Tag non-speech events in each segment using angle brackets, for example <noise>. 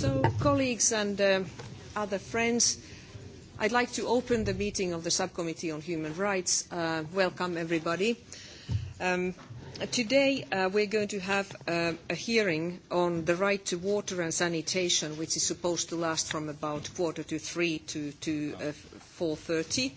So, colleagues and uh, other friends, I'd like to open the meeting of the Subcommittee on Human Rights. Uh, welcome, everybody. Um, today, uh, we're going to have uh, a hearing on the right to water and sanitation, which is supposed to last from about quarter to three to, to uh, 4.30.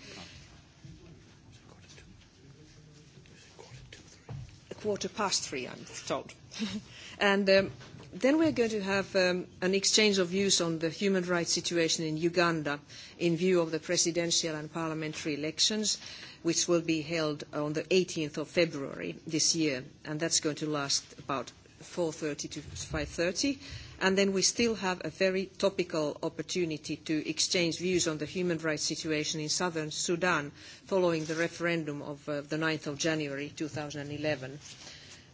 Quarter past three, I'm told. <laughs> and um, Then we're going to have um, an exchange of views on the human rights situation in Uganda in view of the presidential and parliamentary elections, which will be held on the 18th of February this year, and that's going to last about 4.30 to 5.30. And then we still have a very topical opportunity to exchange views on the human rights situation in southern Sudan following the referendum of uh, the 9th of January 2011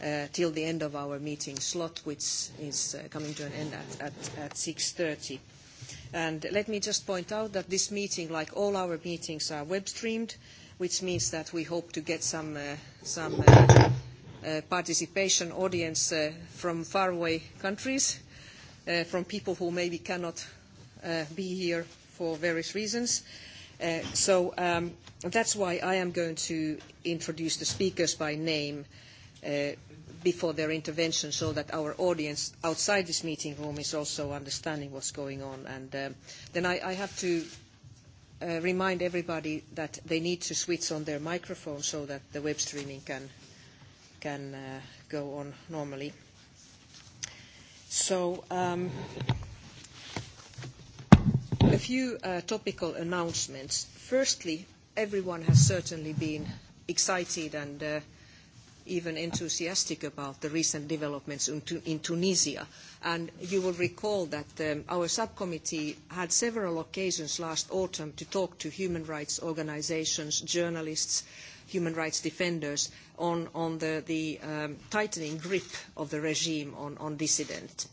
uh, till the end of our meeting slot, which is uh, coming to an end at, at, at 6.30. And let me just point out that this meeting, like all our meetings, are web streamed, which means that we hope to get some, uh, some uh, uh, participation audience uh, from faraway countries, uh, from people who maybe cannot uh, be here for various reasons. Uh, so um, that's why I am going to introduce the speakers by name. Uh, before their intervention so that our audience outside this meeting room is also understanding what's going on. And um, then I, I have to uh, remind everybody that they need to switch on their microphone so that the web streaming can, can uh, go on normally. So um, a few uh, topical announcements. Firstly, everyone has certainly been excited and uh, even enthusiastic about the recent developments in, tu in Tunisia. And you will recall that um, our subcommittee had several occasions last autumn to talk to human rights organizations, journalists, human rights defenders on, on the, the um, tightening grip of the regime on, on dissident,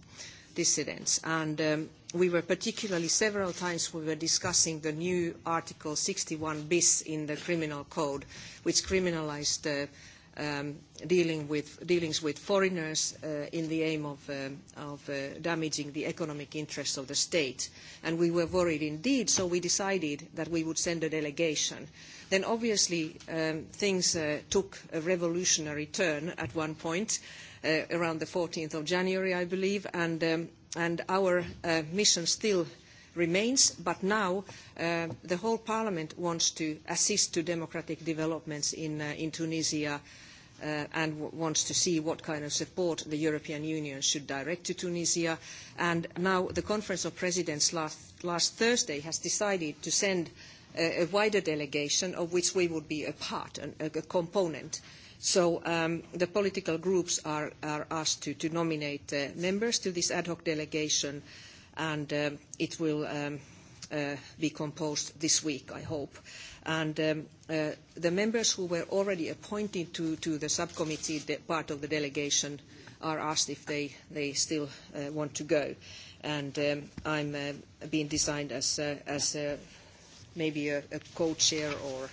dissidents. And um, we were particularly several times we were discussing the new Article 61 bis in the Criminal Code, which criminalized uh, um, dealing with, dealings with foreigners uh, in the aim of, um, of uh, damaging the economic interests of the state. And we were worried indeed, so we decided that we would send a delegation. Then obviously um, things uh, took a revolutionary turn at one point, uh, around the 14th of January, I believe, and, um, and our uh, mission still remains, but now uh, the whole parliament wants to assist to democratic developments in, uh, in Tunisia, uh, uh, and w- wants to see what kind of support the European Union should direct to Tunisia. And now the Conference of Presidents last, last Thursday has decided to send a, a wider delegation of which we would be a part, an, a, a component. So um, the political groups are, are asked to, to nominate uh, members to this ad hoc delegation, and um, it will um, uh, be composed this week, I hope. And um, Uh, the members who were already appointed to, to the subcommittee the part of the delegation are asked if they, they still uh, want to go. And um, I'm uh, being designed as, uh, as uh, maybe a, a co-chair or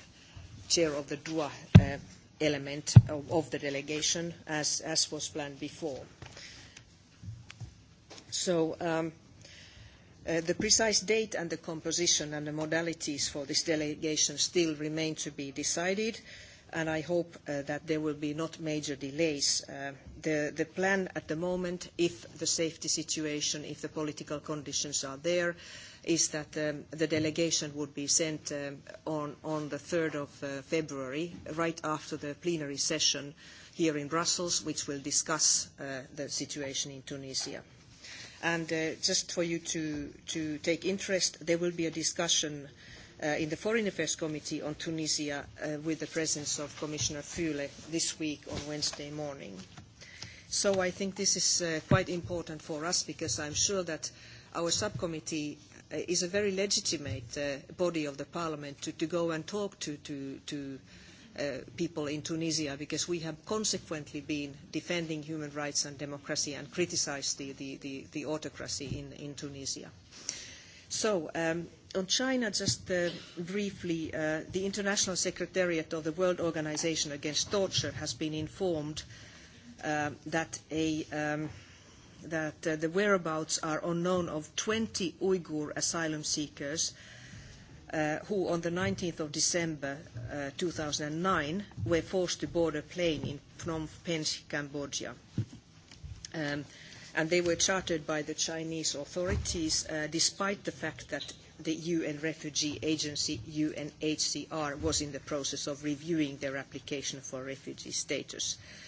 chair of the DUA uh, element of, of the delegation, as, as was planned before. So um, Uh, the precise date and the composition and the modalities for this delegation still remain to be decided, and I hope uh, that there will be not major delays. Uh, the, the plan at the moment, if the safety situation, if the political conditions are there, is that um, the delegation would be sent um, on, on the 3rd of uh, February, right after the plenary session here in Brussels, which will discuss uh, the situation in Tunisia. And uh, just for you to, to take interest, there will be a discussion uh, in the Foreign Affairs Committee on Tunisia uh, with the presence of Commissioner Fule this week on Wednesday morning. So I think this is uh, quite important for us because I'm sure that our subcommittee uh, is a very legitimate uh, body of the parliament to, to go and talk to, to, to uh, uh, people in Tunisia because we have consequently been defending human rights and democracy and criticized the, the, the, the autocracy in, in Tunisia. So um, on China, just uh, briefly, uh, the International Secretariat of the World Organization Against Torture has been informed uh, that, a, um, that uh, the whereabouts are unknown of 20 Uyghur asylum seekers uh, uh, who on the 19th of December uh, 2009 were forced to board a plane in Phnom Penh, Cambodia. Um, and they were chartered by the Chinese authorities uh, despite the fact that the UN Refugee Agency, UNHCR, was in the process of reviewing their application for refugee status. Uh,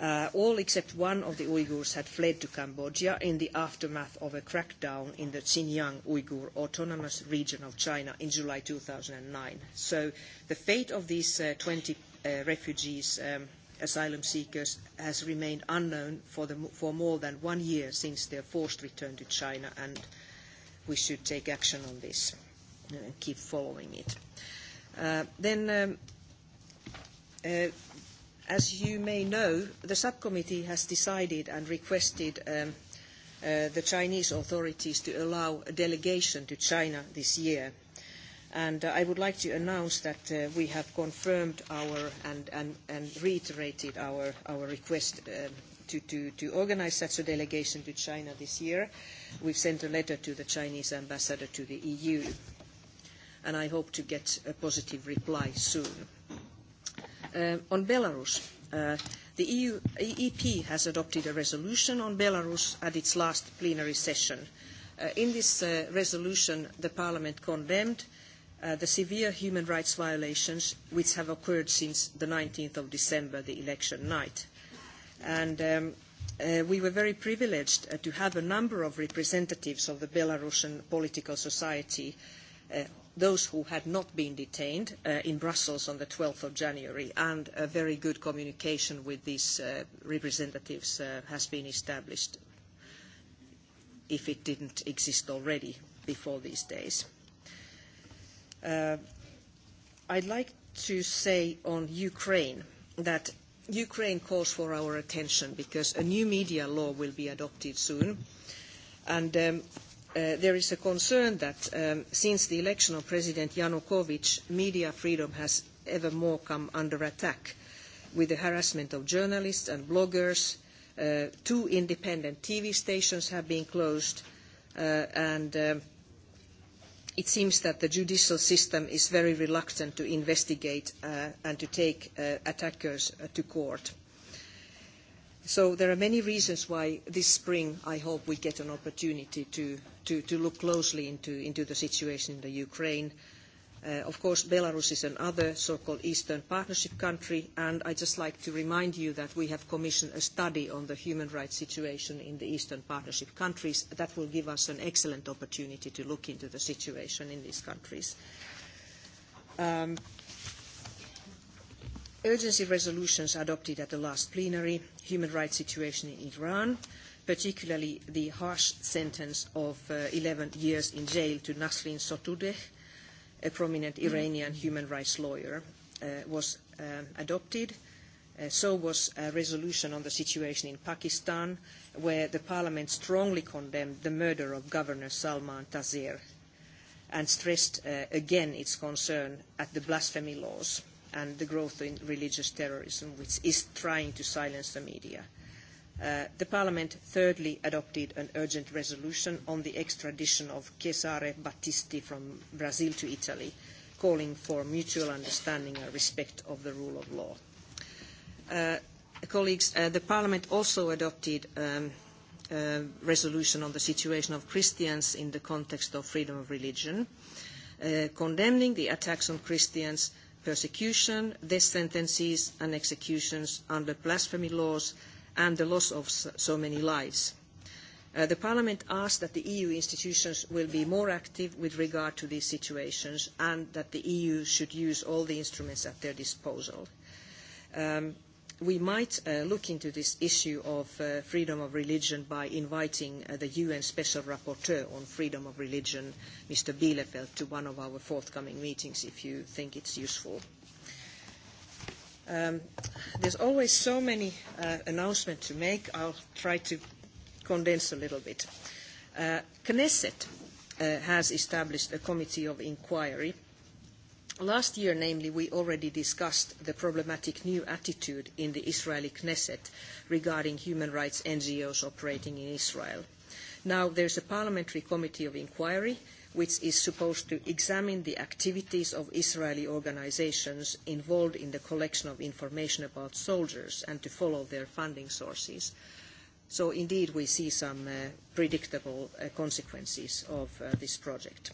Uh, all except one of the Uyghurs had fled to Cambodia in the aftermath of a crackdown in the Xinjiang Uyghur Autonomous Region of China in July 2009. So the fate of these uh, 20 uh, refugees, um, asylum seekers, has remained unknown for, the, for more than one year since their forced return to China, and we should take action on this uh, and keep following it. Uh, then um, uh, as you may know, the subcommittee has decided and requested um, uh, the Chinese authorities to allow a delegation to China this year. And uh, I would like to announce that uh, we have confirmed our and, and, and reiterated our, our request uh, to, to, to organize such a delegation to China this year. We've sent a letter to the Chinese ambassador to the EU, and I hope to get a positive reply soon. Uh, on Belarus, uh, the EU, EEP has adopted a resolution on Belarus at its last plenary session. Uh, in this uh, resolution, the Parliament condemned uh, the severe human rights violations which have occurred since the 19th of December, the election night. And um, uh, we were very privileged uh, to have a number of representatives of the Belarusian political society uh, those who had not been detained uh, in Brussels on the 12th of January, and a very good communication with these uh, representatives uh, has been established, if it didn't exist already before these days. Uh, I'd like to say on Ukraine that Ukraine calls for our attention because a new media law will be adopted soon. And um, uh, there is a concern that um, since the election of President Yanukovych, media freedom has ever more come under attack with the harassment of journalists and bloggers. Uh, two independent TV stations have been closed, uh, and um, it seems that the judicial system is very reluctant to investigate uh, and to take uh, attackers uh, to court. So there are many reasons why this spring, I hope we get an opportunity to, to, to look closely into, into the situation in the Ukraine. Uh, of course, Belarus is another so-called Eastern Partnership country, and I'd just like to remind you that we have commissioned a study on the human rights situation in the Eastern Partnership countries. That will give us an excellent opportunity to look into the situation in these countries. Um, urgency resolutions adopted at the last plenary, human rights situation in Iran, particularly the harsh sentence of uh, 11 years in jail to Nasrin Sotoudeh, a prominent mm. Iranian human rights lawyer, uh, was um, adopted. Uh, so was a resolution on the situation in Pakistan, where the parliament strongly condemned the murder of Governor Salman Taseer and stressed uh, again its concern at the blasphemy laws and the growth in religious terrorism, which is trying to silence the media. Uh, the Parliament thirdly adopted an urgent resolution on the extradition of Cesare Battisti from Brazil to Italy, calling for mutual understanding and respect of the rule of law. Uh, colleagues, uh, the Parliament also adopted um, uh, resolution on the situation of Christians in the context of freedom of religion, uh, condemning the attacks on Christians persecution, death sentences and executions under blasphemy laws and the loss of so many lives. Uh, the Parliament asked that the EU institutions will be more active with regard to these situations and that the EU should use all the instruments at their disposal. Um, we might uh, look into this issue of uh, freedom of religion by inviting uh, the UN Special Rapporteur on freedom of religion, Mr. Bielefeld, to one of our forthcoming meetings if you think it's useful. Um, there's always so many uh, announcements to make. I'll try to condense a little bit. Uh, Knesset uh, has established a committee of inquiry uh, Last year, namely, we already discussed the problematic new attitude in the Israeli Knesset regarding human rights NGOs operating in Israel. Now, there's a parliamentary committee of inquiry which is supposed to examine the activities of Israeli organizations involved in the collection of information about soldiers and to follow their funding sources. So indeed, we see some uh, predictable uh, consequences of uh, this project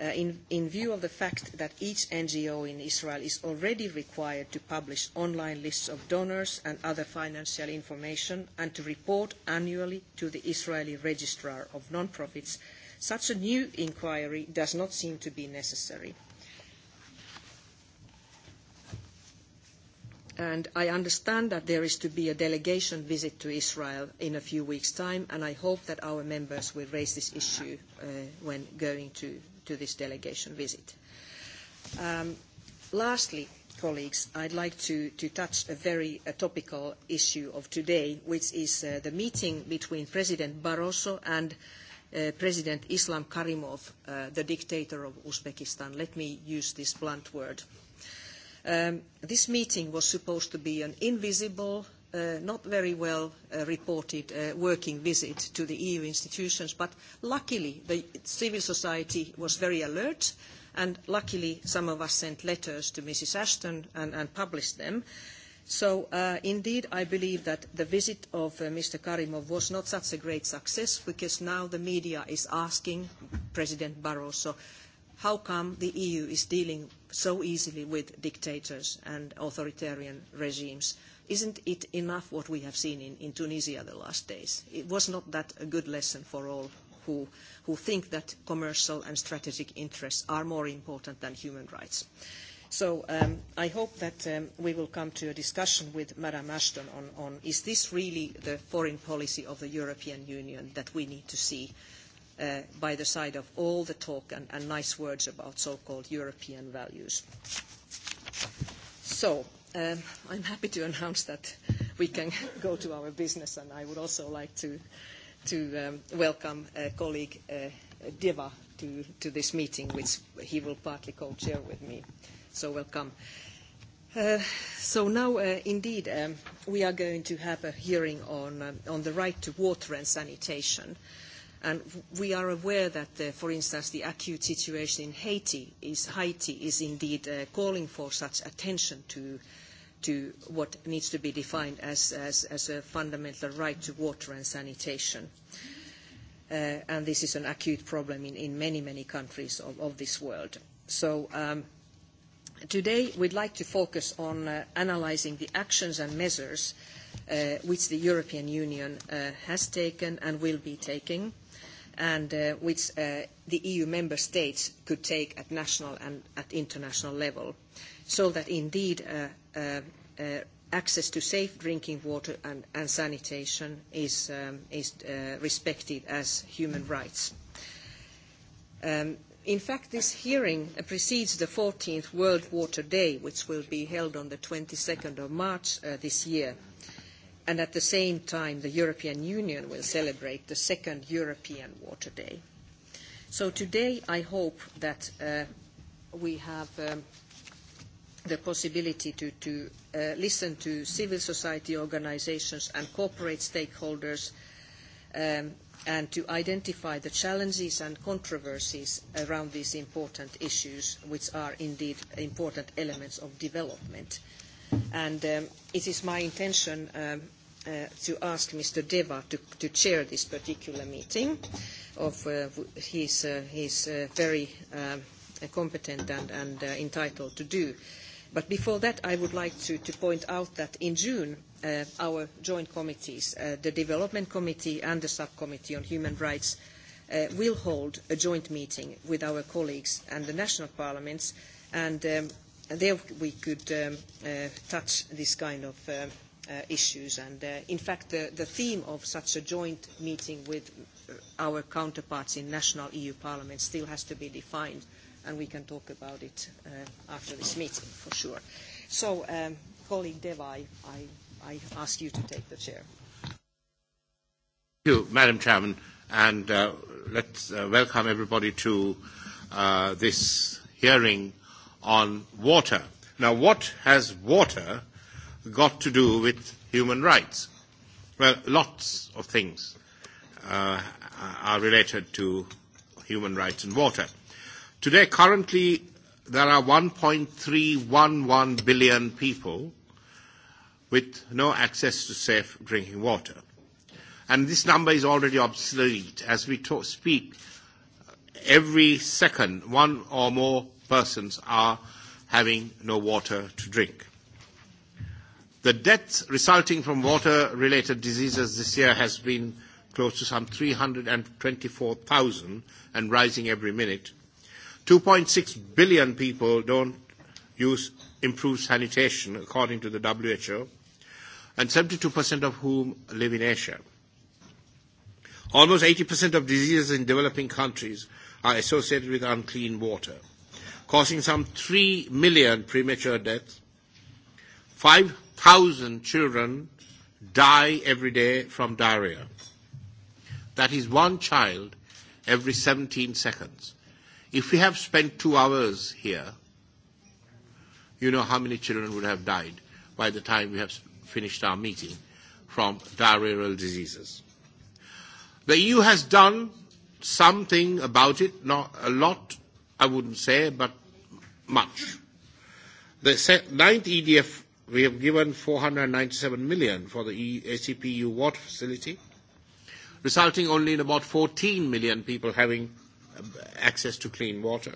uh, in, in view of the fact that each NGO in Israel is already required to publish online lists of donors and other financial information and to report annually to the Israeli Registrar of Nonprofits, such a new inquiry does not seem to be necessary. and I understand that there is to be a delegation visit to Israel in a few weeks' time, and I hope that our members will raise this issue uh, when going to to this delegation visit. Um, lastly, colleagues, I'd like to, to touch a very a topical issue of today, which is uh, the meeting between President Barroso and uh, President Islam Karimov, uh, the dictator of Uzbekistan. Let me use this blunt word. Um, this meeting was supposed to be an invisible uh, not very well uh, reported uh, working visit to the EU institutions, but luckily the civil society was very alert, and luckily some of us sent letters to Mrs. Ashton and, and published them. So uh, indeed, I believe that the visit of uh, Mr. Karimov was not such a great success because now the media is asking President Barroso how come the EU is dealing so easily with dictators and authoritarian regimes. Uh, isn't it enough what we have seen in, in Tunisia the last days? It was not that a good lesson for all who, who think that commercial and strategic interests are more important than human rights. So um, I hope that um, we will come to a discussion with Madam Ashton on, on is this really the foreign policy of the European Union that we need to see uh, by the side of all the talk and, and nice words about so-called European values. So Um, I'm happy to announce that we can go to our business, and I would also like to, to um, welcome uh, colleague uh, Deva to, to this meeting, which he will partly co-chair with me. So welcome. Uh, so now, uh, indeed, um, we are going to have a hearing on, um, on the right to water and sanitation. Uh, And we are aware that, uh, for instance, the acute situation in Haiti is, Haiti is indeed uh, calling for such attention to, to what needs to be defined as, as, as a fundamental right to water and sanitation. Uh, and this is an acute problem in, in many, many countries of, of this world. So um, today we'd like to focus on uh, analyzing the actions and measures uh, which the European Union uh, has taken and will be taking and uh, which uh, the EU member states could take at national and at international level, so that indeed uh, uh, uh, access to safe drinking water and, and sanitation is, um, is uh, respected as human rights. Um, in fact, this hearing precedes the 14th World Water Day, which will be held on the 22nd of March uh, this year. Uh, and at the same time the European Union will celebrate the second European Water Day. So today I hope that uh, we have um, the possibility to, to uh, listen to civil society organizations and corporate stakeholders um, and to identify the challenges and controversies around these important issues, which are indeed important elements of development. Uh, And um, it is my intention um, uh, to ask Mr. Deva to, to chair this particular meeting of uh, his, uh, his uh, very um, uh, competent and, and uh, entitled to do. But before that, I would like to, to point out that in June, uh, our joint committees, uh, the Development Committee and the Subcommittee on Human Rights, uh, will hold a joint meeting with our colleagues and the national parliaments. And um, there we could um, uh, touch this kind of uh, uh, issues. And uh, in fact, the, the theme of such a joint meeting with uh, our counterparts in national EU parliaments still has to be defined, and we can talk about it uh, after this meeting for sure. So, um, colleague Devai, I, I ask you to take the chair. Thank you, Madam Chairman, and uh, let's uh, welcome everybody to uh, this hearing on water. Now, what has water got to do with human rights? Well, lots of things uh, are related to human rights and water. Today, currently, there are 1.311 billion people with no access to safe drinking water. And this number is already obsolete. As we talk, speak, every second, one or more persons are having no water to drink. The deaths resulting from water-related diseases this year has been close to some 324,000 and rising every minute. 2.6 billion people don't use improved sanitation, according to the WHO, and 72% of whom live in Asia. Almost 80% of diseases in developing countries are associated with unclean water causing some 3 million premature deaths. 5,000 children die every day from diarrhea. That is one child every 17 seconds. If we have spent two hours here, you know how many children would have died by the time we have finished our meeting from diarrheal diseases. The EU has done something about it, not a lot, I wouldn't say, but much. The ninth EDF, we have given 497 million for the e- ACPU water facility, resulting only in about 14 million people having uh, access to clean water.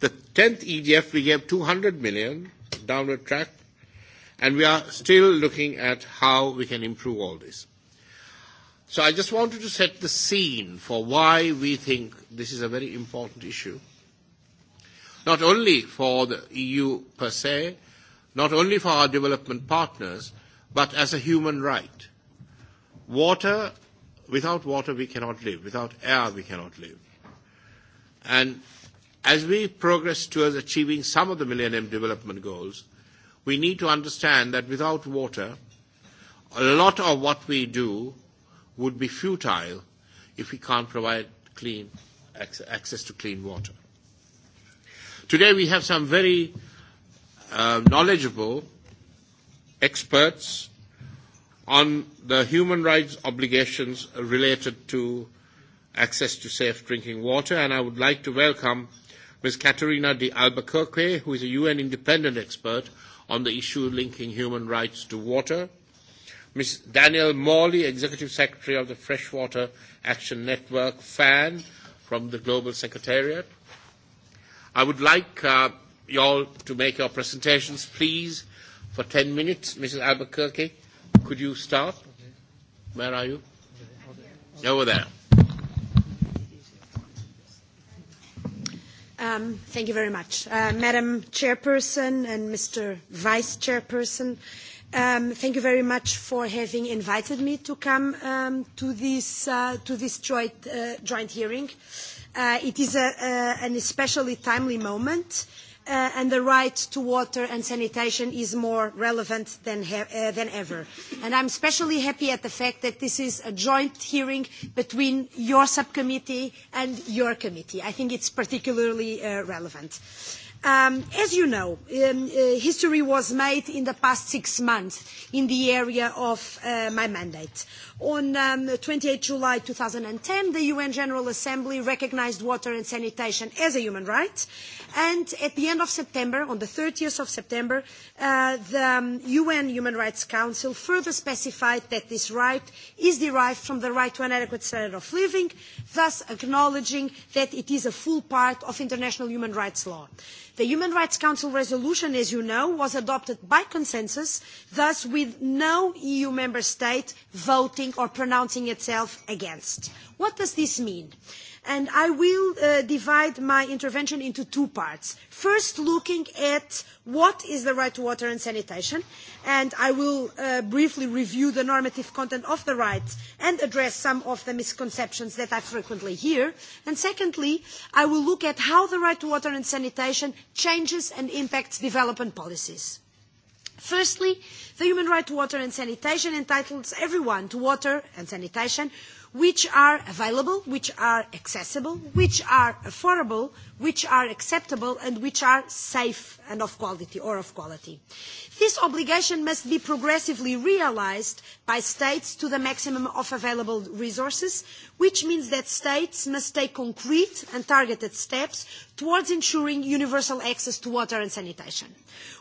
The 10th EDF, we gave 200 million downward track, and we are still looking at how we can improve all this. So I just wanted to set the scene for why we think this is a very important issue not only for the EU per se, not only for our development partners, but as a human right. Water, without water we cannot live. Without air we cannot live. And as we progress towards achieving some of the Millennium Development Goals, we need to understand that without water, a lot of what we do would be futile if we can't provide clean access to clean water. Today we have some very uh, knowledgeable experts on the human rights obligations related to access to safe drinking water, and I would like to welcome Ms. Katerina de Albuquerque, who is a UN independent expert on the issue linking human rights to water, Ms. Danielle Morley, Executive Secretary of the Freshwater Action Network, FAN, from the Global Secretariat, I would like uh, you all to make your presentations, please, for 10 minutes. Mrs. Albuquerque, could you start? Where are you? Over there. Um, thank you very much. Uh, Madam Chairperson and Mr. Vice Chairperson, um, thank you very much for having invited me to come um, to this, uh, to this joint, uh, joint hearing. Uh, Uh, it is a, uh, an especially timely moment, uh, and the right to water and sanitation is more relevant than, uh, than ever. And I'm especially happy at the fact that this is a joint hearing between your subcommittee and your committee. I think it's particularly uh, relevant. Uh, Um, as you know, um, uh, history was made in the past six months in the area of uh, my mandate. On um, 28 July 2010, the UN General Assembly recognized water and sanitation as a human right. And at the end of September, on the 30th of September, uh, the um, UN Human Rights Council further specified that this right is derived from the right to an adequate standard of living, thus acknowledging that it is a full part of international human rights law. The Human Rights Council resolution, as you know, was adopted by consensus, thus with no EU member state voting or pronouncing itself against. What does this mean? Uh, And I will uh, divide my intervention into two parts. First, looking at what is the right to water and sanitation, and I will uh, briefly review the normative content of the right and address some of the misconceptions that I frequently hear. And secondly, I will look at how the right to water and sanitation changes and impacts development policies. Firstly, the human right to water and sanitation entitles everyone to water and sanitation which are available, which are accessible, which are affordable, which are acceptable, and which are safe and of quality or of quality. This obligation must be progressively realized by states to the maximum of available resources, which means that states must take concrete and targeted steps towards ensuring universal access to water and sanitation.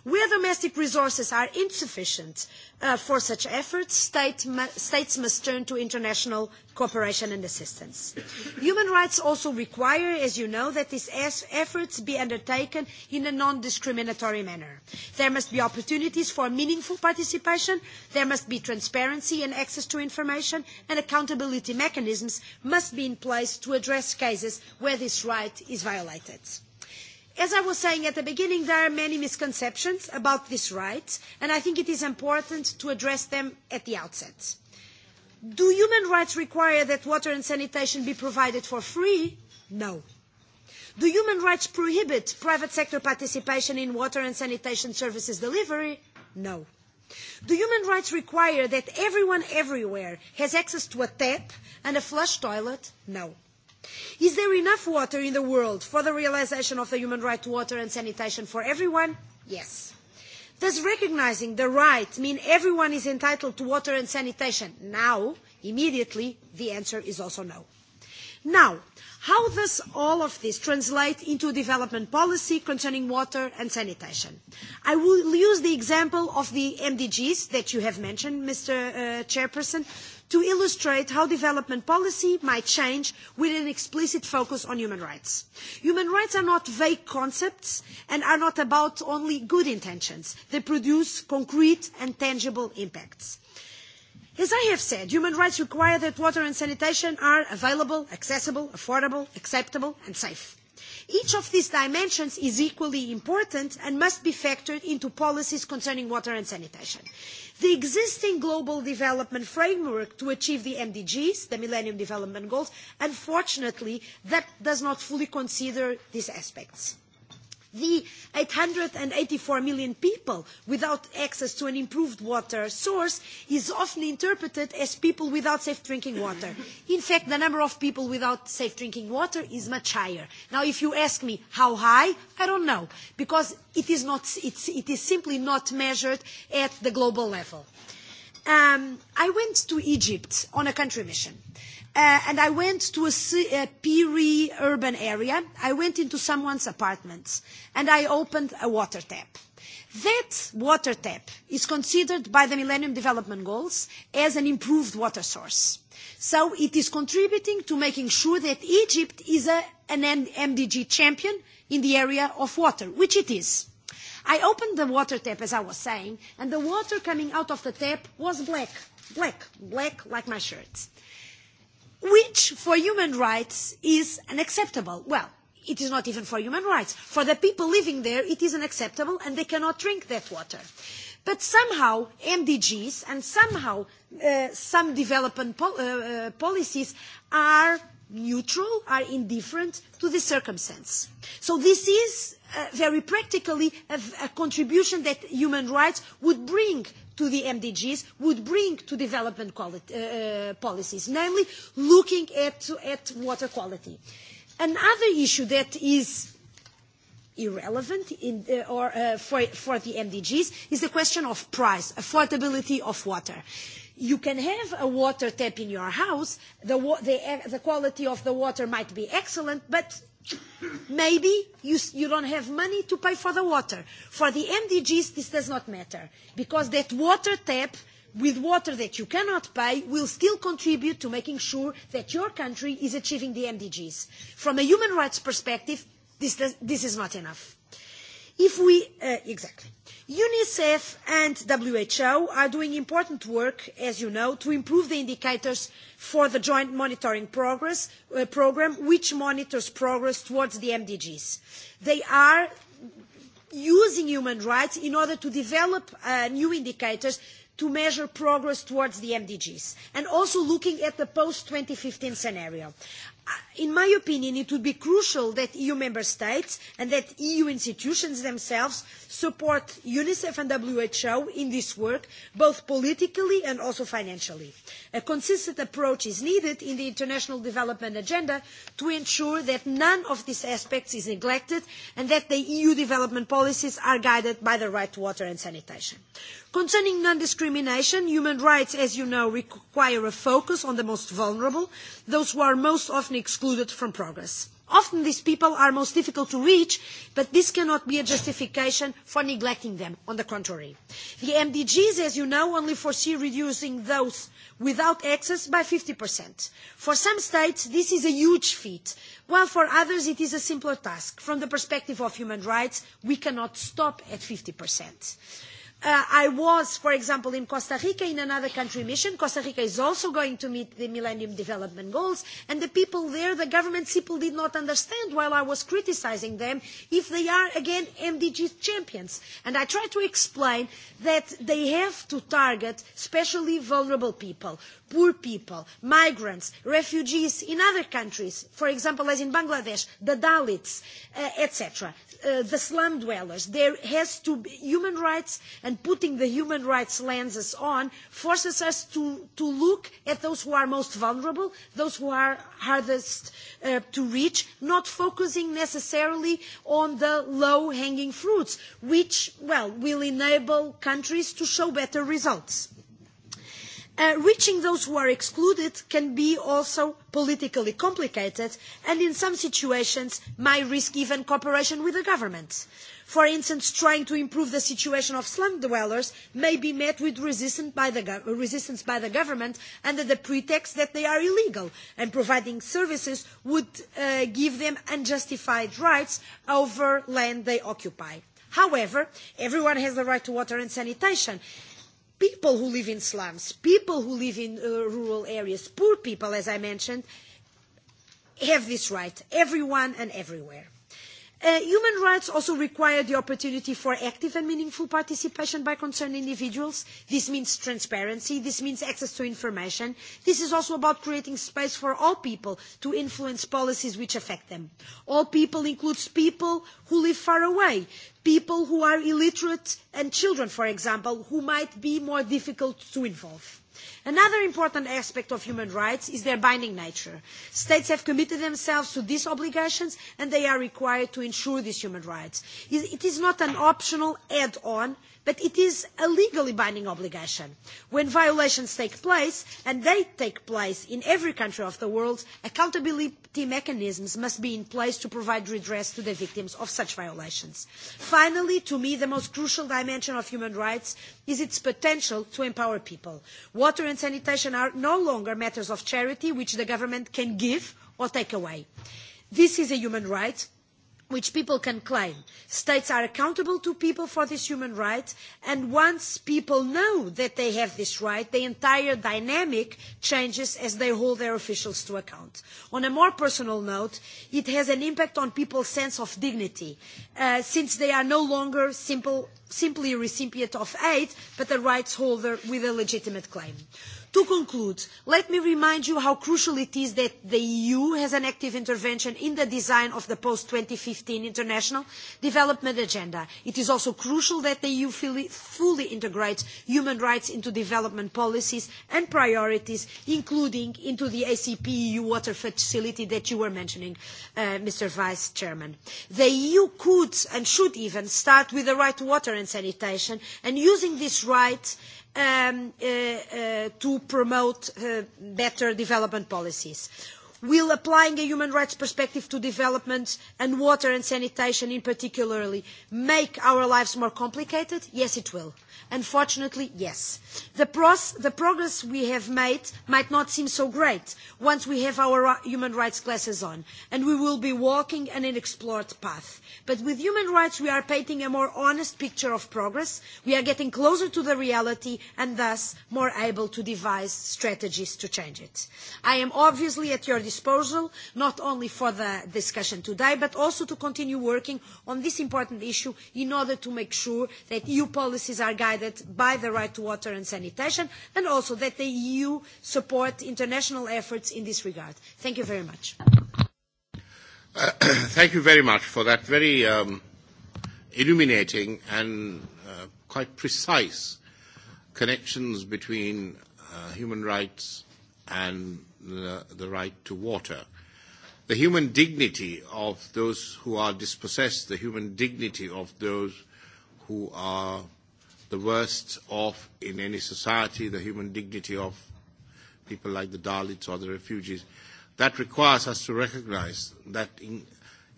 Where domestic resources are insufficient, uh, for such efforts, state mu states must turn to international cooperation and assistance. Human rights also require, as you know, that these efforts be undertaken in a non-discriminatory manner. There must be opportunities for meaningful participation, there must be transparency and access to information, and accountability mechanisms must be in place to address cases where this right is violated. As I was saying at the beginning, there are many misconceptions about this right, and I think it is important to address them at the outset. Do human rights require that water and sanitation be provided for free? No. Do human rights prohibit private sector participation in water and sanitation services delivery? No. Do human rights require that everyone everywhere has access to a tap and a flush toilet? No. Is there enough water in the world for the realization of the human right to water and sanitation for everyone? Yes. Does recognizing the right mean everyone is entitled to water and sanitation now, immediately? The answer is also no. Now, How does all of this translate into development policy concerning water and sanitation? I will use the example of the MDGs that you have mentioned, Mr. Uh, Chairperson, to illustrate how development policy might change with an explicit focus on human rights. Human rights are not vague concepts and are not about only good intentions. They produce concrete and tangible impacts. As I have said, human rights require that water and sanitation are available, accessible, affordable, acceptable and safe. Each of these dimensions is equally important and must be factored into policies concerning water and sanitation. The existing global development framework to achieve the MDGs, the Millennium Development Goals, unfortunately, that does not fully consider these aspects the 884 million people without access to an improved water source is often interpreted as people without safe drinking water. In fact, the number of people without safe drinking water is much higher. Now, if you ask me how high, I don't know, because it is, not, it's, it is simply not measured at the global level. Um, I went to Egypt on a country mission. Uh, Uh, and I went to a, a peri-urban area. I went into someone's apartment and I opened a water tap. That water tap is considered by the Millennium Development Goals as an improved water source. So it is contributing to making sure that Egypt is a, an MDG champion in the area of water, which it is. I opened the water tap, as I was saying, and the water coming out of the tap was black, black, black like my shirt which for human rights is unacceptable. Well, it is not even for human rights. For the people living there, it is unacceptable and they cannot drink that water. But somehow MDGs and somehow uh, some development pol- uh, uh, policies are neutral, are indifferent to the circumstance. So this is uh, very practically a, a contribution that human rights would bring to the MDGs would bring to development quality, uh, uh, policies, namely looking at, at water quality. Another issue that is irrelevant in, uh, or, uh, for, for the MDGs is the question of price, affordability of water. You can have a water tap in your house, the, the, the quality of the water might be excellent, but Maybe you, you don't have money to pay for the water. For the MDGs, this does not matter, because that water tap with water that you cannot pay will still contribute to making sure that your country is achieving the MDGs. From a human rights perspective, this, does, this is not enough. If we, uh, exactly. UNICEF and WHO are doing important work, as you know, to improve the indicators for the joint monitoring progress, uh, program, which monitors progress towards the MDGs. They are using human rights in order to develop uh, new indicators to measure progress towards the MDGs, and also looking at the post-2015 scenario in my opinion, it would be crucial that EU member states and that EU institutions themselves support UNICEF and WHO in this work, both politically and also financially. A consistent approach is needed in the international development agenda to ensure that none of these aspects is neglected and that the EU development policies are guided by the right water and sanitation. Concerning non-discrimination, human rights, as you know, require a focus on the most vulnerable, those who are most often excluded excluded from progress. Often these people are most difficult to reach, but this cannot be a justification for neglecting them. On the contrary, the MDGs, as you know, only foresee reducing those without access by 50%. For some states, this is a huge feat, while for others it is a simpler task. From the perspective of human rights, we cannot stop at 50%. Uh, I was, for example, in Costa Rica in another country mission. Costa Rica is also going to meet the Millennium Development Goals, and the people there, the government people did not understand while I was criticizing them if they are, again, MDG champions. And I tried to explain that they have to target especially vulnerable people poor people, migrants, refugees in other countries, for example, as in Bangladesh, the Dalits, uh, etc., uh, the slum dwellers. There has to be human rights and putting the human rights lenses on forces us to, to look at those who are most vulnerable, those who are hardest uh, to reach, not focusing necessarily on the low-hanging fruits, which, well, will enable countries to show better results. Uh, reaching those who are excluded can be also politically complicated and in some situations might risk even cooperation with the government. For instance, trying to improve the situation of slum dwellers may be met with resistance by the, resistance by the government under the pretext that they are illegal and providing services would uh, give them unjustified rights over land they occupy. However, everyone has the right to water and sanitation. Uh, people who live in slums, people who live in uh, rural areas, poor people, as I mentioned, have this right, everyone and everywhere. Uh, human rights also require the opportunity for active and meaningful participation by concerned individuals. This means transparency. This means access to information. This is also about creating space for all people to influence policies which affect them. All people includes people who live far away, people who are illiterate and children, for example, who might be more difficult to involve. Another important aspect of human rights is their binding nature. States have committed themselves to these obligations and they are required to ensure these human rights. It is not an optional add-on, but it is a legally binding obligation. When violations take place, and they take place in every country of the world, accountability mechanisms must be in place to provide redress to the victims of such violations. Finally, to me, the most crucial dimension of human rights is its potential to empower people. Water and sanitation are no longer matters of charity which the government can give or take away. This is a human right which people can claim. States are accountable to people for this human right, and once people know that they have this right, the entire dynamic changes as they hold their officials to account. On a more personal note, it has an impact on people's sense of dignity, uh, since they are no longer simple, simply a recipient of aid, but a rights holder with a legitimate claim. To conclude, let me remind you how crucial it is that the EU has an active intervention in the design of the post-2015 international development agenda. It is also crucial that the EU fully, fully integrates human rights into development policies and priorities, including into the ACP-EU water facility that you were mentioning, uh, Mr. Vice Chairman. The EU could and should even start with the right to water and sanitation and using this right um, uh, uh, to promote uh, better development policies. Will applying a human rights perspective to development and water and sanitation in particularly make our lives more complicated? Yes, it will Unfortunately, yes. The, pros, the progress we have made might not seem so great once we have our human rights glasses on, and we will be walking an unexplored path. But with human rights, we are painting a more honest picture of progress. We are getting closer to the reality and thus more able to devise strategies to change it. I am obviously at your disposal, not only for the discussion today, but also to continue working on this important issue in order to make sure that EU policies are guided provided by the right to water and sanitation, and also that the EU support international efforts in this regard. Thank you very much. Uh, <coughs> thank you very much for that very um, illuminating and uh, quite precise connections between uh, human rights and the, the right to water. The human dignity of those who are dispossessed, the human dignity of those who are the worst off in any society, the human dignity of people like the Dalits or the refugees. That requires us to recognize that in,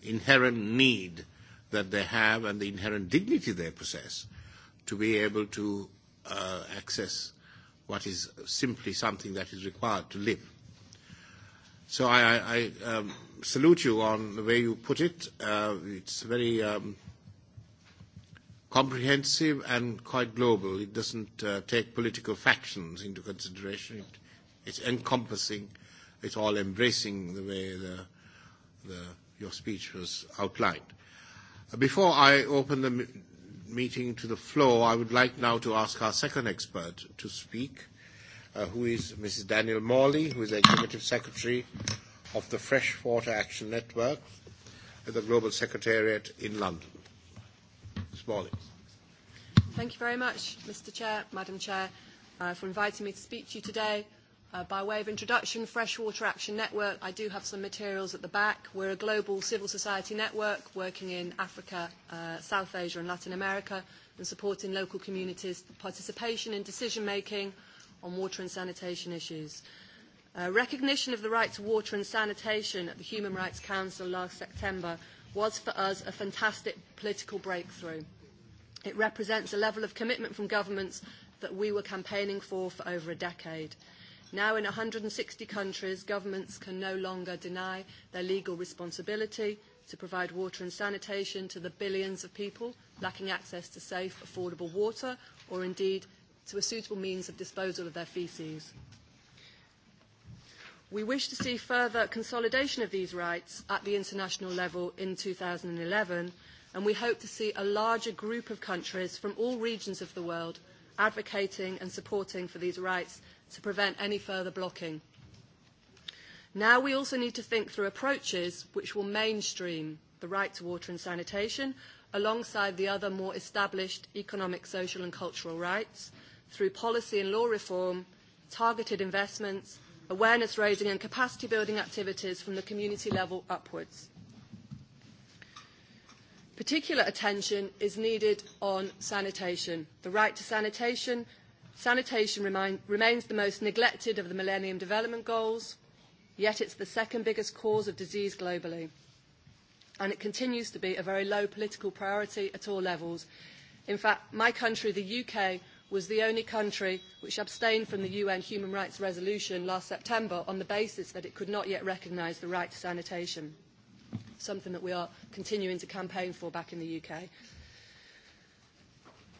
inherent need that they have and the inherent dignity they possess to be able to uh, access what is simply something that is required to live. So I, I, I um, salute you on the way you put it. Uh, it's very um, comprehensive and quite global. It doesn't uh, take political factions into consideration. It, it's encompassing, it's all embracing the way the, the, your speech was outlined. Uh, before I open the m- meeting to the floor, I would like now to ask our second expert to speak, uh, who is Mrs. Daniel Morley, who is the Executive Secretary of the Freshwater Action Network at the Global Secretariat in London. Smalley. Thank you very much, Mr Chair, Madam Chair, uh, for inviting me to speak to you today. Uh, by way of introduction, Freshwater Action Network, I do have some materials at the back. We're a global civil society network working in Africa, uh, South Asia and Latin America and supporting local communities' participation in decision-making on water and sanitation issues. Uh, recognition of the right to water and sanitation at the Human Rights Council last September – was for us a fantastic political breakthrough. It represents a level of commitment from governments that we were campaigning for for over a decade. Now in 160 countries, governments can no longer deny their legal responsibility to provide water and sanitation to the billions of people lacking access to safe, affordable water or indeed to a suitable means of disposal of their feces. We wish to see further consolidation of these rights at the international level in 2011, and we hope to see a larger group of countries from all regions of the world advocating and supporting for these rights to prevent any further blocking. Now we also need to think through approaches which will mainstream the right to water and sanitation alongside the other more established economic, social and cultural rights through policy and law reform, targeted investments awareness raising and capacity building activities from the community level upwards. Particular attention is needed on sanitation. The right to sanitation, sanitation remind, remains the most neglected of the Millennium Development Goals, yet it's the second biggest cause of disease globally. And it continues to be a very low political priority at all levels. In fact, my country, the UK, was the only country which abstained from the UN Human Rights Resolution last September on the basis that it could not yet recognise the right to sanitation, something that we are continuing to campaign for back in the UK.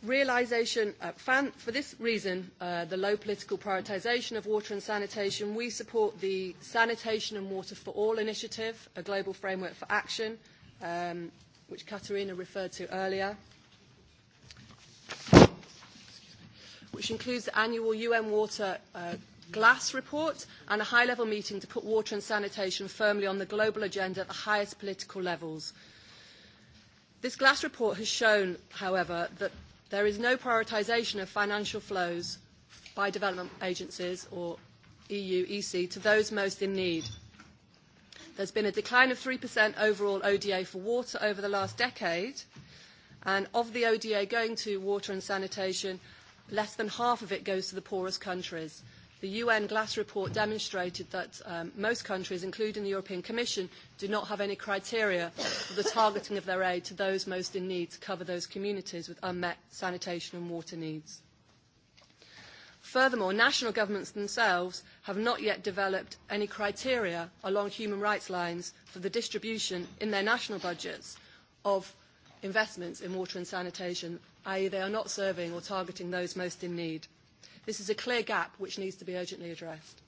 Realisation, uh, fan, for this reason, uh, the low political prioritisation of water and sanitation, we support the Sanitation and Water for All initiative, a global framework for action, um, which Katarina referred to earlier. which includes the annual UN Water uh, Glass report and a high-level meeting to put water and sanitation firmly on the global agenda at the highest political levels. This Glass report has shown, however, that there is no prioritisation of financial flows by development agencies or EU EC to those most in need. There's been a decline of 3% overall ODA for water over the last decade, and of the ODA going to water and sanitation, less than half of it goes to the poorest countries. The UN Glass report demonstrated that um, most countries, including the European Commission, do not have any criteria for the targeting of their aid to those most in need to cover those communities with unmet sanitation and water needs. Furthermore, national governments themselves have not yet developed any criteria along human rights lines for the distribution in their national budgets of investments in water and sanitation i.e. they are not serving or targeting those most in need. This is a clear gap which needs to be urgently addressed.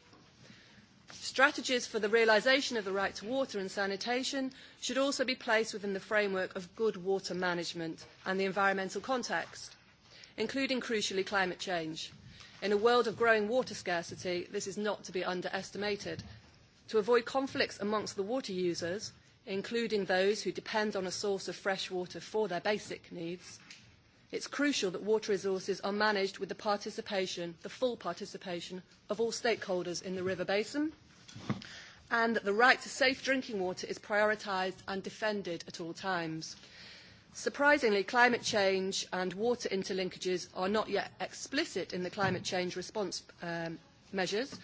Strategies for the realisation of the right to water and sanitation should also be placed within the framework of good water management and the environmental context, including crucially climate change. In a world of growing water scarcity, this is not to be underestimated. To avoid conflicts amongst the water users, including those who depend on a source of fresh water for their basic needs, It's crucial that water resources are managed with the participation, the full participation, of all stakeholders in the river basin, and that the right to safe drinking water is prioritised and defended at all times. Surprisingly, climate change and water interlinkages are not yet explicit in the climate change response um, measures,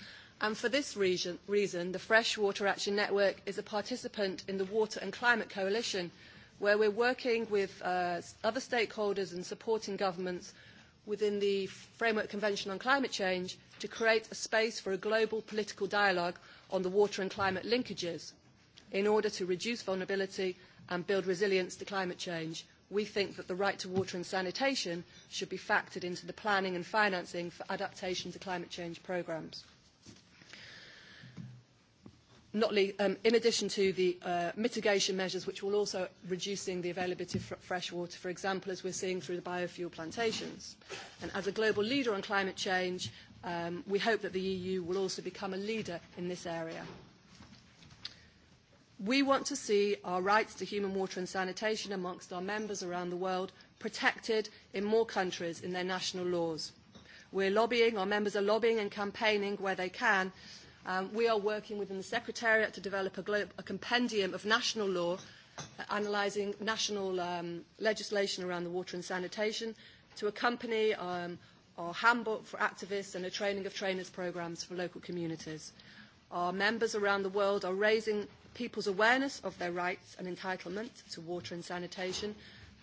and for this reason, reason, the Freshwater Action Network is a participant in the Water and Climate Coalition, where we're working with uh, other stakeholders and supporting governments within the Framework Convention on Climate Change to create a space for a global political dialogue on the water and climate linkages in order to reduce vulnerability and build resilience to climate change. We think that the right to water and sanitation should be factored into the planning and financing for adaptation to climate change programmes not least, um, in addition to the uh, mitigation measures, which will also reducing the availability of fr fresh water, for example, as we're seeing through the biofuel plantations. And as a global leader on climate change, um, we hope that the EU will also become a leader in this area. We want to see our rights to human water and sanitation amongst our members around the world protected in more countries in their national laws. We're lobbying, our members are lobbying and campaigning where they can Um, we are working within the Secretariat to develop a, glo- a compendium of national law uh, analysing national um, legislation around the water and sanitation to accompany um, our handbook for activists and a training of trainers programmes for local communities. Our members around the world are raising people's awareness of their rights and entitlement to water and sanitation,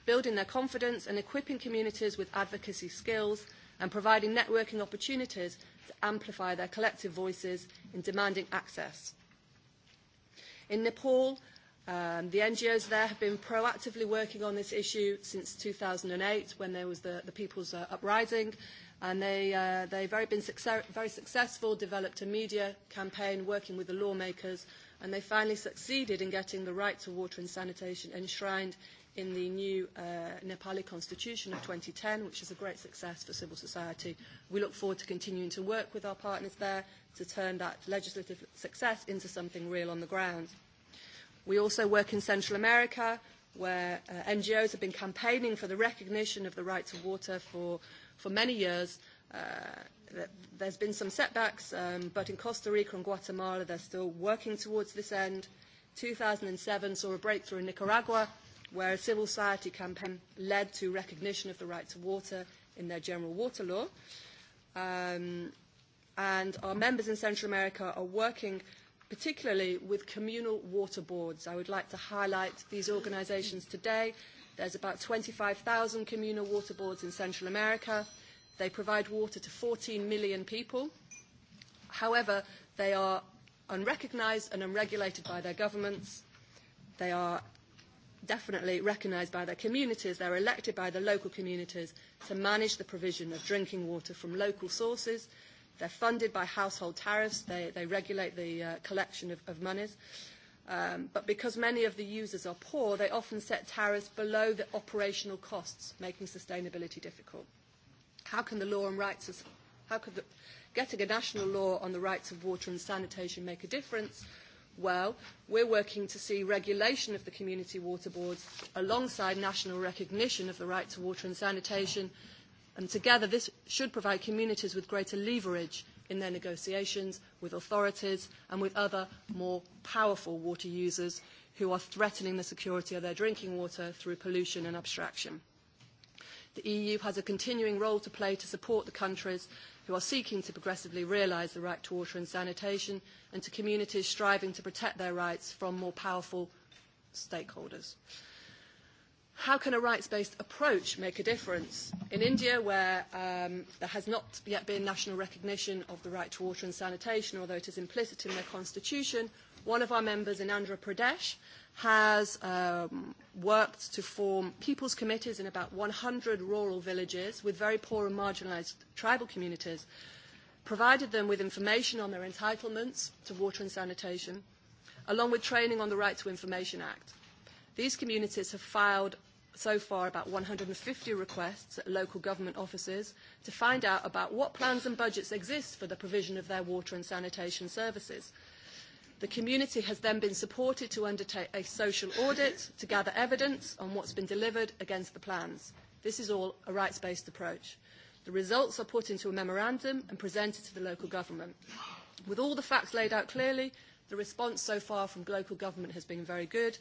building their confidence and equipping communities with advocacy skills and providing networking opportunities amplify their collective voices in demanding access. In Nepal, um, the NGOs there have been proactively working on this issue since 2008 when there was the, the People's uh, Uprising, and they, uh, they very been success, very successful, developed a media campaign working with the lawmakers, and they finally succeeded in getting the right to water and sanitation enshrined in the new uh, Nepali constitution of 2010, which is a great success for civil society. We look forward to continuing to work with our partners there to turn that legislative success into something real on the ground. We also work in Central America, where uh, NGOs have been campaigning for the recognition of the right to water for, for many years. Uh, there's been some setbacks, um, but in Costa Rica and Guatemala, they're still working towards this end. 2007 saw a breakthrough in Nicaragua where a civil society campaign led to recognition of the right to water in their general water law. Um, and our members in Central America are working particularly with communal water boards. I would like to highlight these organisations today. There's about 25,000 communal water boards in Central America. They provide water to 14 million people. However, they are unrecognised and unregulated by their governments. They are definitely recognised by their communities. They're elected by the local communities to manage the provision of drinking water from local sources. They're funded by household tariffs. They, they regulate the uh, collection of, of monies. Um, but because many of the users are poor, they often set tariffs below the operational costs, making sustainability difficult. How can the law and rights of, how could the, getting a national law on the rights of water and sanitation make a difference? well, we're working to see regulation of the community water boards alongside national recognition of the right to water and sanitation. And together, this should provide communities with greater leverage in their negotiations with authorities and with other more powerful water users who are threatening the security of their drinking water through pollution and abstraction. The EU has a continuing role to play to support the countries who are seeking to progressively realise the right to water and sanitation, and to communities striving to protect their rights from more powerful stakeholders. How can a rights-based approach make a difference? In India, where um, there has not yet been national recognition of the right to water and sanitation, although it is implicit in their constitution, one of our members in Andhra Pradesh has um, worked to form people's committees in about 100 rural villages with very poor and marginalized tribal communities, provided them with information on their entitlements to water and sanitation, along with training on the Right to Information Act. These communities have filed so far about 150 requests at local government offices to find out about what plans and budgets exist for the provision of their water and sanitation services – The community has then been supported to undertake a social audit to gather evidence on what's been delivered against the plans. This is all a rights-based approach. The results are put into a memorandum and presented to the local government. With all the facts laid out clearly, the response so far from local government has been very good.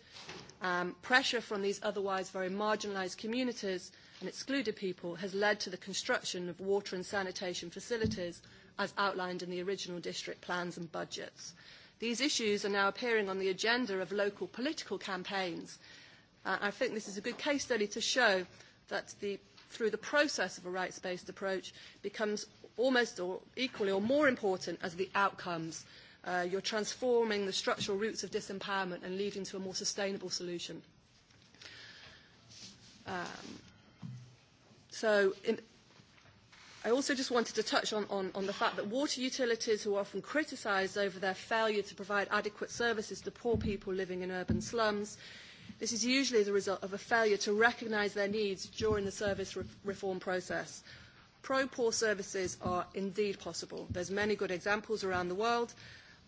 Um, pressure from these otherwise very marginalised communities and excluded people has led to the construction of water and sanitation facilities as outlined in the original district plans and budgets. Mm-hmm These issues are now appearing on the agenda of local political campaigns. Uh, I think this is a good case study to show that the, through the process of a rights-based approach becomes almost or equally or more important as the outcomes. Uh, you're transforming the structural roots of disempowerment and leading to a more sustainable solution. Um, so in, I also just wanted to touch on, on, on the fact that water utilities who are often criticised over their failure to provide adequate services to poor people living in urban slums, this is usually the result of a failure to recognise their needs during the service re- reform process. Pro-poor services are indeed possible. There's many good examples around the world,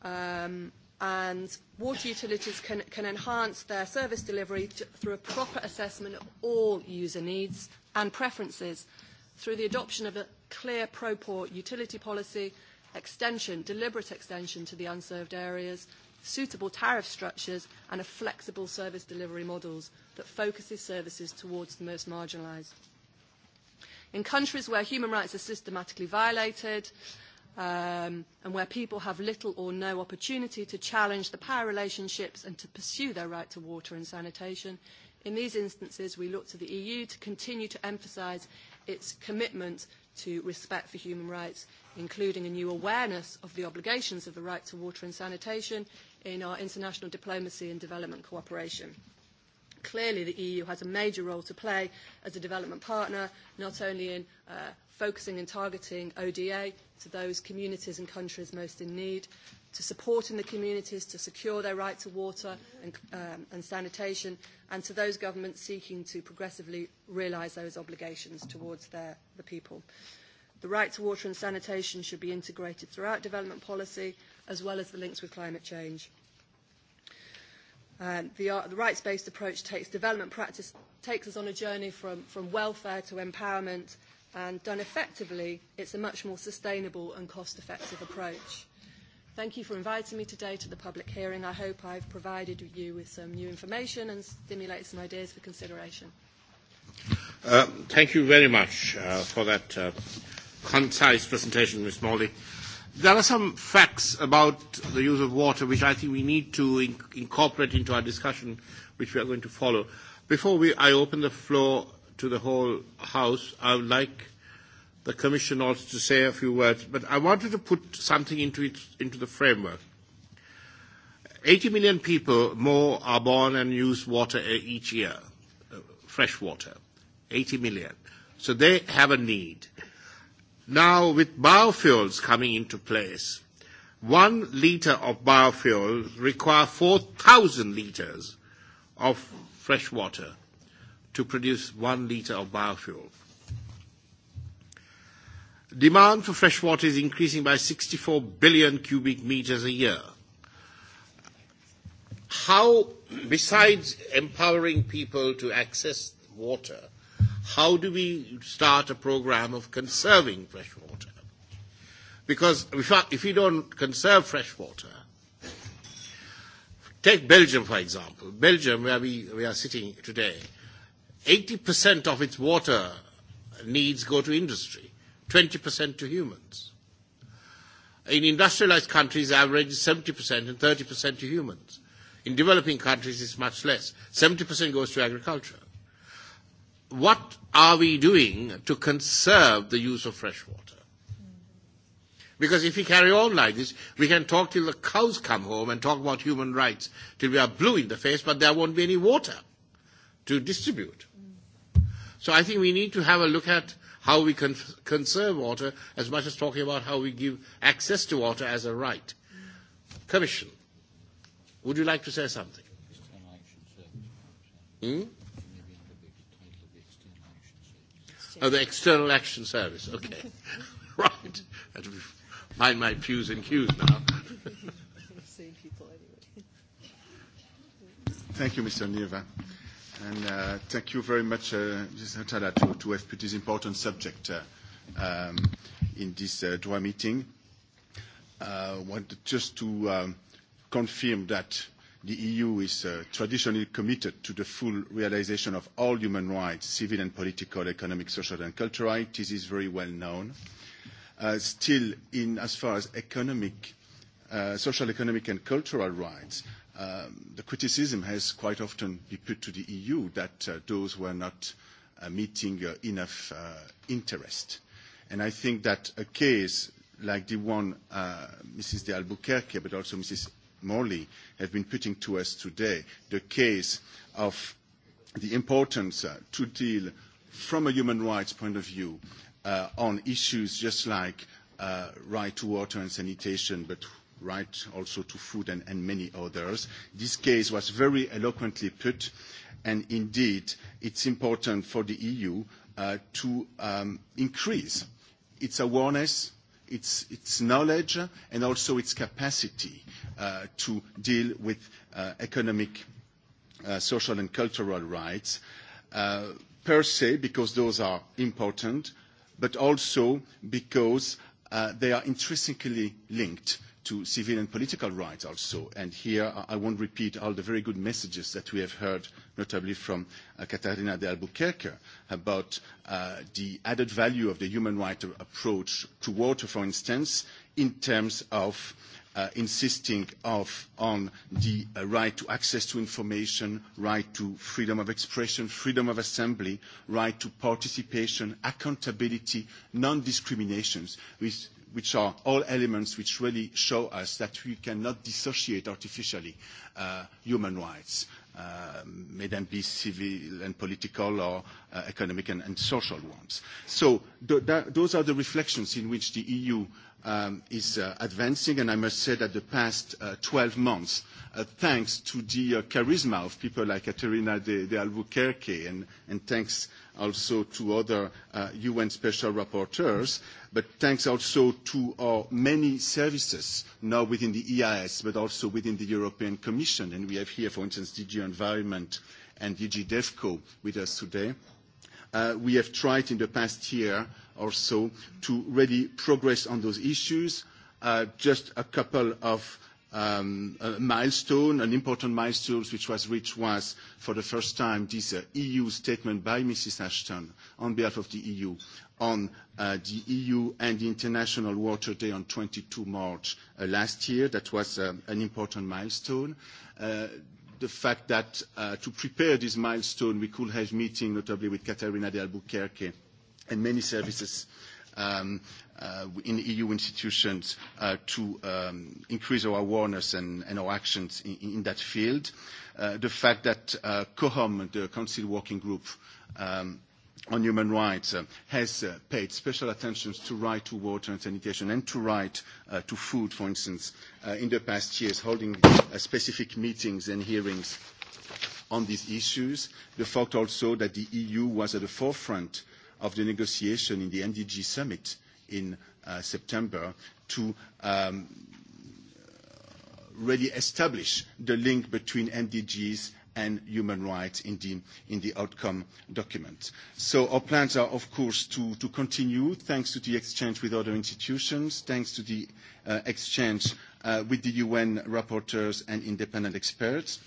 um, and water utilities can, can enhance their service delivery to, through a proper assessment of all user needs and preferences through the adoption of a clear pro-port utility policy, extension, deliberate extension to the unserved areas, suitable tariff structures and a flexible service delivery models that focuses services towards the most marginalised. In countries where human rights are systematically violated um, and where people have little or no opportunity to challenge the power relationships and to pursue their right to water and sanitation, in these instances we look to the EU to continue to emphasise its commitment to respect for human rights, including a new awareness of the obligations of the right to water and sanitation in our international diplomacy and development cooperation. Clearly, the EU has a major role to play as a development partner, not only in uh, focusing and targeting ODA to those communities and countries most in need, to supporting the communities to secure their right to water and, um, and sanitation, and to those governments seeking to progressively realise those obligations towards their, the people. The right to water and sanitation should be integrated throughout development policy, as well as the links with climate change. Um, the, uh, the rights-based approach takes development practice, takes us on a journey from, from welfare to empowerment, and done effectively, it's a much more sustainable and cost-effective approach. Thank you for inviting me today to the public hearing. I hope I've provided you with some new information and stimulated some ideas for consideration. Uh, thank you very much uh, for that uh, concise presentation, Ms. Morley. There are some facts about the use of water which I think we need to in- incorporate into our discussion, which we are going to follow. Before we, I open the floor to the whole House, I would like the Commission also to say a few words, but I wanted to put something into, it, into the framework. 80 million people more are born and use water e-, each year, uh, fresh water, 80 million. So they have a need. Now, with biofuels coming into place, one liter of biofuel require 4,000 liters of fresh water to produce one liter of biofuel. Demand for fresh water is increasing by 64 billion cubic meters a year. How, besides empowering people to access water, how do we start a program of conserving fresh water? Because if you don't conserve fresh water, take Belgium for example. Belgium, where we, we are sitting today, 80% of its water needs go to industry. 20% to humans. In industrialized countries, the average is 70% and 30% to humans. In developing countries, it's much less. 70% goes to agriculture. What are we doing to conserve the use of fresh water? Because if we carry on like this, we can talk till the cows come home and talk about human rights till we are blue in the face, but there won't be any water to distribute. So I think we need to have a look at how we con- conserve water as much as talking about how we give access to water as a right. Commission, would you like to say something? Hmm? Oh, the External Action Service. Okay. <laughs> right. That'll be mind my pews and cues now. <laughs> Thank you, Mr. Nieva and uh, thank you very much, uh, Ms. Natala, to, to have put this important subject uh, um, in this uh, DROIT meeting. Uh, want just to um, confirm that the EU is uh, traditionally committed to the full realization of all human rights, civil and political, economic, social and cultural rights. This is very well known. Uh, still, in as far as economic, uh, social, economic and cultural rights, uh, um, the criticism has quite often been put to the EU that uh, those were not uh, meeting uh, enough uh, interest. And I think that a case like the one uh, Mrs. de Albuquerque, but also Mrs. Morley, have been putting to us today, the case of the importance uh, to deal from a human rights point of view uh, on issues just like uh, right to water and sanitation, but right also to food and, and many others. This case was very eloquently put, and indeed it's important for the EU uh, to um, increase its awareness, its, its knowledge, and also its capacity uh, to deal with uh, economic, uh, social, and cultural rights uh, per se, because those are important, but also because uh, they are intrinsically linked uh, to civil and political rights also. And here uh, I won't repeat all the very good messages that we have heard, notably from uh, Catarina de Albuquerque, about uh, the added value of the human rights approach to water, for instance, in terms of uh, insisting of, on the uh, right to access to information, right to freedom of expression, freedom of assembly, right to participation, accountability, non-discriminations, which which are all elements which really show us that we cannot dissociate artificially uh, human rights, uh, may them be civil and political or uh, economic and, and social ones. So th- that, those are the reflections in which the EU um, is uh, advancing, and I must say that the past uh, 12 months, uh, thanks to the uh, charisma of people like Caterina de, de Albuquerque and, and thanks uh, also to other uh, UN special rapporteurs, but thanks also to our many services now within the EIS, but also within the European Commission. And we have here, for instance, DG Environment and DG DevCo with us today. Uh, we have tried in the past year or so to really progress on those issues. Uh, just a couple of um, a milestone, an important milestone which was reached was for the first time this uh, EU statement by Mrs. Ashton on behalf of the EU on uh, the EU and the International Water Day on 22 March uh, last year. That was um, an important milestone. Uh, the fact that uh, to prepare this milestone we could have meeting notably with Caterina de Albuquerque and many services uh, um, uh, in EU institutions uh, to um, increase our awareness and, and our actions in, in that field. Uh, the fact that uh, COHOM, the Council Working Group, um, on human rights uh, has uh, paid special attention to right to water and sanitation and to right uh, to food, for instance, uh, in the past years, holding uh, specific meetings and hearings on these issues. The fact also that the EU was at the forefront of the negotiation in the NDG summit in uh, September to um, really establish the link between MDGs and human rights in the, in the outcome document. So our plans are, of course, to, to continue, thanks to the exchange with other institutions, thanks to the uh, exchange uh, with the UN rapporteurs and independent experts.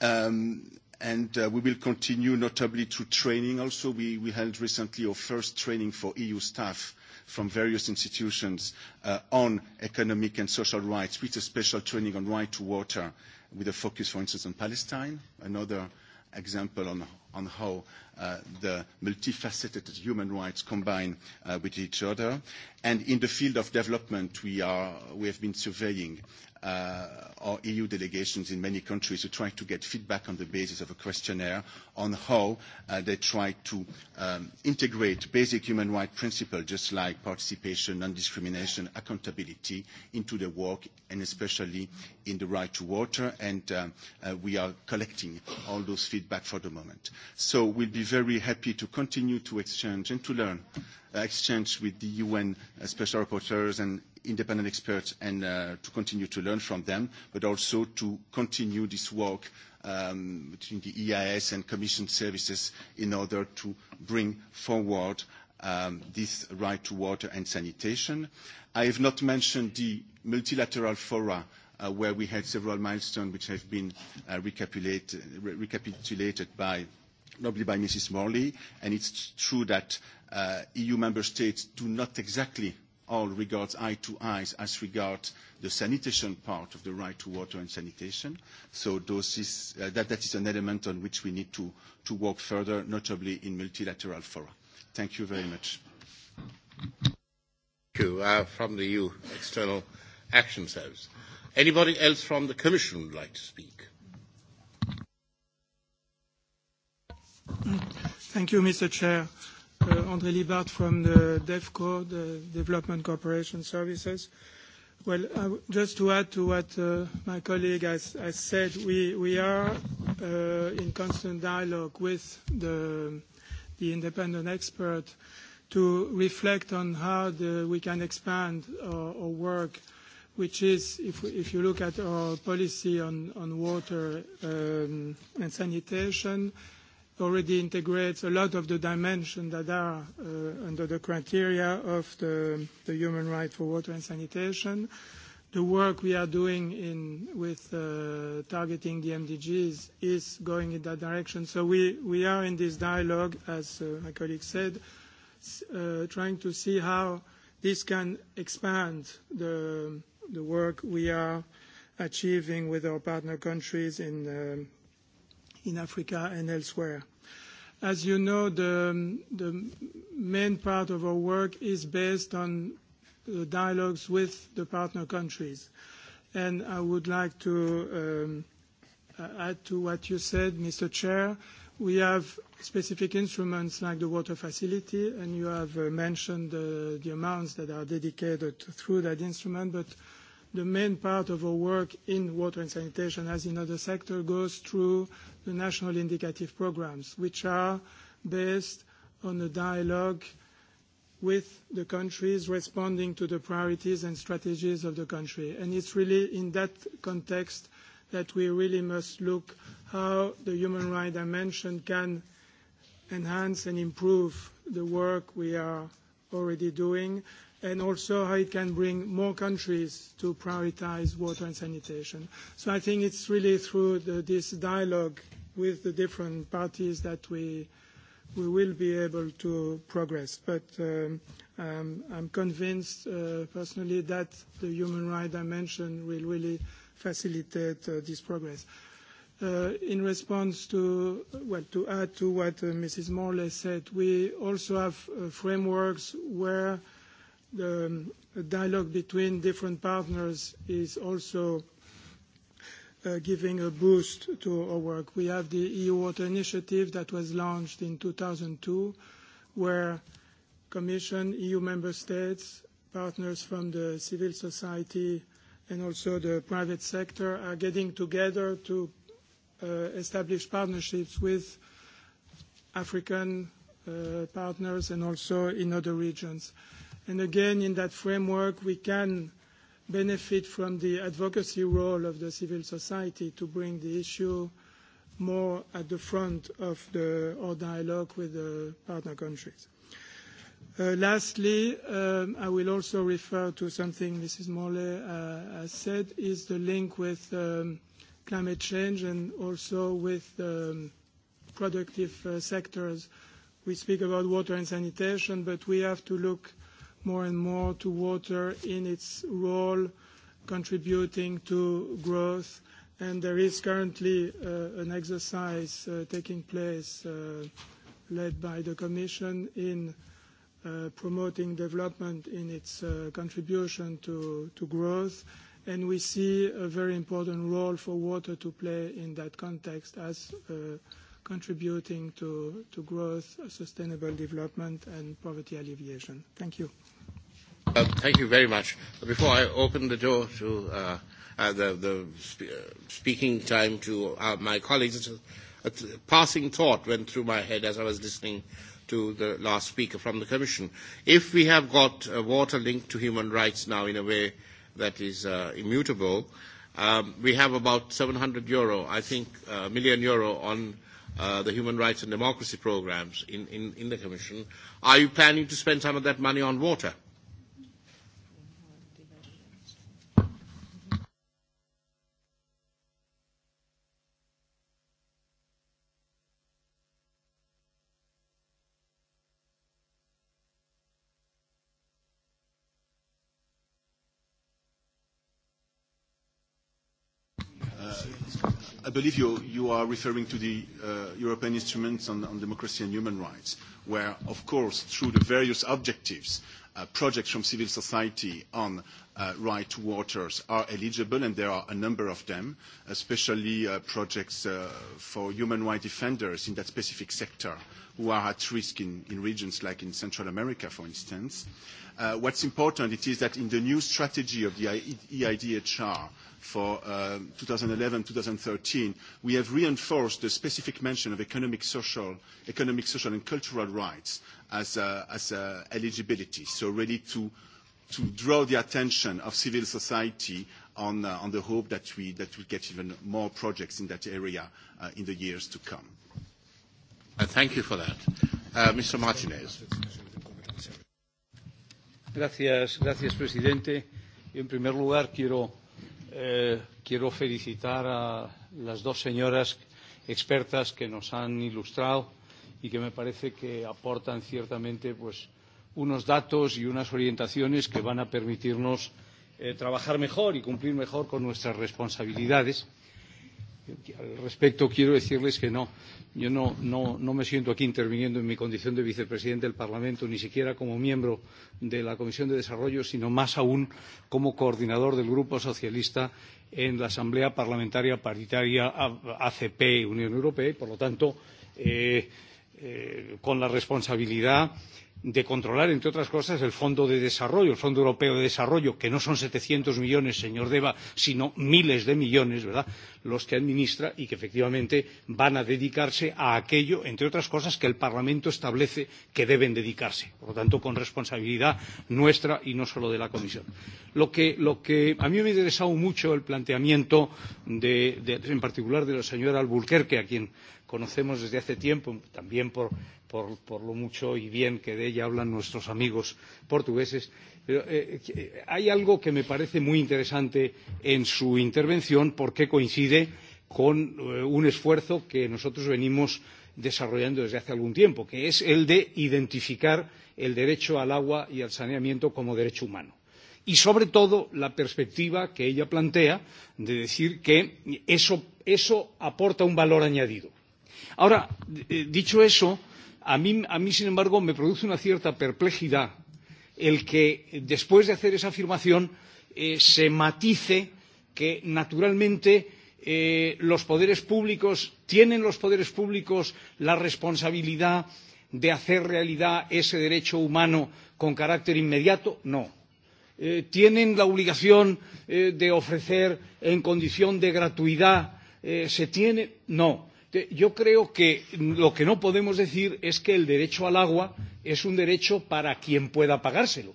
Um, and uh, we will continue notably through training also. We, we held recently our first training for EU staff from various institutions uh, on economic and social rights, with a special training on right to water, with a focus, for instance, on Palestine, another example on, on how uh, the multifaceted human rights combine uh, with each other. And in the field of development, we, are, we have been surveying uh, our EU delegations in many countries to try to get feedback on the basis of a questionnaire on how uh, they try to um, integrate basic human rights principles just like participation, non-discrimination, accountability into their work and especially in the right to water and um, uh, we are collecting all those feedback for the moment. So we'll be very happy to continue to exchange and to learn uh, exchange with the UN uh, special rapporteurs and independent experts and uh, to continue to learn from them, but also to continue this work um, between the EIS and Commission services in order to bring forward um, this right to water and sanitation. I have not mentioned the multilateral fora uh, where we had several milestones which have been uh, recapitulate, re recapitulated by notably by Mrs. Morley, and it's true that uh, EU member states do not exactly all regards eye to eyes as regards the sanitation part of the right to water and sanitation. So those is, uh, that, that is an element on which we need to, to work further, notably in multilateral fora. Thank you very much. Thank you. Uh, from the EU External Action Service. Anybody else from the Commission would like to speak? Thank you, Mr. Chair. Uh, Uh, André Libard from the DevCo, the Development Cooperation Services. Well, I, just to add to what uh, my colleague has, has said, we, we are uh, in constant dialogue with the, the independent expert to reflect on how the, we can expand our, our work, which is, if, we, if you look at our policy on, on water um, and sanitation, already integrates a lot of the dimensions that are uh, under the criteria of the, the human right for water and sanitation. The work we are doing in, with uh, targeting the MDGs is going in that direction. So we, we are in this dialogue, as uh, my colleague said, uh, trying to see how this can expand the, the work we are achieving with our partner countries in um, in Africa and elsewhere. As you know, the, the main part of our work is based on the dialogues with the partner countries. And I would like to um, uh, add to what you said, Mr. Chair. We have specific instruments like the water facility, and you have uh, mentioned uh, the amounts that are dedicated through that instrument. But the main part of our work in water and sanitation, as in other sector, goes through the national indicative programs, which are based on a dialogue with the countries responding to the priorities and strategies of the country. And it's really in that context that we really must look how the human rights dimension can enhance and improve the work we are already doing, and also how it can bring more countries to prioritize water and sanitation. So I think it's really through the, this dialogue with the different parties that we, we will be able to progress. But um, um, I'm convinced uh, personally that the human rights dimension will really facilitate uh, this progress. Uh, in response to, well, to add to what uh, Mrs. Morley said, we also have uh, frameworks where the um, dialogue between different partners is also uh, giving a boost to our work. We have the EU Water Initiative that was launched in 2002, where Commission, EU member states, partners from the civil society, and also the private sector are getting together to uh, establish partnerships with African uh, partners and also in other regions. Uh, And again, in that framework, we can benefit from the advocacy role of the civil society to bring the issue more at the front of the, our dialogue with the partner countries. Uh, lastly, um, I will also refer to something Mrs. Morley uh, has said, is the link with um, climate change and also with um, productive uh, sectors. We speak about water and sanitation, but we have to look more and more to water in its role contributing to growth. And there is currently uh, an exercise uh, taking place uh, led by the Commission in uh, promoting development in its uh, contribution to, to growth. And we see a very important role for water to play in that context as uh, contributing to, to growth, sustainable development, and poverty alleviation. Thank you. Uh, thank you very much. Before I open the door to uh, uh, the, the sp- uh, speaking time to uh, my colleagues, a th- passing thought went through my head as I was listening to the last speaker from the Commission. If we have got uh, water linked to human rights now in a way that is uh, immutable, um, we have about 700 euro, I think, uh, million euro on uh, uh, the human rights and democracy programs in, in, in the Commission. Are you planning to spend some of that money on water? believe you, you are referring to the uh, European Instruments on, on Democracy and Human Rights, where, of course, through the various objectives, uh, projects from civil society on uh, right to waters are eligible, and there are a number of them, especially uh, projects uh, for human rights defenders in that specific sector who are at risk in, in regions like in Central America, for instance. Uh, Uh, what's important it is that in the new strategy of the EIDHR for uh, um, 2011-2013, we have reinforced the specific mention of economic, social, economic, social and cultural rights as, uh, as uh, eligibility. So really to, to draw the attention of civil society on, uh, on the hope that we, that we get even more projects in that area uh, in the years to come. Uh, thank you for that. Uh, Mr. Martinez. Gracias, gracias presidente. En primer lugar, quiero, eh, quiero felicitar a las dos señoras expertas que nos han ilustrado y que me parece que aportan ciertamente pues, unos datos y unas orientaciones que van a permitirnos eh, trabajar mejor y cumplir mejor con nuestras responsabilidades. Eh, al respecto quiero decirles que no. Yo no, no, no me siento aquí interviniendo en mi condición de vicepresidente del Parlamento, ni siquiera como miembro de la Comisión de Desarrollo, sino más aún como coordinador del Grupo Socialista en la Asamblea Parlamentaria Paritaria ACP-Unión Europea y, por lo tanto, eh, eh, con la responsabilidad eh, de controlar, entre otras cosas, el Fondo de Desarrollo, el Fondo Europeo de Desarrollo, que no son 700 millones, señor Deva, sino miles de millones, ¿verdad?, los que administra y que efectivamente van a dedicarse a aquello, entre otras cosas, que el Parlamento establece que deben dedicarse. Por lo tanto, con responsabilidad nuestra y no solo de la Comisión. Lo que, lo que a mí me ha interesado mucho el planteamiento, de, de, en particular de la señora Alburquerque, a quien conocemos desde hace tiempo, también por por, por lo mucho y bien que de ella hablan nuestros amigos portugueses. Pero, eh, eh, hay algo que me parece muy interesante en su intervención porque coincide con eh, un esfuerzo que nosotros venimos desarrollando desde hace algún tiempo, que es el de identificar el derecho al agua y al saneamiento como derecho humano. Y sobre todo la perspectiva que ella plantea de decir que eso, eso aporta un valor añadido. Ahora, eh, dicho eso, eh, A mí, a mí, sin embargo, me produce una cierta perplejidad el que, después de hacer esa afirmación, eh, se matice que, naturalmente, eh, los poderes públicos, tienen los poderes públicos la responsabilidad de hacer realidad ese derecho humano con carácter inmediato? No. Eh, tienen la obligación eh, de ofrecer en condición de gratuidad eh, se tiene no Yo creo que lo que no podemos decir es que el derecho al agua es un derecho para quien pueda pagárselo,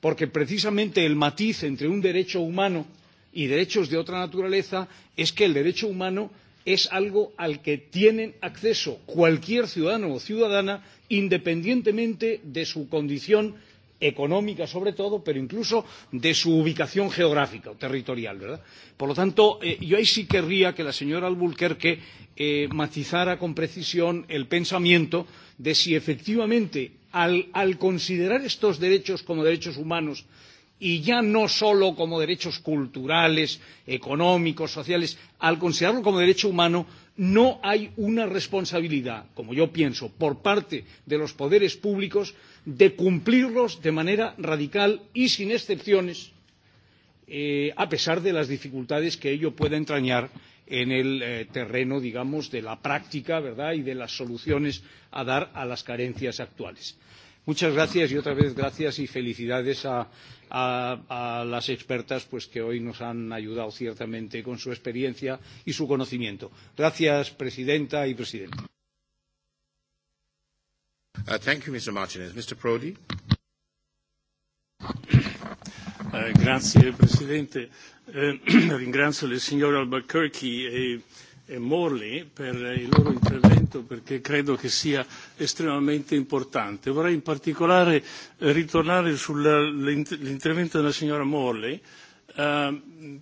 porque precisamente el matiz entre un derecho humano y derechos de otra naturaleza es que el derecho humano es algo al que tienen acceso cualquier ciudadano o ciudadana independientemente de su condición económica sobre todo, pero incluso de su ubicación geográfica o territorial, ¿verdad? Por lo tanto, eh, yo ahí sí querría que la señora Albuquerque eh, matizara con precisión el pensamiento de si efectivamente al, al considerar estos derechos como derechos humanos y ya no solo como derechos culturales, económicos, sociales, al considerarlo como derecho humano, no hay una responsabilidad, como yo pienso, por parte de los poderes públicos de cumplirlos de manera radical y sin excepciones, eh, a pesar de las dificultades que ello pueda entrañar en el eh, terreno, digamos, de la práctica ¿verdad? y de las soluciones a dar a las carencias actuales. Eh, Muchas gracias y otra vez gracias y felicidades a, a, a las expertas pues, que hoy nos han ayudado ciertamente con su experiencia y su conocimiento. Gracias, presidenta y presidente. Uh, thank you, Mr. Martinez. Mr. Prodi. Eh, grazie Presidente. Eh, <clears throat> ringrazio il signor Albuquerque e e Morley per il loro intervento perché credo che sia estremamente importante. Vorrei in particolare eh, ritornare sull'intervento della signora Morley eh,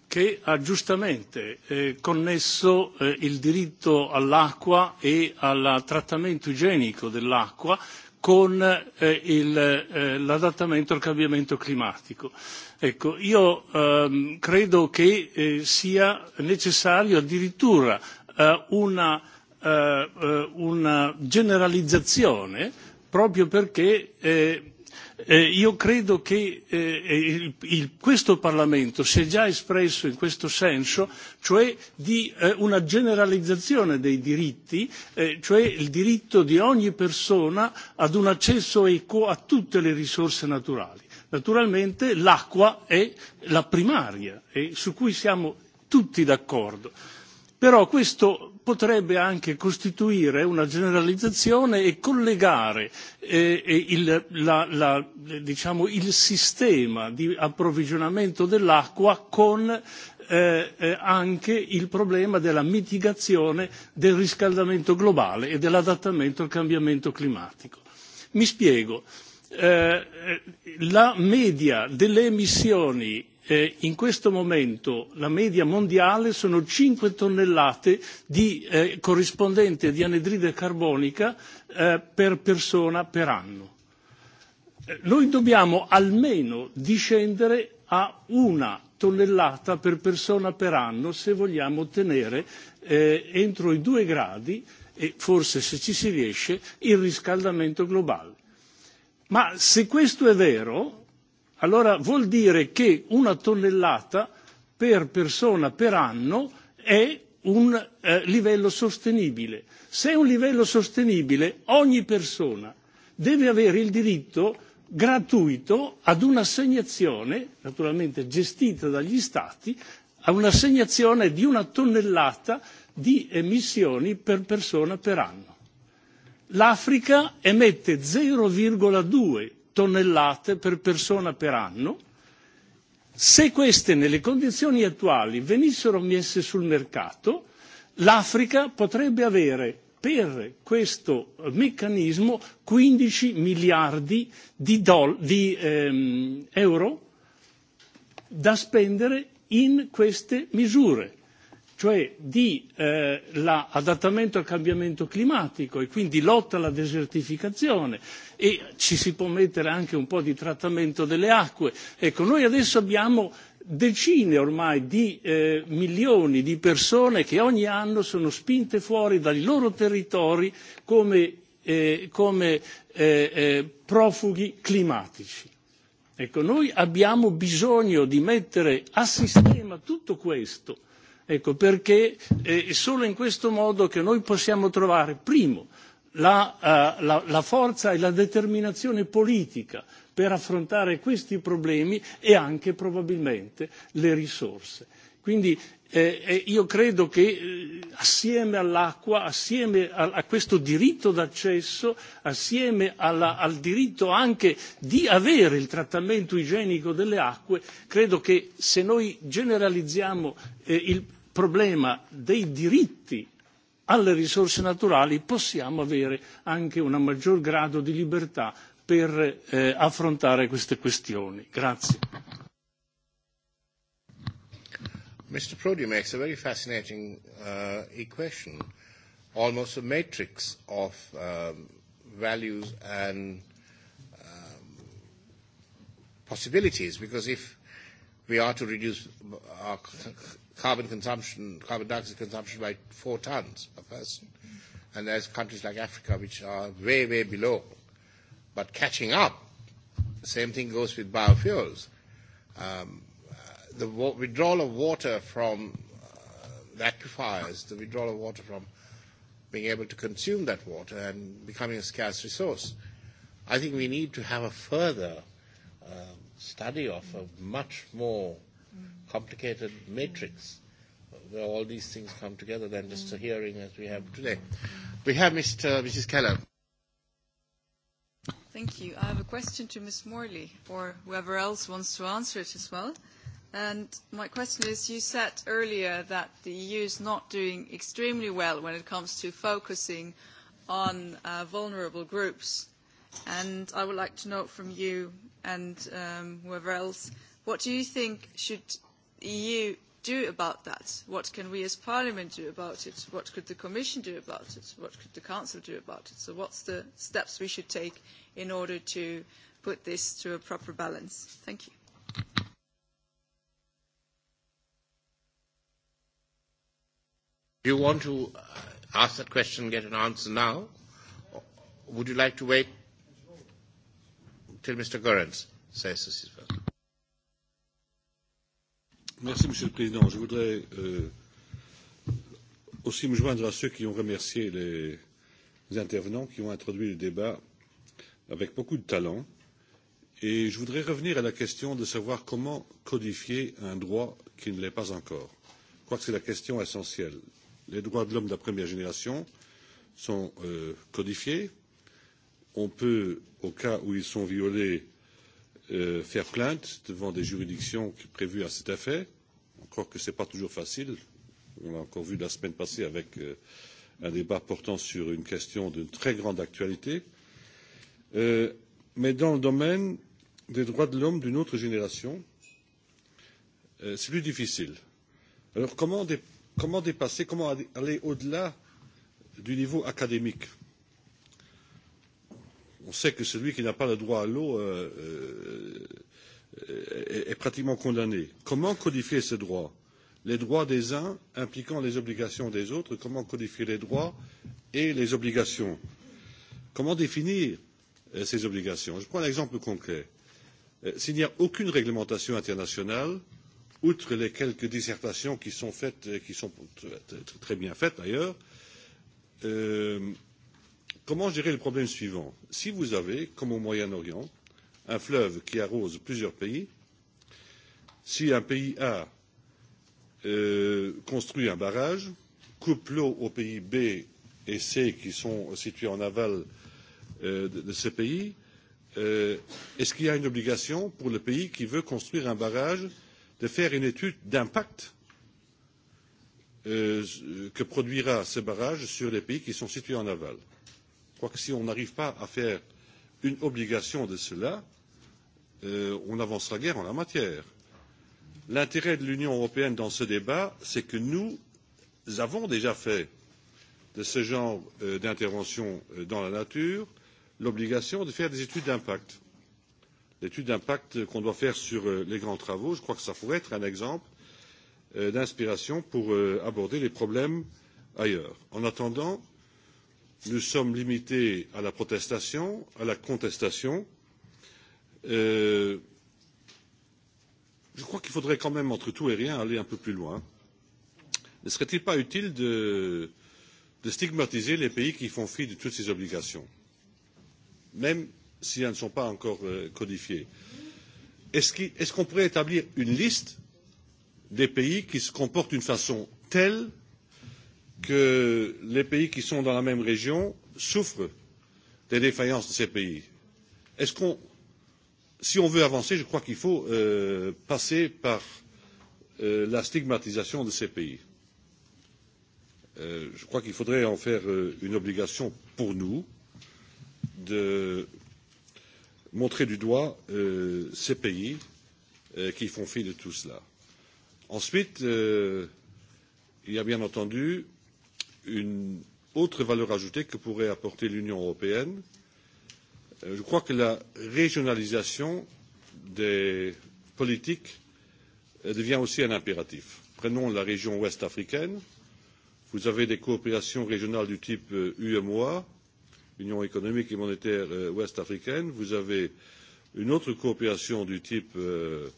che ha giustamente eh, connesso eh, il diritto all'acqua e al trattamento igienico dell'acqua con eh, il, eh, l'adattamento al cambiamento climatico. Ecco, io ehm, credo che eh, sia necessario addirittura eh, una, eh, eh una generalizzazione proprio perché eh, Eh, io credo che eh, eh, il, il, questo Parlamento si è già espresso in questo senso, cioè di eh, una generalizzazione dei diritti, eh, cioè il diritto di ogni persona ad un accesso equo a tutte le risorse naturali. Naturalmente l'acqua è la primaria e su cui siamo tutti d'accordo. Però questo potrebbe anche costituire una generalizzazione e collegare eh, eh, il, la, la, diciamo, il sistema di approvvigionamento dell'acqua con eh, eh, anche il problema della mitigazione del riscaldamento globale e dell'adattamento al cambiamento climatico. Mi spiego, eh, eh la media delle emissioni eh, in questo momento la media mondiale sono 5 tonnellate di eh, corrispondente di anidride carbonica eh, per persona per anno. Eh, noi dobbiamo almeno discendere a una tonnellata per persona per anno se vogliamo ottenere eh, entro i due gradi e forse se ci si riesce il riscaldamento globale. Ma se questo è vero, allora vuol dire che una tonnellata per persona per anno è un eh, livello sostenibile. Se è un livello sostenibile, ogni persona deve avere il diritto gratuito ad un'assegnazione, naturalmente gestita dagli Stati, a un'assegnazione di una tonnellata di emissioni per persona per anno. L'Africa emette 0,2 tonnellate per persona per anno. Se queste nelle condizioni attuali venissero messe sul mercato, l'Africa potrebbe avere per questo meccanismo 15 miliardi di, doll- di ehm, euro da spendere in queste misure cioè di eh, la, adattamento al cambiamento climatico e quindi lotta alla desertificazione e ci si può mettere anche un po' di trattamento delle acque. Ecco, noi adesso abbiamo decine ormai di eh, milioni di persone che ogni anno sono spinte fuori dai loro territori come, eh, come eh, eh, profughi climatici. Ecco, noi abbiamo bisogno di mettere a sistema tutto questo Ecco perché eh, è solo in questo modo che noi possiamo trovare, primo, la, uh, la, la forza e la determinazione politica per affrontare questi problemi e anche probabilmente le risorse. Quindi eh, eh, io credo che eh, assieme all'acqua, assieme a, a questo diritto d'accesso, assieme alla, al diritto anche di avere il trattamento igienico delle acque, credo che se noi generalizziamo eh, il, problema dei diritti alle risorse naturali possiamo avere anche un maggior grado di libertà per eh, affrontare queste questioni. Grazie. Mr. Prodi makes a very fascinating uh, equation, almost a matrix of um, values and um, possibilities, because if we are to reduce our carbon consumption, carbon dioxide consumption by four tons per person. And there's countries like Africa which are way, way below. But catching up, the same thing goes with biofuels. Um, uh, the wa- withdrawal of water from uh, the aquifers, the withdrawal of water from being able to consume that water and becoming a scarce resource. I think we need to have a further uh, study of a much more complicated matrix where all these things come together than just a mm. hearing as we have today. We have Mr. Mrs. Keller. Thank you. I have a question to Ms. Morley or whoever else wants to answer it as well. And my question is, you said earlier that the EU is not doing extremely well when it comes to focusing on uh, vulnerable groups. And I would like to know from you and um, whoever else, what do you think should EU do about that? What can we as Parliament do about it? What could the Commission do about it? What could the Council do about it? So what's the steps we should take in order to put this to a proper balance? Thank you. Do you want to uh, ask that question and get an answer now? Or would you like to wait till Mr. Gorenz says this is first? Merci, Monsieur le Président. Je voudrais euh, aussi me joindre à ceux qui ont remercié les, les intervenants qui ont introduit le débat avec beaucoup de talent. Et je voudrais revenir à la question de savoir comment codifier un droit qui ne l'est pas encore. Je crois que c'est la question essentielle. Les droits de l'homme de la première génération sont euh, codifiés. On peut, au cas où ils sont violés, euh, faire plainte devant des juridictions prévues à cet effet, encore que ce n'est pas toujours facile. On l'a encore vu la semaine passée avec euh, un débat portant sur une question d'une très grande actualité. Euh, mais dans le domaine des droits de l'homme d'une autre génération, euh, c'est plus difficile. Alors comment, dé comment dépasser, comment aller au-delà du niveau académique euh, on sait que celui qui n'a pas le droit à l'eau euh, euh est, est pratiquement condamné. Comment codifier ce droit Les droits des uns impliquant les obligations des autres, comment codifier les droits et les obligations Comment définir euh, ces obligations Je prends un exemple concret. Euh, S'il n'y a aucune réglementation internationale, outre les quelques dissertations qui sont faites, euh, qui sont très bien faites d'ailleurs, euh, comment gérer le problème suivant si vous avez comme au moyen orient un fleuve qui arrose plusieurs pays si un pays a euh, construit un barrage coupe l'eau aux pays b et c qui sont situés en aval euh, de, de ces pays euh, est ce qu'il y a une obligation pour le pays qui veut construire un barrage de faire une étude d'impact euh, que produira ce barrage sur les pays qui sont situés en aval? Quoique si on n'arrive pas à faire une obligation de cela, euh, on n'avancera guère en la matière. L'intérêt de l'Union européenne dans ce débat, c'est que nous avons déjà fait de ce genre euh, d'intervention euh, dans la nature l'obligation de faire des études d'impact. L'étude d'impact qu'on doit faire sur euh, les grands travaux, je crois que ça pourrait être un exemple euh, d'inspiration pour euh, aborder les problèmes ailleurs. En attendant, nous sommes limités à la protestation, à la contestation. Euh, je crois qu'il faudrait quand même, entre tout et rien, aller un peu plus loin. Ne serait-il pas utile de, de stigmatiser les pays qui font fi de toutes ces obligations, même si elles ne sont pas encore euh, codifiées Est-ce qu'on est qu pourrait établir une liste des pays qui se comportent d'une façon telle que les pays qui sont dans la même région souffrent des défaillances de ces pays. Est-ce qu'on, si on veut avancer, je crois qu'il faut euh, passer par euh, la stigmatisation de ces pays. Euh, je crois qu'il faudrait en faire euh, une obligation pour nous de montrer du doigt euh, ces pays euh, qui font fi de tout cela. Ensuite, euh, il y a bien entendu une autre valeur ajoutée que pourrait apporter l'Union européenne. Euh, je crois que la régionalisation des politiques euh, devient aussi un impératif. Prenons la région ouest africaine. Vous avez des coopérations régionales du type UMOA, euh, Union économique et monétaire ouest africaine. Vous avez une autre coopération du type euh,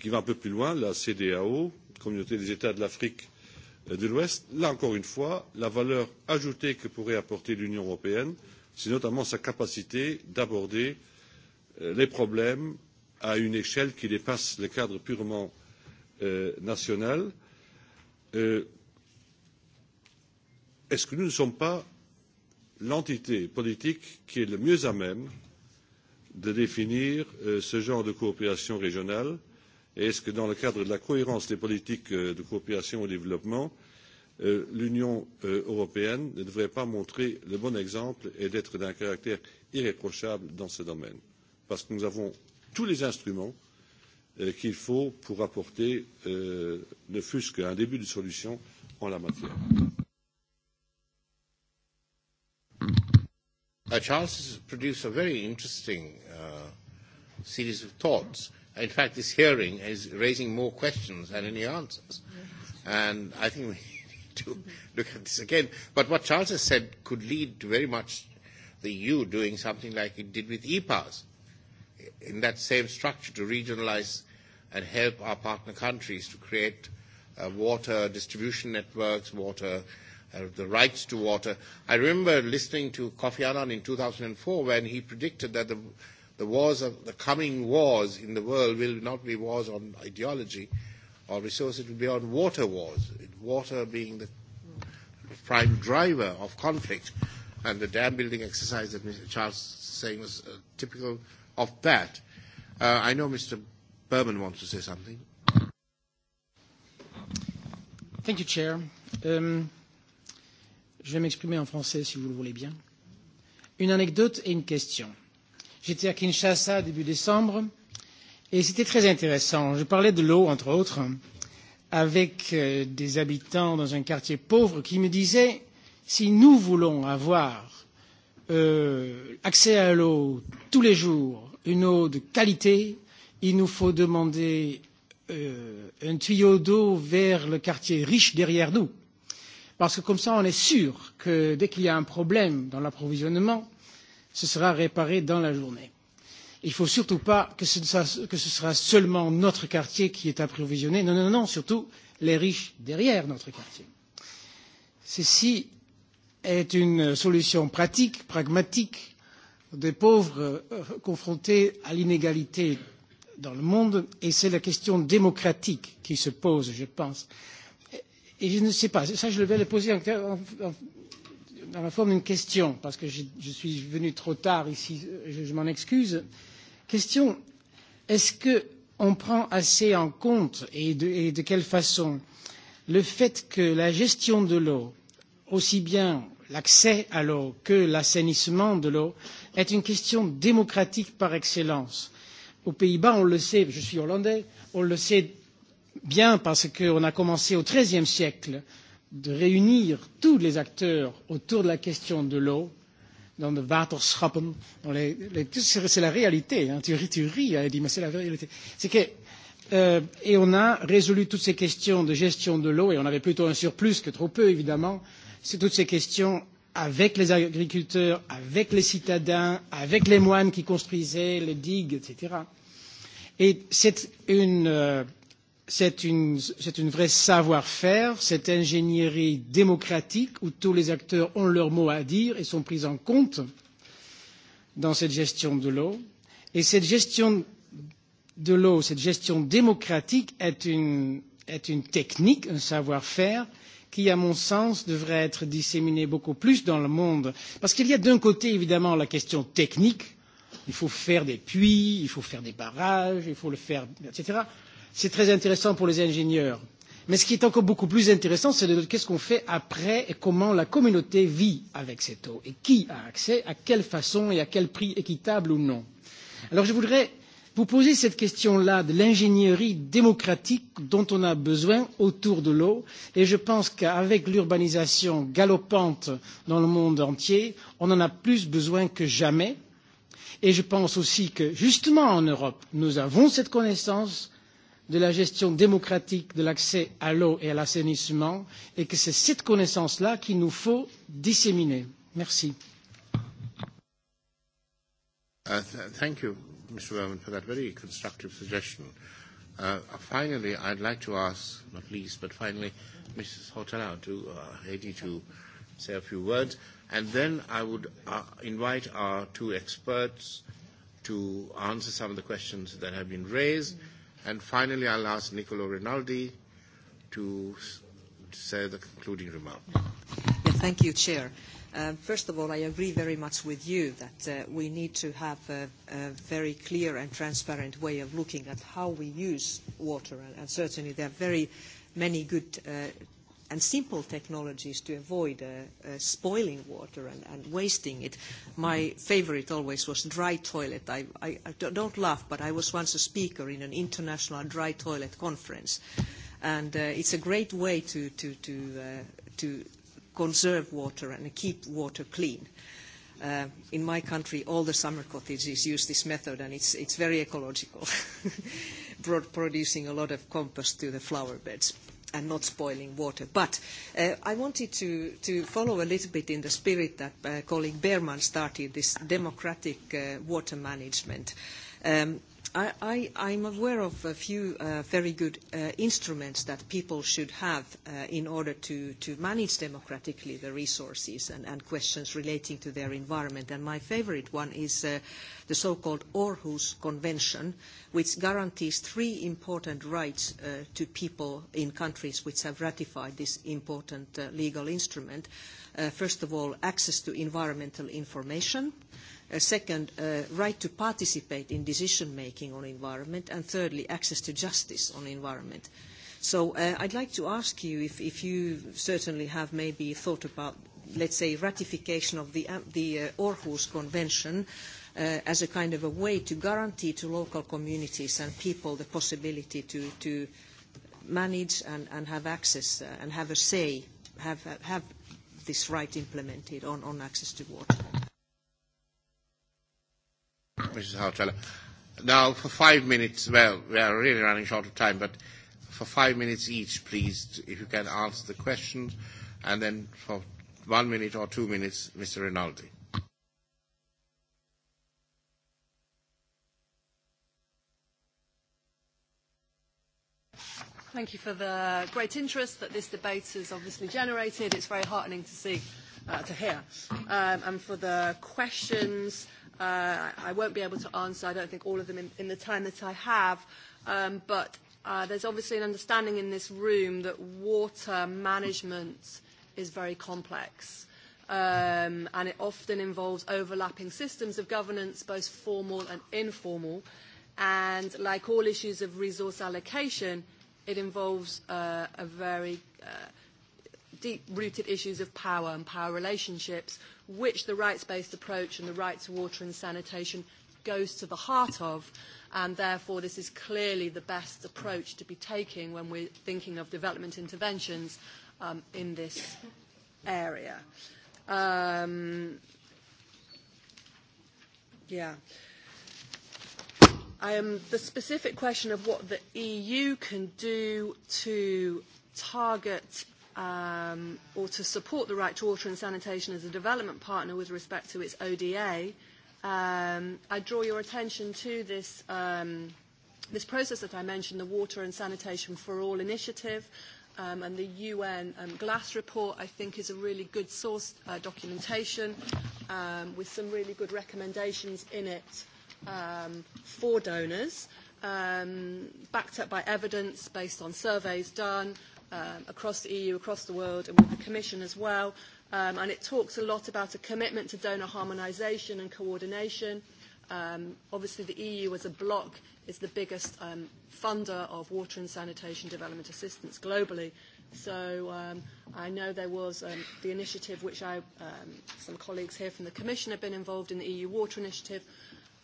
qui va un peu plus loin, la CDAO, Communauté des États de l'Afrique de l'Ouest. Là encore une fois, la valeur ajoutée que pourrait apporter l'Union européenne, c'est notamment sa capacité d'aborder euh, les problèmes à une échelle qui dépasse le cadre purement euh, national. Euh, Est-ce que nous ne sommes pas l'entité politique qui est le mieux à même de définir euh, ce genre de coopération régionale Est-ce que dans le cadre de la cohérence des politiques euh, de coopération au développement, euh, l'Union euh, européenne ne devrait pas montrer le bon exemple et être d'un caractère irréprochable dans ce domaine Parce que nous avons tous les instruments qu'il faut pour apporter euh, ne fût-ce qu'un début de solution en la matière. Uh, Charles has produced a very interesting uh, series of thoughts. In fact, this hearing is raising more questions than any answers. And I think we need to look at this again. But what Charles has said could lead to very much the EU doing something like it did with EPAS, in that same structure to regionalize and help our partner countries to create uh, water distribution networks, water, uh, the rights to water. I remember listening to Kofi Annan in 2004 when he predicted that the the wars of the coming wars in the world will not be wars on ideology or resource, it will be on water wars, water being the prime driver of conflict. And the dam building exercise that Mr. Charles saying was uh, typical of that. Uh, I know Mr. Berman wants to say something. Thank you, Chair. Um, je vais m'exprimer en français, si vous le voulez bien. Une anecdote et une question. J'étais à Kinshasa début décembre et c'était très intéressant. Je parlais de l'eau, entre autres, avec euh, des habitants dans un quartier pauvre qui me disaient si nous voulons avoir euh, accès à l'eau tous les jours, une eau de qualité, il nous faut demander euh, un tuyau d'eau vers le quartier riche derrière nous. Parce que comme ça, on est sûr que dès qu'il y a un problème dans l'approvisionnement, ce sera réparé dans la journée. Il ne faut surtout pas que ce, que ce sera seulement notre quartier qui est approvisionné. Non, non, non, surtout les riches derrière notre quartier. Ceci est une solution pratique, pragmatique, des pauvres euh, confrontés à l'inégalité dans le monde, et c'est la question démocratique qui se pose, je pense. Et, et je ne sais pas, ça je vais le poser en, en, en dans la forme d'une question, parce que je, je suis venu trop tard ici, je, je m'en excuse. Question, est-ce qu'on prend assez en compte, et de, et de quelle façon, le fait que la gestion de l'eau, aussi bien l'accès à l'eau que l'assainissement de l'eau, est une question démocratique par excellence Aux Pays-Bas, on le sait, je suis hollandais, on le sait bien parce qu'on a commencé au XIIIe siècle de réunir tous les acteurs autour de la question de l'eau, dans de waterschappen. Dans les, les, c'est la réalité. Hein. Tu ris, tu ris, hein, dit, mais c'est la réalité. C'est que, euh, et on a résolu toutes ces questions de gestion de l'eau, et on avait plutôt un surplus que trop peu, évidemment. C'est toutes ces questions avec les agriculteurs, avec les citadins, avec les moines qui construisaient les digues, etc. Et c'est une. Euh, c'est une, une vraie savoir-faire, cette ingénierie démocratique où tous les acteurs ont leur mot à dire et sont pris en compte dans cette gestion de l'eau. Et cette gestion de l'eau, cette gestion démocratique est une, est une technique, un savoir-faire qui, à mon sens, devrait être disséminé beaucoup plus dans le monde. Parce qu'il y a d'un côté, évidemment, la question technique. Il faut faire des puits, il faut faire des barrages, il faut le faire, etc c'est très intéressant pour les ingénieurs. Mais ce qui est encore beaucoup plus intéressant, c'est de qu'est-ce qu'on fait après et comment la communauté vit avec cette eau et qui a accès, à quelle façon et à quel prix équitable ou non. Alors je voudrais vous poser cette question-là de l'ingénierie démocratique dont on a besoin autour de l'eau et je pense qu'avec l'urbanisation galopante dans le monde entier, on en a plus besoin que jamais. Et je pense aussi que justement en Europe, nous avons cette connaissance, de la gestion démocratique de l'accès à l'eau et à l'assainissement et que c'est cette connaissance là qu'il nous faut disséminer. Merci. Uh, th thank you, Mr. Berman, for that very constructive suggestion. Uh, finally, I'd like to ask, not least, but finally, Mrs. Hotelau to uh, Haiti to say a few words, and then I would uh, invite our two experts to answer some of the questions that have been raised. Mm-hmm And finally, I'll ask Niccolo Rinaldi to say the concluding remark. Yeah, thank you, Chair. Uh, first of all, I agree very much with you that uh, we need to have a, a very clear and transparent way of looking at how we use water, and, and certainly there are very many good uh, and simple technologies to avoid uh, uh, spoiling water and, and wasting it. My favorite always was dry toilet. I, I, I don't laugh, but I was once a speaker in an international dry toilet conference. And uh, it's a great way to, to, to, uh, to conserve water and keep water clean. Uh, in my country, all the summer cottages use this method, and it's, it's very ecological, <laughs> producing a lot of compost to the flower beds. Uh, and not spoiling water. But uh, I wanted to, to follow a little bit in the spirit that uh, colleague Berman started this democratic uh, water management. Um, I, I, I'm aware of a few uh, very good uh, instruments that people should have uh, in order to, to manage democratically the resources and, and questions relating to their environment. And my favorite one is uh, the so-called Aarhus Convention, which guarantees three important rights uh, to people in countries which have ratified this important uh, legal instrument. Uh, first of all, access to environmental information. Uh, Uh, second, uh, right to participate in decision-making on environment, and thirdly, access to justice on environment. So uh, I'd like to ask you if, if you certainly have maybe thought about, let's say, ratification of the, uh, the uh, Aarhus Convention uh, as a kind of a way to guarantee to local communities and people the possibility to, to manage and, and have access uh, and have a say, have, have this right implemented on, on access to water. Mrs. Hautala. Now, for five minutes, well, we are really running short of time, but for five minutes each, please, if you can answer the questions, and then for one minute or two minutes, Mr. Rinaldi. Thank you for the great interest that this debate has obviously generated. It's very heartening to see, uh, to hear. Um, and for the questions, Uh, I won't be able to answer, I don't think, all of them in, in the time that I have, um, but uh, there's obviously an understanding in this room that water management is very complex. Um, and it often involves overlapping systems of governance, both formal and informal. And like all issues of resource allocation, it involves uh, a very uh, deep-rooted issues of power and power relationships, which the rights-based approach and the right to water and sanitation goes to the heart of, and therefore this is clearly the best approach to be taking when we're thinking of development interventions um, in this area. Um, yeah. Um, the specific question of what the EU can do to target um, or to support the right to water and sanitation as a development partner with respect to its ODA, um, I draw your attention to this, um, this process that I mentioned, the Water and Sanitation for All initiative, um, and the UN um, GLASS report, I think, is a really good source uh, documentation um, with some really good recommendations in it um, for donors, um, backed up by evidence based on surveys done, um, across the EU, across the world, and with the Commission as well. Um, and it talks a lot about a commitment to donor harmonisation and coordination. Um, obviously, the EU as a bloc is the biggest um, funder of water and sanitation development assistance globally. So um, I know there was um, the initiative which I, um, some colleagues here from the Commission have been involved in, the EU Water Initiative,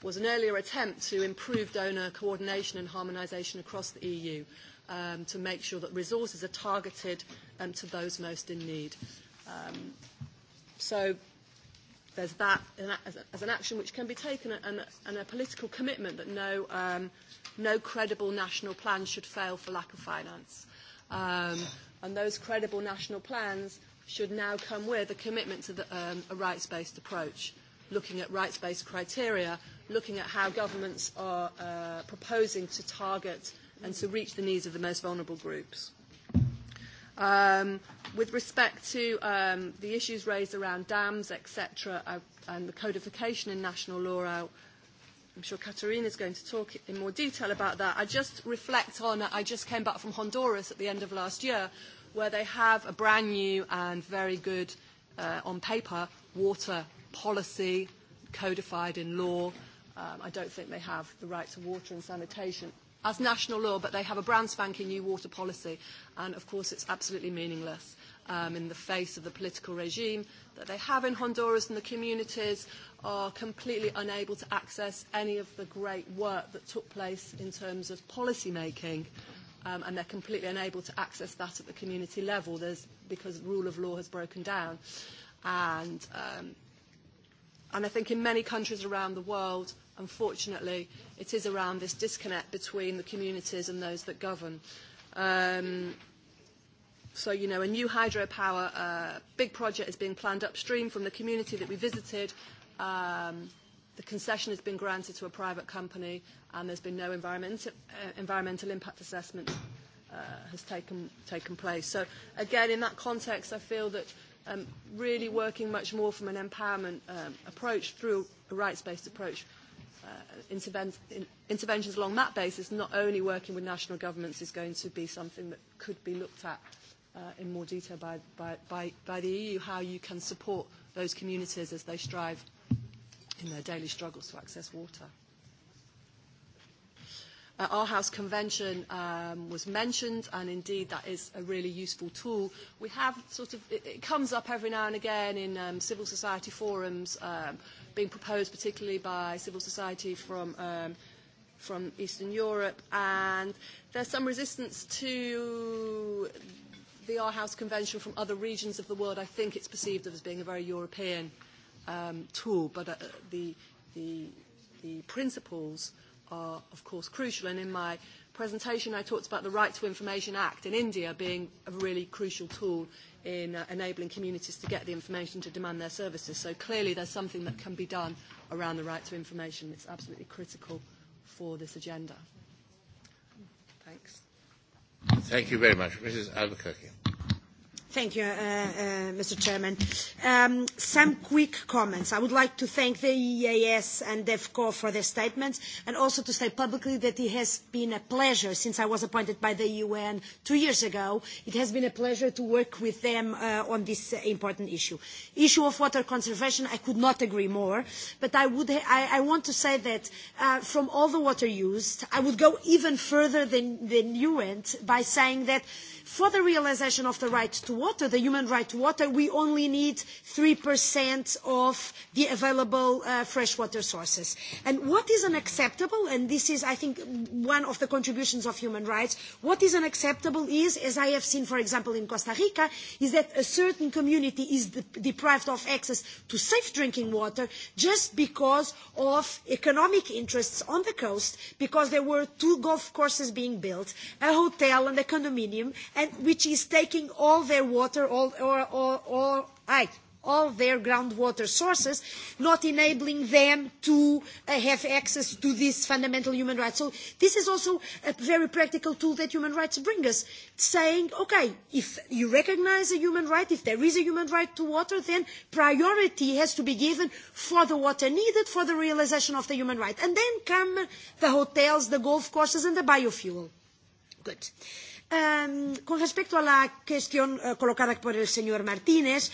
was an earlier attempt to improve donor coordination and harmonisation across the EU um, to make sure that resources are targeted um, to those most in need. Um, so there's that as an action which can be taken and, and a political commitment that no, um, no credible national plan should fail for lack of finance. Um, and those credible national plans should now come with a commitment to the, um, a rights-based approach, looking at rights-based criteria looking at how governments are uh, proposing to target and to reach the needs of the most vulnerable groups. Um, with respect to um, the issues raised around dams, etc., uh, and the codification in national law, I, uh, I'm sure Katarina is going to talk in more detail about that. I just reflect on, I just came back from Honduras at the end of last year, where they have a brand new and very good, uh, on paper, water policy codified in law Um, I don't think they have the right to water and sanitation as national law, but they have a brand spanking new water policy. And of course, it's absolutely meaningless um, in the face of the political regime that they have in Honduras, and the communities are completely unable to access any of the great work that took place in terms of policy making. Um, and they're completely unable to access that at the community level There's, because rule of law has broken down. And um, And I think in many countries around the world, unfortunately, it is around this disconnect between the communities and those that govern. Um, so, you know, a new hydropower uh, big project is being planned upstream from the community that we visited. Um, the concession has been granted to a private company, and there's been no environment, uh, environmental impact assessment uh, has taken, taken place. So, again, in that context, I feel that um, really working much more from an empowerment um, approach through a rights-based approach. Uh, interven- in, interventions along that basis, not only working with national governments, is going to be something that could be looked at uh, in more detail by, by, by, by the EU, how you can support those communities as they strive in their daily struggles to access water. Uh, our House Convention um, was mentioned, and indeed that is a really useful tool. We have sort of, it, it comes up every now and again in um, civil society forums, um, being proposed particularly by civil society from, um, from Eastern Europe, and there's some resistance to the Our House Convention from other regions of the world. I think it's perceived as being a very European um, tool, but uh, the, the, the principles are, of course, crucial. And in my presentation, I talked about the Right to Information Act in India being a really crucial tool in uh, enabling communities to get the information to demand their services. So clearly, there's something that can be done around the right to information. It's absolutely critical for this agenda. Thanks. Thank you very much. Mrs. Albuquerque. Thank you, uh, uh, Mr. Chairman. Um, some quick comments. I would like to thank the EAS e and DEFCO for their statements, and also to say publicly that it has been a pleasure since I was appointed by the UN two years ago. It has been a pleasure to work with them uh, on this uh, important issue. Issue of water conservation, I could not agree more, but I, would ha- I, I want to say that uh, from all the water used, I would go even further than, than you went by saying that uh, For the realization of the right to water, the human right to water, we only need 3% of the available uh, freshwater sources. And what is unacceptable, and this is, I think, one of the contributions of human rights, what is unacceptable is, as I have seen, for example, in Costa Rica, is that a certain community is de deprived of access to safe drinking water just because of economic interests on the coast, because there were two golf courses being built, a hotel and a condominium, and which is taking all their water, all, or, or, or, I, all their groundwater sources, not enabling them to uh, have access to these fundamental human rights. So this is also a very practical tool that human rights bring us, saying, okay, if you recognize a human right, if there is a human right to water, then priority has to be given for the water needed for the realization of the human right. And then come the hotels, the golf courses, and the biofuel. Good. Uh, Um, con respecto a la cuestión uh, colocada por el señor Martínez,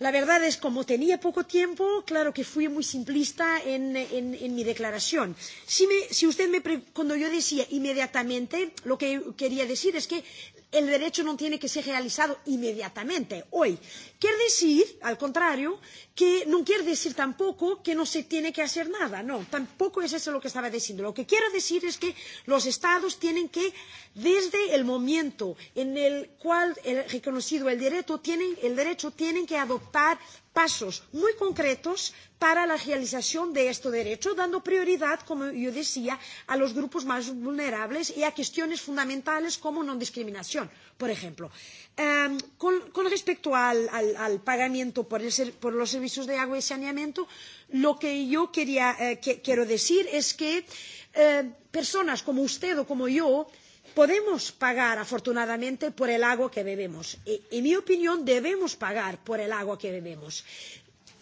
la verdad es como tenía poco tiempo, claro que fui muy simplista en, en, en mi declaración. Si, me, si usted me pre, cuando yo decía inmediatamente, lo que quería decir es que el derecho no tiene que ser realizado inmediatamente, hoy, Quiere decir, al contrario, que no quiere decir tampoco que no se tiene que hacer nada. No, tampoco es eso lo que estaba diciendo. Lo que quiero decir es que los Estados tienen que, desde el momento en el cual es reconocido el derecho, tienen, el derecho, tienen que adoptar pasos muy concretos para la realización de este derecho, dando prioridad, como yo decía, a los grupos más vulnerables y a cuestiones fundamentales como no discriminación por ejemplo. Um, con, con respecto al, al, al pagamiento por, el ser, por los servicios de agua y saneamiento, lo que yo quería, eh, que, quiero decir es que eh, personas como usted o como yo podemos pagar, afortunadamente, por el agua que bebemos. E, en mi opinión, debemos pagar por el agua que bebemos.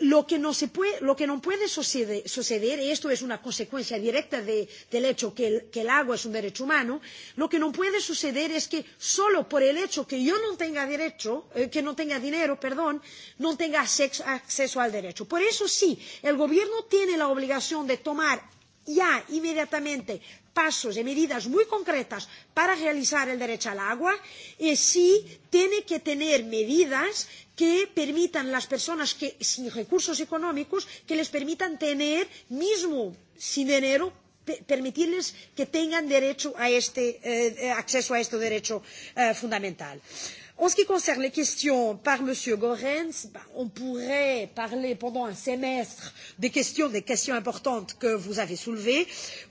Lo que, no se puede, lo que no puede suceder, suceder, y esto es una consecuencia directa de, del hecho que el, que el agua es un derecho humano, lo que no puede suceder es que solo por el hecho que yo no tenga derecho, eh, que no tenga dinero, perdón, no tenga acceso, acceso al derecho. Por eso sí, el gobierno tiene la obligación de tomar ya inmediatamente pasos y medidas muy concretas para realizar el derecho al agua y sí tiene que tener medidas que permitan a las personas que, sin recursos económicos que les permitan tener, mismo sin dinero, permitirles que tengan derecho a este, eh, eh, acceso a este derecho eh, fundamental. En ce qui concerne les questions par M. Gorenz, ben, on pourrait parler pendant un semestre des questions, des questions importantes que vous avez soulevées.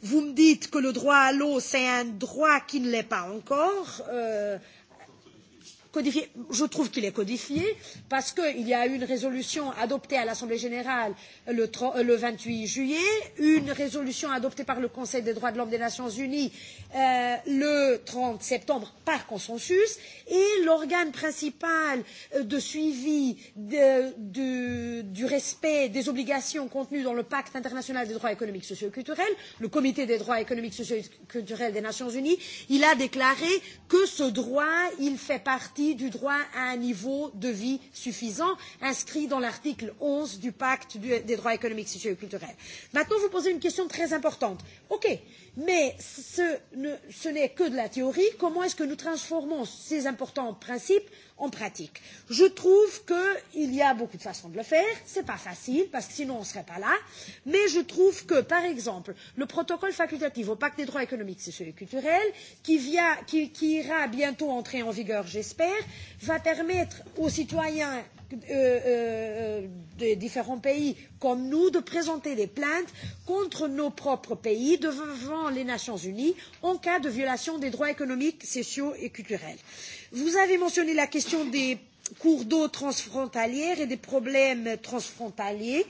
Vous me dites que le droit à l'eau, c'est un droit qui ne l'est pas encore. Euh, codifié. Je trouve qu'il est codifié parce qu'il y a une résolution adoptée à l'Assemblée générale le, euh, le 28 juillet, une résolution adoptée par le Conseil des droits de l'homme des Nations unies euh, le 30 septembre par consensus et l'organe principal euh, de suivi de, de, du respect des obligations contenues dans le pacte international des droits économiques, sociaux et culturels, le comité des droits économiques, sociaux et culturels des Nations unies, il a déclaré que ce droit, il fait partie garantie du droit à un niveau de vie suffisant, inscrit dans l'article 11 du pacte du, des droits économiques, sociaux et culturels. Maintenant, vous posez une question très importante. OK, mais ce n'est ne, que de la théorie. Comment est-ce que nous transformons ces importants principes en pratique Je trouve qu'il y a beaucoup de façons de le faire. Ce n'est pas facile, parce que sinon on ne serait pas là. Mais je trouve que, par exemple, le protocole facultatif au pacte des droits économiques, sociaux et culturels, qui, via, qui, qui ira bientôt entrer en vigueur, j'espère, va permettre aux citoyens Euh, euh, des différents pays comme nous de présenter des plaintes contre nos propres pays devant les Nations Unies en cas de violation des droits économiques, sociaux et culturels. Vous avez mentionné la question des cours d'eau transfrontalières et des problèmes transfrontaliers.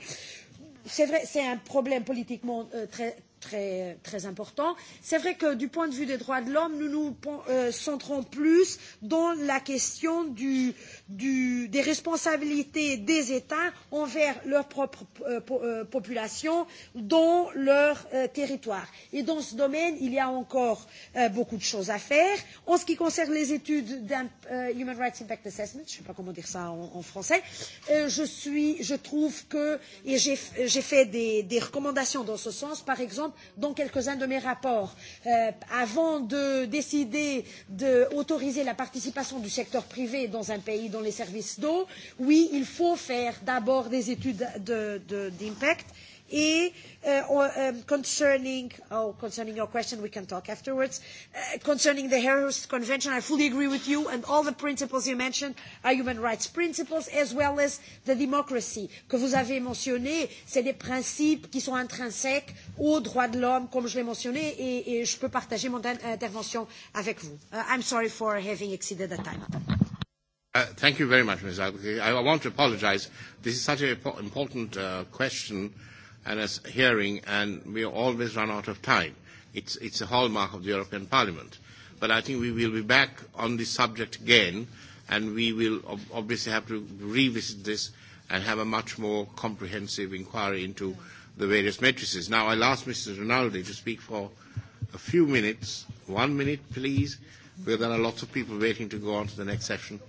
C'est vrai, c'est un problème politiquement euh, très, très, très important. C'est vrai que du point de vue des droits de l'homme, nous nous euh, centrons plus dans la question du, euh, du, des responsabilités des États envers leur propre euh, po, euh, population dans leur euh, territoire. Et dans ce domaine, il y a encore euh, beaucoup de choses à faire. En ce qui concerne les études d'un euh, Human Rights Impact Assessment, je ne sais pas comment dire ça en, en français, euh, je, suis, je trouve que, et j'ai fait des, des recommandations dans ce sens, par exemple, dans quelques-uns de mes rapports, euh, avant de décider d'autoriser la participation du secteur privé dans un pays, dans dans les services d'eau. Oui, il faut faire d'abord des études d'impact. E uh, or, um, euh, concerning oh, concerning your question, we can talk afterwards. Uh, concerning the Harris Convention, I fully agree with you, and all the principles you mentioned are human rights principles as well as the democracy que vous avez mentionné. C'est des principes qui sont intrinsèques aux droits de l'homme, comme je l'ai mentionné, et, et je peux partager mon intervention avec vous. Uh, I'm sorry for having exceeded the time. Uh, thank you very much, Ms. Albuquerque. I, I want to apologize. This is such an important uh, question and a hearing, and we always run out of time. It's, it's a hallmark of the European Parliament. But I think we will be back on this subject again, and we will ob- obviously have to revisit this and have a much more comprehensive inquiry into the various matrices. Now, I'll ask Mr. Rinaldi to speak for a few minutes. One minute, please, because there are lots of people waiting to go on to the next session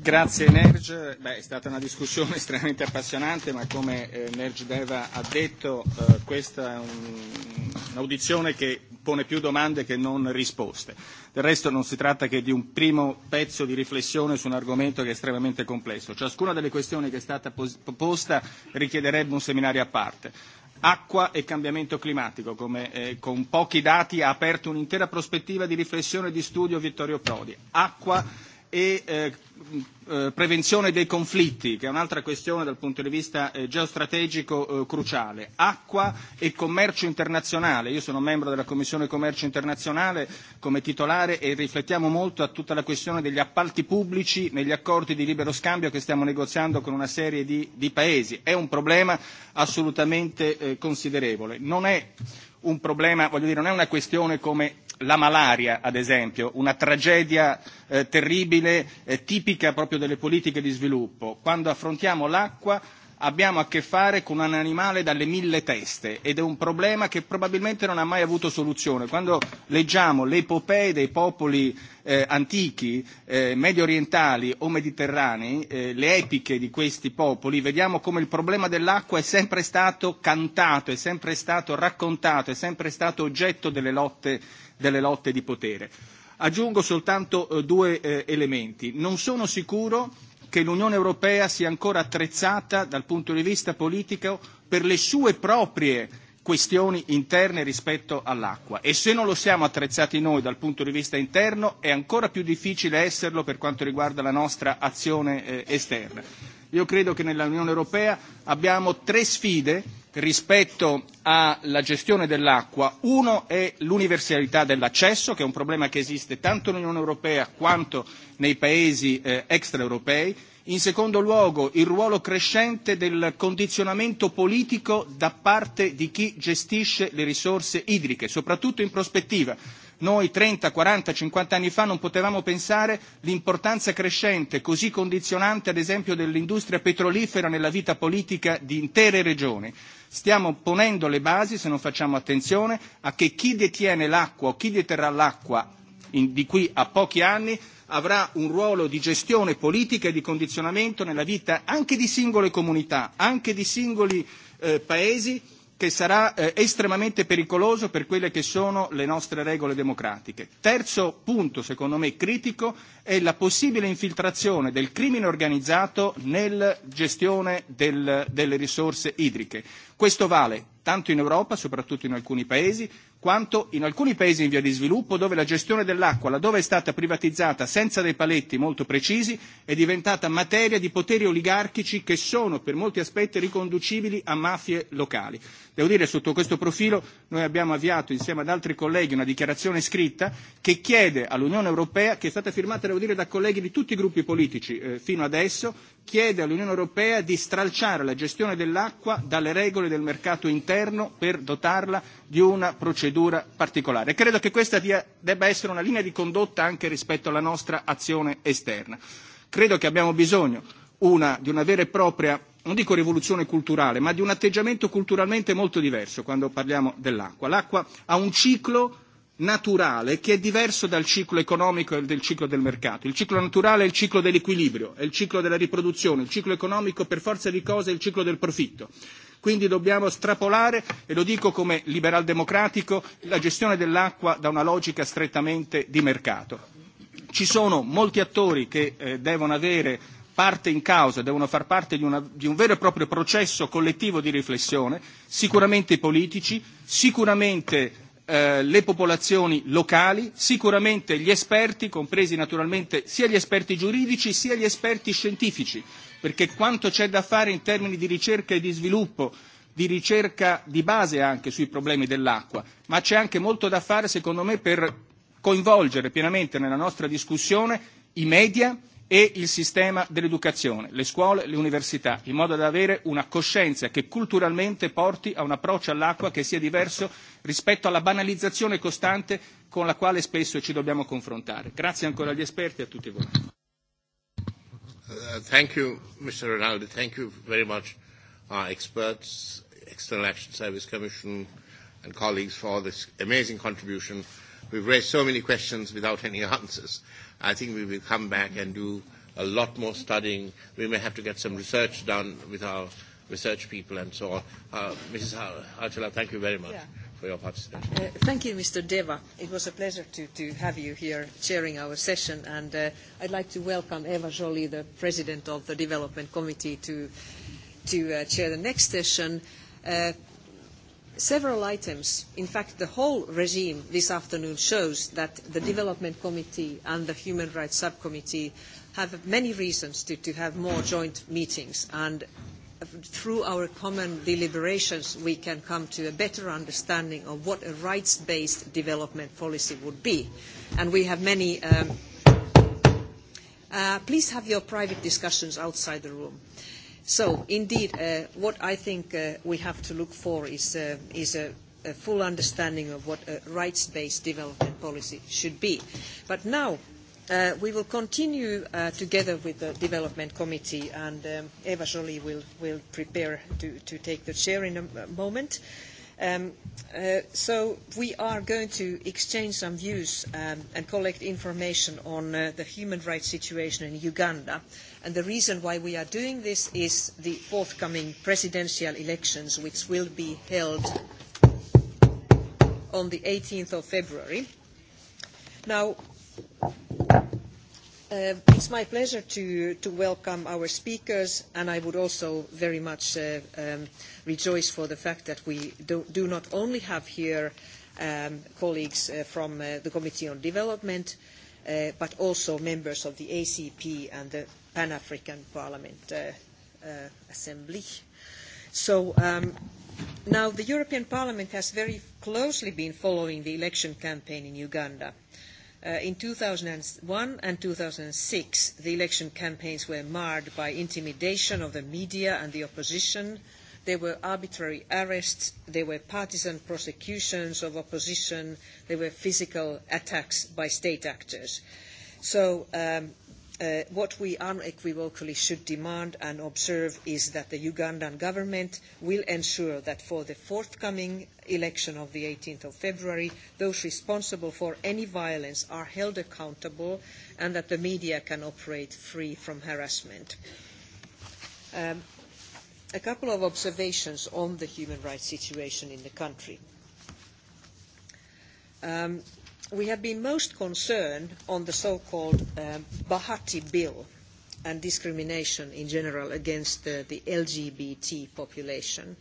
Grazie Nerj, Beh, è stata una discussione <laughs> estremamente appassionante, ma come eh, Nerj Deva ha detto, eh, questa è un, un'audizione che pone più domande che non risposte. Del resto non si tratta che di un primo pezzo di riflessione su un argomento che è estremamente complesso. Ciascuna delle questioni che è stata pos- posta richiederebbe un seminario a parte acqua e cambiamento climatico, come eh, con pochi dati ha aperto un'intera prospettiva di riflessione e di studio Vittorio Prodi. Acqua e eh, eh, prevenzione dei conflitti, che è un'altra questione dal punto di vista eh, geostrategico eh, cruciale, acqua e commercio internazionale. Io sono membro della Commissione Commercio Internazionale come titolare e riflettiamo molto a tutta la questione degli appalti pubblici negli accordi di libero scambio che stiamo negoziando con una serie di, di paesi. È un problema assolutamente eh, considerevole. Non è un problema, voglio dire, non è una questione come la malaria, ad esempio, una tragedia eh, terribile, eh, tipica proprio delle politiche di sviluppo. Quando affrontiamo l'acqua abbiamo a che fare con un animale dalle mille teste ed è un problema che probabilmente non ha mai avuto soluzione. Quando leggiamo le epopee dei popoli eh, antichi, eh, medio orientali o mediterranei, eh, le epiche di questi popoli, vediamo come il problema dell'acqua è sempre stato cantato, è sempre stato raccontato, è sempre stato oggetto delle lotte, delle lotte di potere. Aggiungo soltanto eh, due eh, elementi. Non sono sicuro che l'Unione Europea sia ancora attrezzata dal punto di vista politico per le sue proprie questioni interne rispetto all'acqua e se non lo siamo attrezzati noi dal punto di vista interno è ancora più difficile esserlo per quanto riguarda la nostra azione eh, esterna. Io credo che nell'Unione Europea abbiamo tre sfide rispetto alla gestione dell'acqua. Uno è l'universalità dell'accesso, che è un problema che esiste tanto nell'Unione Europea quanto nei paesi eh, extraeuropei In secondo luogo, il ruolo crescente del condizionamento politico da parte di chi gestisce le risorse idriche, soprattutto in prospettiva. Noi 30, 40, 50 anni fa non potevamo pensare l'importanza crescente, così condizionante ad esempio dell'industria petrolifera nella vita politica di intere regioni. Stiamo ponendo le basi, se non facciamo attenzione, a che chi detiene l'acqua o chi deterrà l'acqua in, di qui a pochi anni avrà un ruolo di gestione politica e di condizionamento nella vita anche di singole comunità, anche di singoli eh, paesi che sarà eh, estremamente pericoloso per quelle che sono le nostre regole democratiche. Terzo punto, secondo me, critico è la possibile infiltrazione del crimine organizzato nella gestione del, delle risorse idriche. Questo vale tanto in Europa, soprattutto in alcuni paesi, quanto in alcuni paesi in via di sviluppo dove la gestione dell'acqua, laddove è stata privatizzata senza dei paletti molto precisi, è diventata materia di poteri oligarchici che sono per molti aspetti riconducibili a mafie locali. Devo dire sotto questo profilo noi abbiamo avviato insieme ad altri colleghi una dichiarazione scritta che chiede all'Unione Europea, che è stata firmata devo dire da colleghi di tutti i gruppi politici eh, fino adesso, chiede all'Unione Europea di stralciare la gestione dell'acqua dalle regole del mercato interno per dotarla di una procedura particolare. Credo che questa dia, debba essere una linea di condotta anche rispetto alla nostra azione esterna. Credo che abbiamo bisogno una, di una vera e propria, non dico rivoluzione culturale, ma di un atteggiamento culturalmente molto diverso quando parliamo dell'acqua. L'acqua ha un ciclo naturale che è diverso dal ciclo economico e del ciclo del mercato. Il ciclo naturale è il ciclo dell'equilibrio, è il ciclo della riproduzione, il ciclo economico per forza di cose è il ciclo del profitto. Quindi dobbiamo strapolare, e lo dico come liberal democratico, la gestione dell'acqua da una logica strettamente di mercato. Ci sono molti attori che eh, devono avere parte in causa, devono far parte di, una, di un vero e proprio processo collettivo di riflessione, sicuramente i politici, sicuramente eh, le popolazioni locali, sicuramente gli esperti, compresi naturalmente sia gli esperti giuridici sia gli esperti scientifici, perché quanto c'è da fare in termini di ricerca e di sviluppo di ricerca di base anche sui problemi dell'acqua, ma c'è anche molto da fare, secondo me, per coinvolgere pienamente nella nostra discussione i media, e il sistema dell'educazione, le scuole, le università, in modo da avere una coscienza che culturalmente porti a un approccio all'acqua che sia diverso rispetto alla banalizzazione costante con la quale spesso ci dobbiamo confrontare. Grazie ancora agli esperti e a tutti voi. Uh, thank you, Mr. Rinaldi. Thank you very much, our experts, External Action Service Commission, and colleagues for this amazing contribution. We've raised so many questions without any <laughs> answers. Uh, I think we will come back and do a lot more studying. We may have to get some research done with our research people and so on. Uh, Mrs. Archila, thank you very much. Yeah for your participation. Uh, thank you, Mr. Deva. It was a pleasure to, to have you here chairing our session, and uh, I'd like to welcome Eva Joly, the President of the Development Committee, to, to uh, chair the next session. Uh, several items, in fact the whole regime this afternoon shows that the Development Committee and the Human Rights Subcommittee have many reasons to, to have more joint meetings and through our common deliberations we can come to a better understanding of what a rights-based development policy would be. And we have many... Um, uh, please have your private discussions outside the room. Uh, So indeed, uh, what I think uh, we have to look for is, uh, is a, a full understanding of what a rights-based development policy should be. But now uh, we will continue uh, together with the Development Committee, and um, Eva Jolie will, will prepare to, to take the chair in a moment. Um, uh, so we are going to exchange some views um, and collect information on uh, the human rights situation in Uganda. Uh, And the reason why we are doing this is the forthcoming presidential elections, which will be held on the 18th of February. Now, Uh, it's my pleasure to, to welcome our speakers, and I would also very much uh, um, rejoice for the fact that we do, do not only have here um, colleagues uh, from uh, the Committee on Development, uh, but also members of the ACP and the Pan-African Parliament uh, uh, Assembly. So um, now the European Parliament has very closely been following the election campaign in Uganda. Uh, in 2001 and 2006, the election campaigns were marred by intimidation of the media and the opposition. There were arbitrary arrests, there were partisan prosecutions of opposition, there were physical attacks by state actors. So um, uh, what we unequivocally should demand and observe is that the Ugandan government will ensure that for the forthcoming election of the 18th of February, those responsible for any violence are held accountable and that the media can operate free from harassment. Um, a couple of observations on the human rights situation in the country. Um, we have been most concerned on the so-called um, Bahati Bill and discrimination in general against uh, the LGBT population.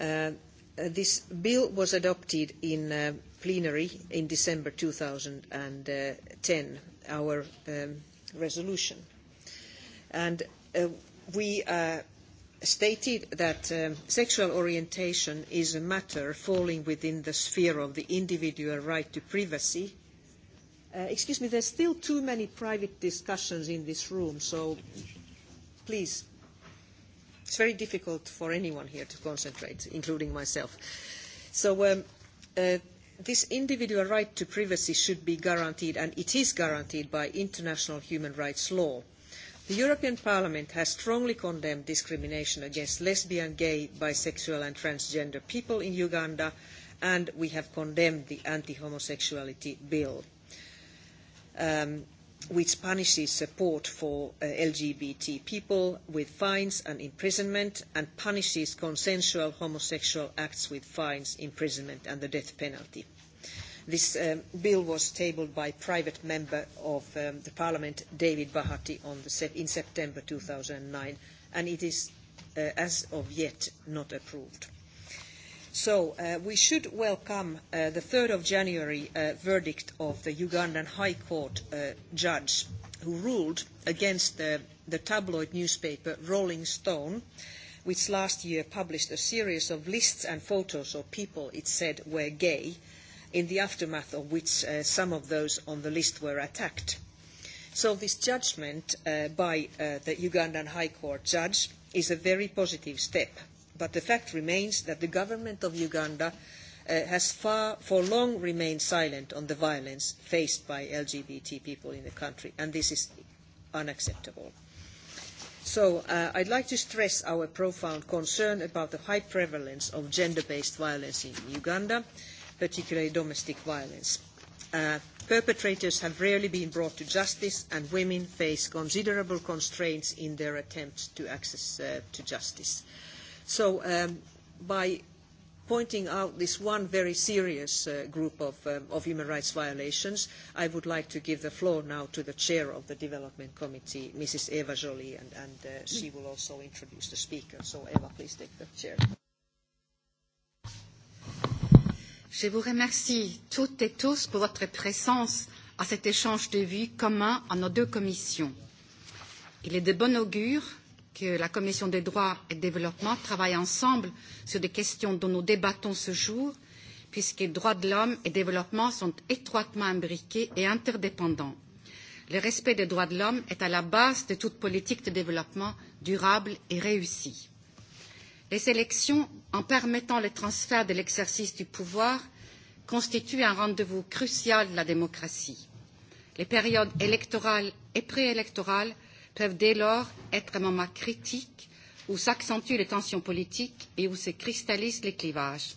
Uh, this bill was adopted in uh, plenary in December 2010, uh, our um, resolution. And uh, we uh, stated that um, sexual orientation is a matter falling within the sphere of the individual right to privacy. Uh, excuse me, there's still too many private discussions in this room, so please, it's very difficult for anyone here to concentrate, including myself. So um, uh, this individual right to privacy should be guaranteed, and it is guaranteed by international human rights law. Uh, The European Parliament has strongly condemned discrimination against lesbian, gay, bisexual and transgender people in Uganda, and we have condemned the anti-homosexuality bill, um, which punishes support for uh, LGBT people with fines and imprisonment, and punishes consensual homosexual acts with fines, imprisonment and the death penalty. This um, bill was tabled by private member of um, the Parliament, David Bahati, on the se- in September 2009, and it is, uh, as of yet, not approved. So uh, we should welcome uh, the 3rd of January uh, verdict of the Ugandan High Court uh, judge who ruled against the, the tabloid newspaper Rolling Stone, which last year published a series of lists and photos of people it said were gay, uh, in the aftermath of which uh, some of those on the list were attacked. So this judgment uh, by uh, the Ugandan High Court judge is a very positive step, but the fact remains that the government of Uganda uh, has far, for long remained silent on the violence faced by LGBT people in the country, and this is unacceptable. So uh, I'd like to stress our profound concern about the high prevalence of gender-based violence in Uganda, uh, particularly domestic violence. Uh, perpetrators have rarely been brought to justice, and women face considerable constraints in their attempts to access uh, to justice. So um, by pointing out this one very serious uh, group of, um, of human rights violations, I would like to give the floor now to the chair of the Development Committee, Mrs. Eva Jolie, and, and uh, she will also introduce the speaker. So Eva, please take the chair. Je vous remercie toutes et tous pour votre présence à cet échange de vues commun à nos deux commissions. Il est de bon augure que la Commission des droits et développement travaille ensemble sur des questions dont nous débattons ce jour, puisque droits de l'homme et développement sont étroitement imbriqués et interdépendants. Le respect des droits de l'homme est à la base de toute politique de développement durable et réussie. Les élections, en permettant le transfert de l'exercice du pouvoir, constituent un rendez-vous crucial de la démocratie. Les périodes électorales et préélectorales peuvent dès lors être un moment critique où s'accentuent les tensions politiques et où se cristallisent les clivages.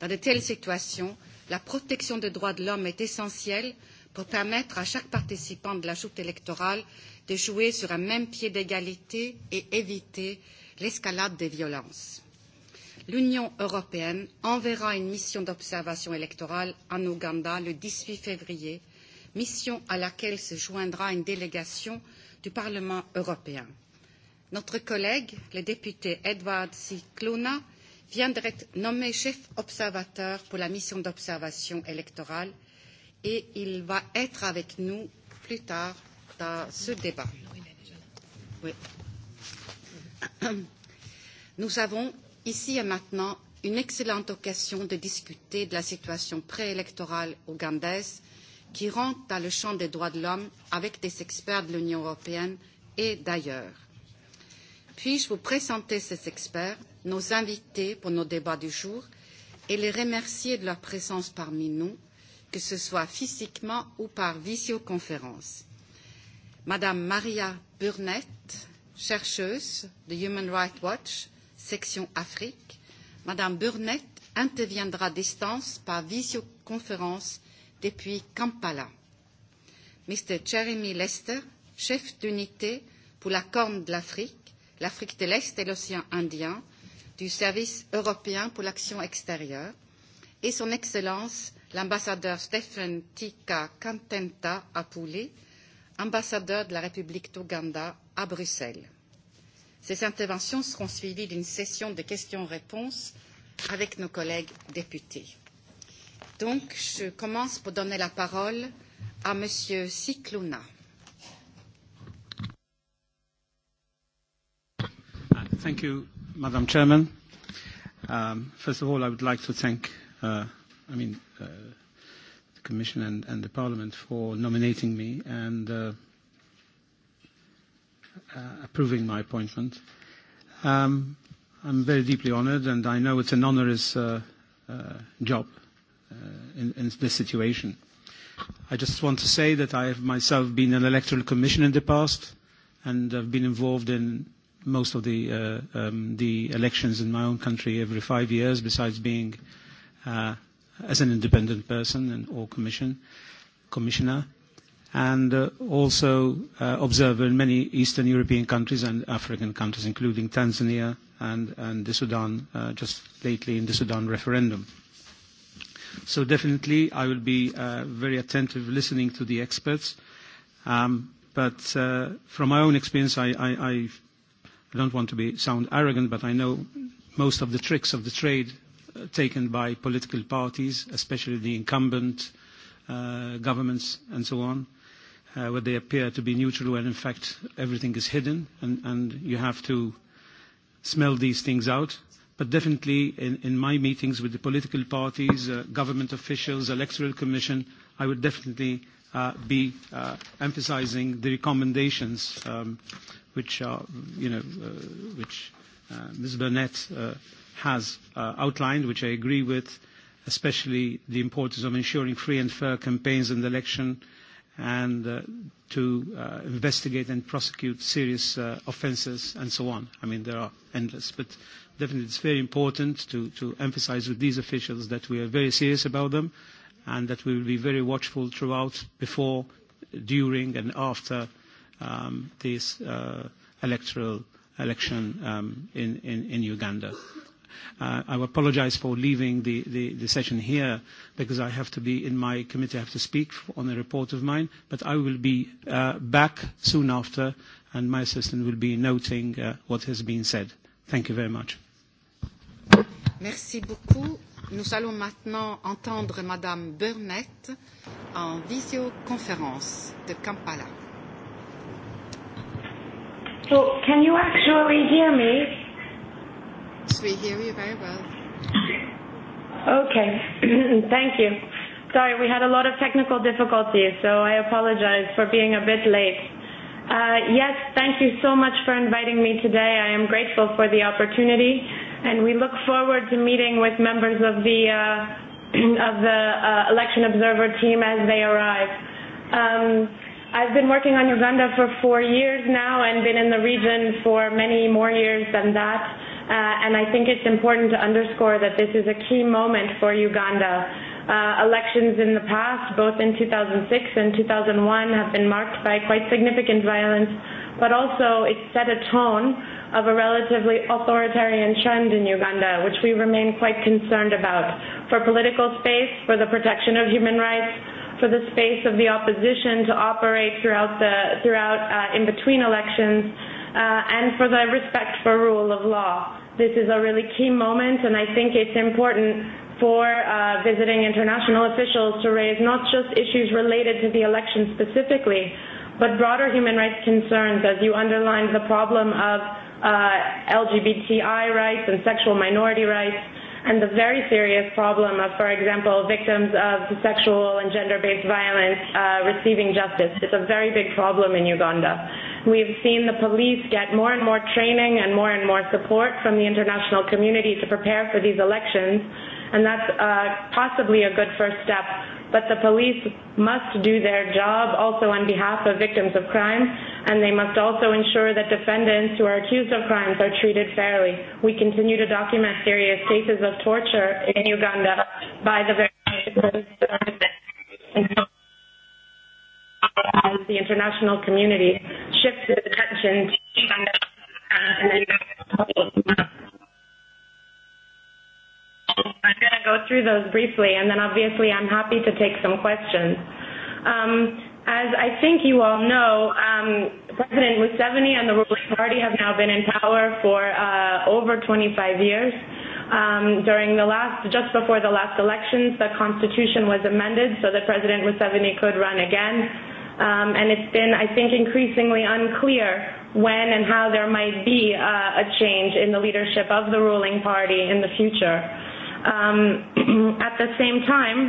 Dans de telles situations, la protection des droits de l'homme est essentielle pour permettre à chaque participant de la joute électorale de jouer sur un même pied d'égalité et éviter l'escalade des violences. L'Union européenne enverra une mission d'observation électorale en Ouganda le 18 février, mission à laquelle se joindra une délégation du Parlement européen. Notre collègue, le député Edward Cicluna, vient d'être nommé chef observateur pour la mission d'observation électorale et il va être avec nous plus tard dans ce débat. Oui. <clears throat> Nous avons ici et maintenant une excellente occasion de discuter de la situation préélectorale ougandaise qui rentre dans le champ des droits de l'homme avec des experts de l'Union européenne et d'ailleurs. Puis-je vous présenter ces experts, nos invités pour nos débats du jour, et les remercier de leur présence parmi nous, que ce soit physiquement ou par visioconférence. Madame Maria Burnett, chercheuse de Human Rights Watch, section Afrique, Madame Burnett interviendra à distance par visioconférence depuis Kampala. Mr. Jeremy Lester, chef d'unité pour la Corne de l'Afrique, l'Afrique de l'Est et l'océan Indien, du Service européen pour l'action extérieure, et son Excellence l'ambassadeur Stephen Tika Kantenta Apulé, ambassadeur de la République d'Ouganda à Bruxelles. Ces interventions seront suivies d'une session de questions-réponses avec nos collègues députés. Donc, je commence pour donner la parole à Monsieur Sikluna. Uh, thank you, Madam Chairman. Um, first of all, I would like to thank, uh, I mean, uh, Commission and, and the Parliament for nominating me and uh, uh, approving my appointment. Um, I'm very deeply honored, and I know it's an onerous uh, uh, job uh, in, in this situation. I just want to say that I have myself been an electoral commission in the past, and I've been involved in most of the, uh, um, the elections in my own country every five years, besides being uh, as an independent person and or commission, commissioner, and uh, also uh, observer in many Eastern European countries and African countries, including Tanzania and, and the Sudan, uh, just lately in the Sudan referendum. So definitely I will be uh, very attentive listening to the experts. Um, but uh, from my own experience, I, I, I don't want to be sound arrogant, but I know most of the tricks of the trade taken by political parties, especially the incumbent uh, governments and so on, uh, where they appear to be neutral when in fact everything is hidden and, and you have to smell these things out. But definitely in, in my meetings with the political parties, uh, government officials, electoral commission, I would definitely uh, be uh, emphasizing the recommendations um, which are, you know, uh, which uh, Ms. Burnett uh, has uh, outlined, which I agree with, especially the importance of ensuring free and fair campaigns and election and uh, to uh, investigate and prosecute serious uh, offences and so on. I mean, there are endless, but definitely it's very important to, to emphasize with these officials that we are very serious about them and that we will be very watchful throughout, before, during and after um, this uh, electoral election um, in, in, in Uganda. Uh, I apologize for leaving the, the, the session here because I have to be in my committee. I have to speak on a report of mine, but I will be uh, back soon after, and my assistant will be noting uh, what has been said. Thank you very much. Merci beaucoup. Nous allons maintenant entendre Madame Burnett en visioconférence de Kampala. So, can you actually hear me? we hear you very well. Okay. <clears throat> Thank you. Sorry, we had a lot of technical difficulties, so I apologize for being a bit late. Uh, yes, thank you so much for inviting me today. I am grateful for the opportunity, and we look forward to meeting with members of the uh, <clears throat> of the uh, election observer team as they arrive. Um, I've been working on Uganda for four years now, and been in the region for many more years than that. Uh, and I think it's important to underscore that this is a key moment for Uganda. Uh, elections in the past, both in 2006 and 2001, have been marked by quite significant violence, but also it set a tone of a relatively authoritarian trend in Uganda, which we remain quite concerned about for political space, for the protection of human rights, for the space of the opposition to operate throughout the throughout uh, in between elections uh, and for the respect for rule of law. This is a really key moment, and I think it's important for uh, visiting international officials to raise not just issues related to the election specifically, but broader human rights concerns, as you underlined the problem of uh, LGBTI rights and sexual minority rights and the very serious problem of, for example, victims of sexual and gender-based violence uh, receiving justice. It's a very big problem in Uganda. We've seen the police get more and more training and more and more support from the international community to prepare for these elections, and that's uh, possibly a good first step. But the police must do their job also on behalf of victims of crime and they must also ensure that defendants who are accused of crimes are treated fairly. We continue to document serious cases of torture in Uganda by the very as <laughs> the international community shifts its attention to Uganda and then I'm going to go through those briefly, and then obviously I'm happy to take some questions. Um, As I think you all know, um, President Museveni and the ruling party have now been in power for uh, over 25 years. Um, during the last, just before the last elections, the constitution was amended so that President Museveni could run again. Um, and it's been, I think, increasingly unclear when and how there might be uh, a change in the leadership of the ruling party in the future. Um, <clears throat> at the same time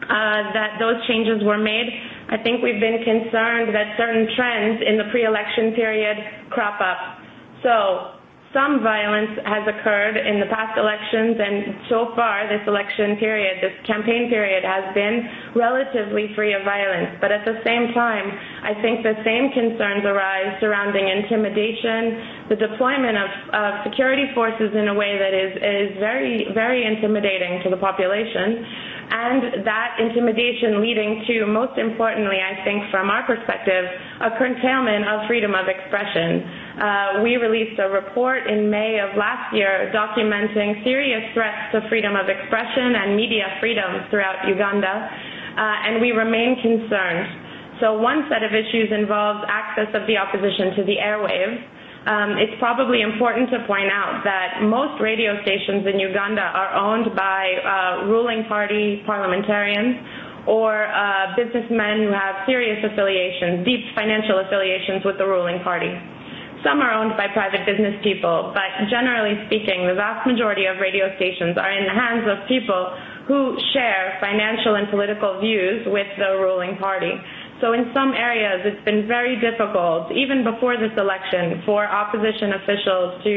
uh, that those changes were made, I think we've been concerned that certain trends in the pre-election period crop up. So some violence has occurred in the past elections, and so far this election period, this campaign period, has been relatively free of violence. But at the same time, I think the same concerns arise surrounding intimidation, the deployment of, of security forces in a way that is, is very, very intimidating to the population and that intimidation leading to, most importantly, I think from our perspective, a curtailment of freedom of expression. Uh, we released a report in May of last year documenting serious threats to freedom of expression and media freedom throughout Uganda, uh, and we remain concerned. So one set of issues involves access of the opposition to the airwaves, um, it's probably important to point out that most radio stations in Uganda are owned by uh, ruling party parliamentarians or uh, businessmen who have serious affiliations, deep financial affiliations with the ruling party. Some are owned by private business people, but generally speaking, the vast majority of radio stations are in the hands of people who share financial and political views with the ruling party. So in some areas, it's been very difficult, even before this election, for opposition officials to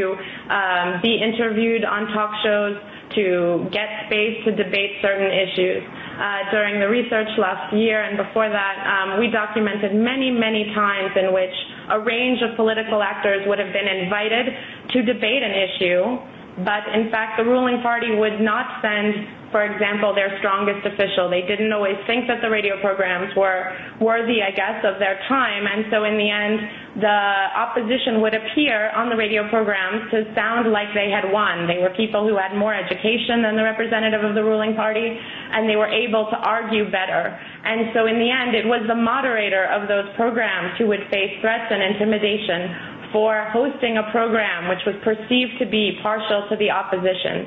um, be interviewed on talk shows, to get space to debate certain issues. Uh, during the research last year and before that, um, we documented many, many times in which a range of political actors would have been invited to debate an issue, but in fact the ruling party would not send for example, their strongest official. They didn't always think that the radio programs were worthy, I guess, of their time. And so in the end, the opposition would appear on the radio programs to sound like they had won. They were people who had more education than the representative of the ruling party, and they were able to argue better. And so in the end, it was the moderator of those programs who would face threats and intimidation for hosting a program which was perceived to be partial to the opposition.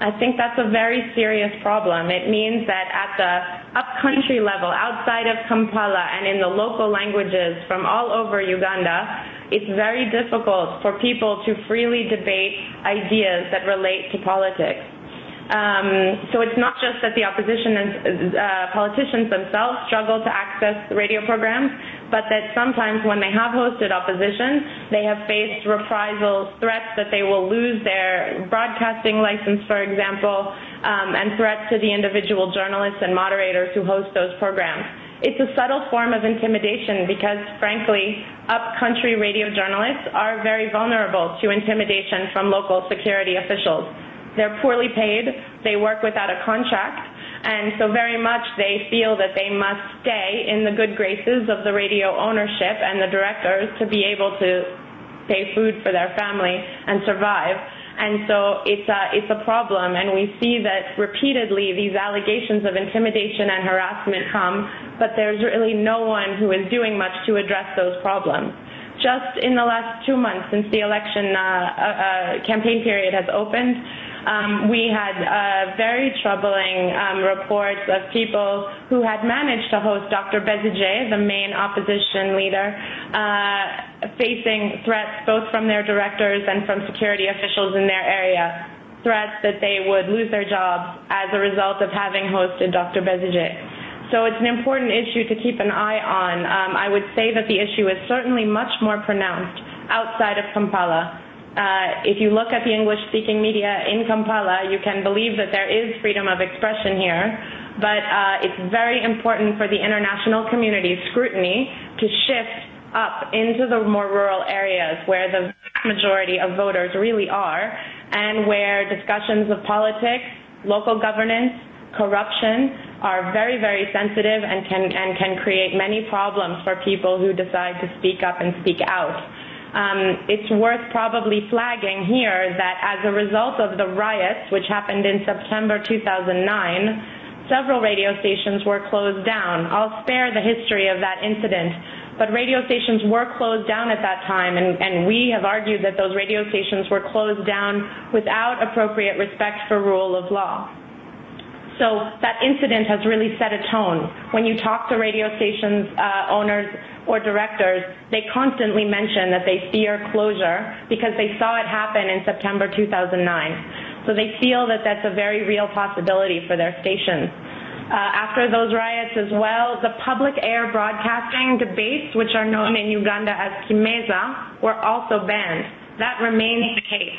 I think that's a very serious problem. It means that at the upcountry level, outside of Kampala and in the local languages from all over Uganda, it's very difficult for people to freely debate ideas that relate to politics. Um, so it's not just that the opposition and uh, politicians themselves struggle to access radio programs, but that sometimes when they have hosted opposition, they have faced reprisal threats that they will lose their broadcasting license, for example, um, and threats to the individual journalists and moderators who host those programs. It's a subtle form of intimidation because, frankly, upcountry radio journalists are very vulnerable to intimidation from local security officials They're poorly paid. They work without a contract. And so very much they feel that they must stay in the good graces of the radio ownership and the directors to be able to pay food for their family and survive. And so it's a, it's a problem. And we see that repeatedly these allegations of intimidation and harassment come, but there's really no one who is doing much to address those problems just in the last two months since the election uh, uh, uh campaign period has opened, um, we had uh, very troubling um, reports of people who had managed to host Dr. Bezige, the main opposition leader, uh, facing threats both from their directors and from security officials in their area, threats that they would lose their jobs as a result of having hosted Dr. Bezige. So it's an important issue to keep an eye on. Um, I would say that the issue is certainly much more pronounced outside of Kampala uh, if you look at the English-speaking media in Kampala, you can believe that there is freedom of expression here, but uh, it's very important for the international community scrutiny to shift up into the more rural areas where the vast majority of voters really are and where discussions of politics, local governance, corruption are very, very sensitive and can, and can create many problems for people who decide to speak up and speak out um, it's worth probably flagging here that as a result of the riots, which happened in September 2009, several radio stations were closed down. I'll spare the history of that incident, but radio stations were closed down at that time, and, and we have argued that those radio stations were closed down without appropriate respect for rule of law. So that incident has really set a tone. When you talk to radio stations uh, owners, or directors, they constantly mention that they fear closure because they saw it happen in September 2009. So they feel that that's a very real possibility for their stations. Uh, after those riots as well, the public air broadcasting debates, which are known in Uganda as kimeza, were also banned. That remains the case.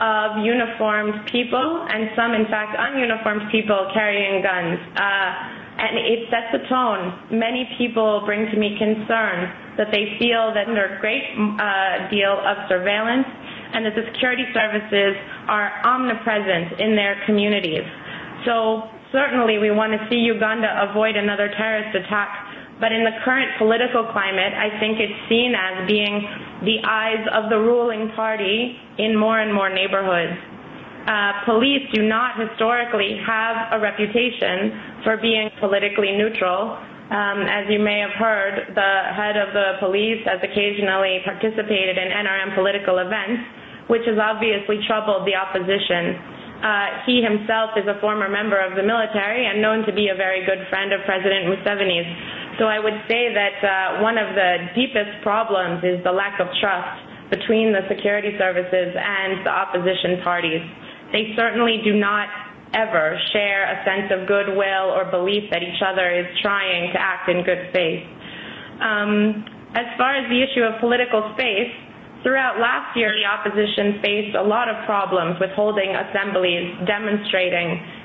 of uniformed people and some, in fact, ununiformed people carrying guns. Uh, and it sets a tone. Many people bring to me concern that they feel that under a great uh, deal of surveillance and that the security services are omnipresent in their communities. So certainly we want to see Uganda avoid another terrorist attack But in the current political climate, I think it's seen as being the eyes of the ruling party in more and more neighborhoods. Uh, police do not historically have a reputation for being politically neutral. Um, as you may have heard, the head of the police has occasionally participated in NRM political events, which has obviously troubled the opposition. Uh, he himself is a former member of the military and known to be a very good friend of President Museveni's. So I would say that uh, one of the deepest problems is the lack of trust between the security services and the opposition parties. They certainly do not ever share a sense of goodwill or belief that each other is trying to act in good faith. Um, as far as the issue of political space, Throughout last year, the opposition faced a lot of problems with holding assemblies, demonstrating,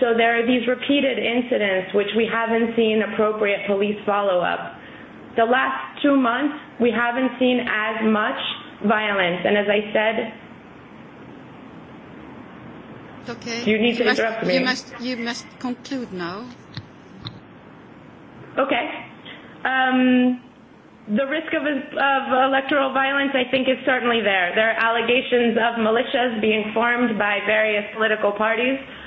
So there are these repeated incidents which we haven't seen appropriate police follow-up. The last two months, we haven't seen as much violence. And as I said, okay. you need you to must, interrupt me. You must, you must conclude now. Okay. Um, the risk of, of electoral violence, I think, is certainly there. There are allegations of militias being formed by various political parties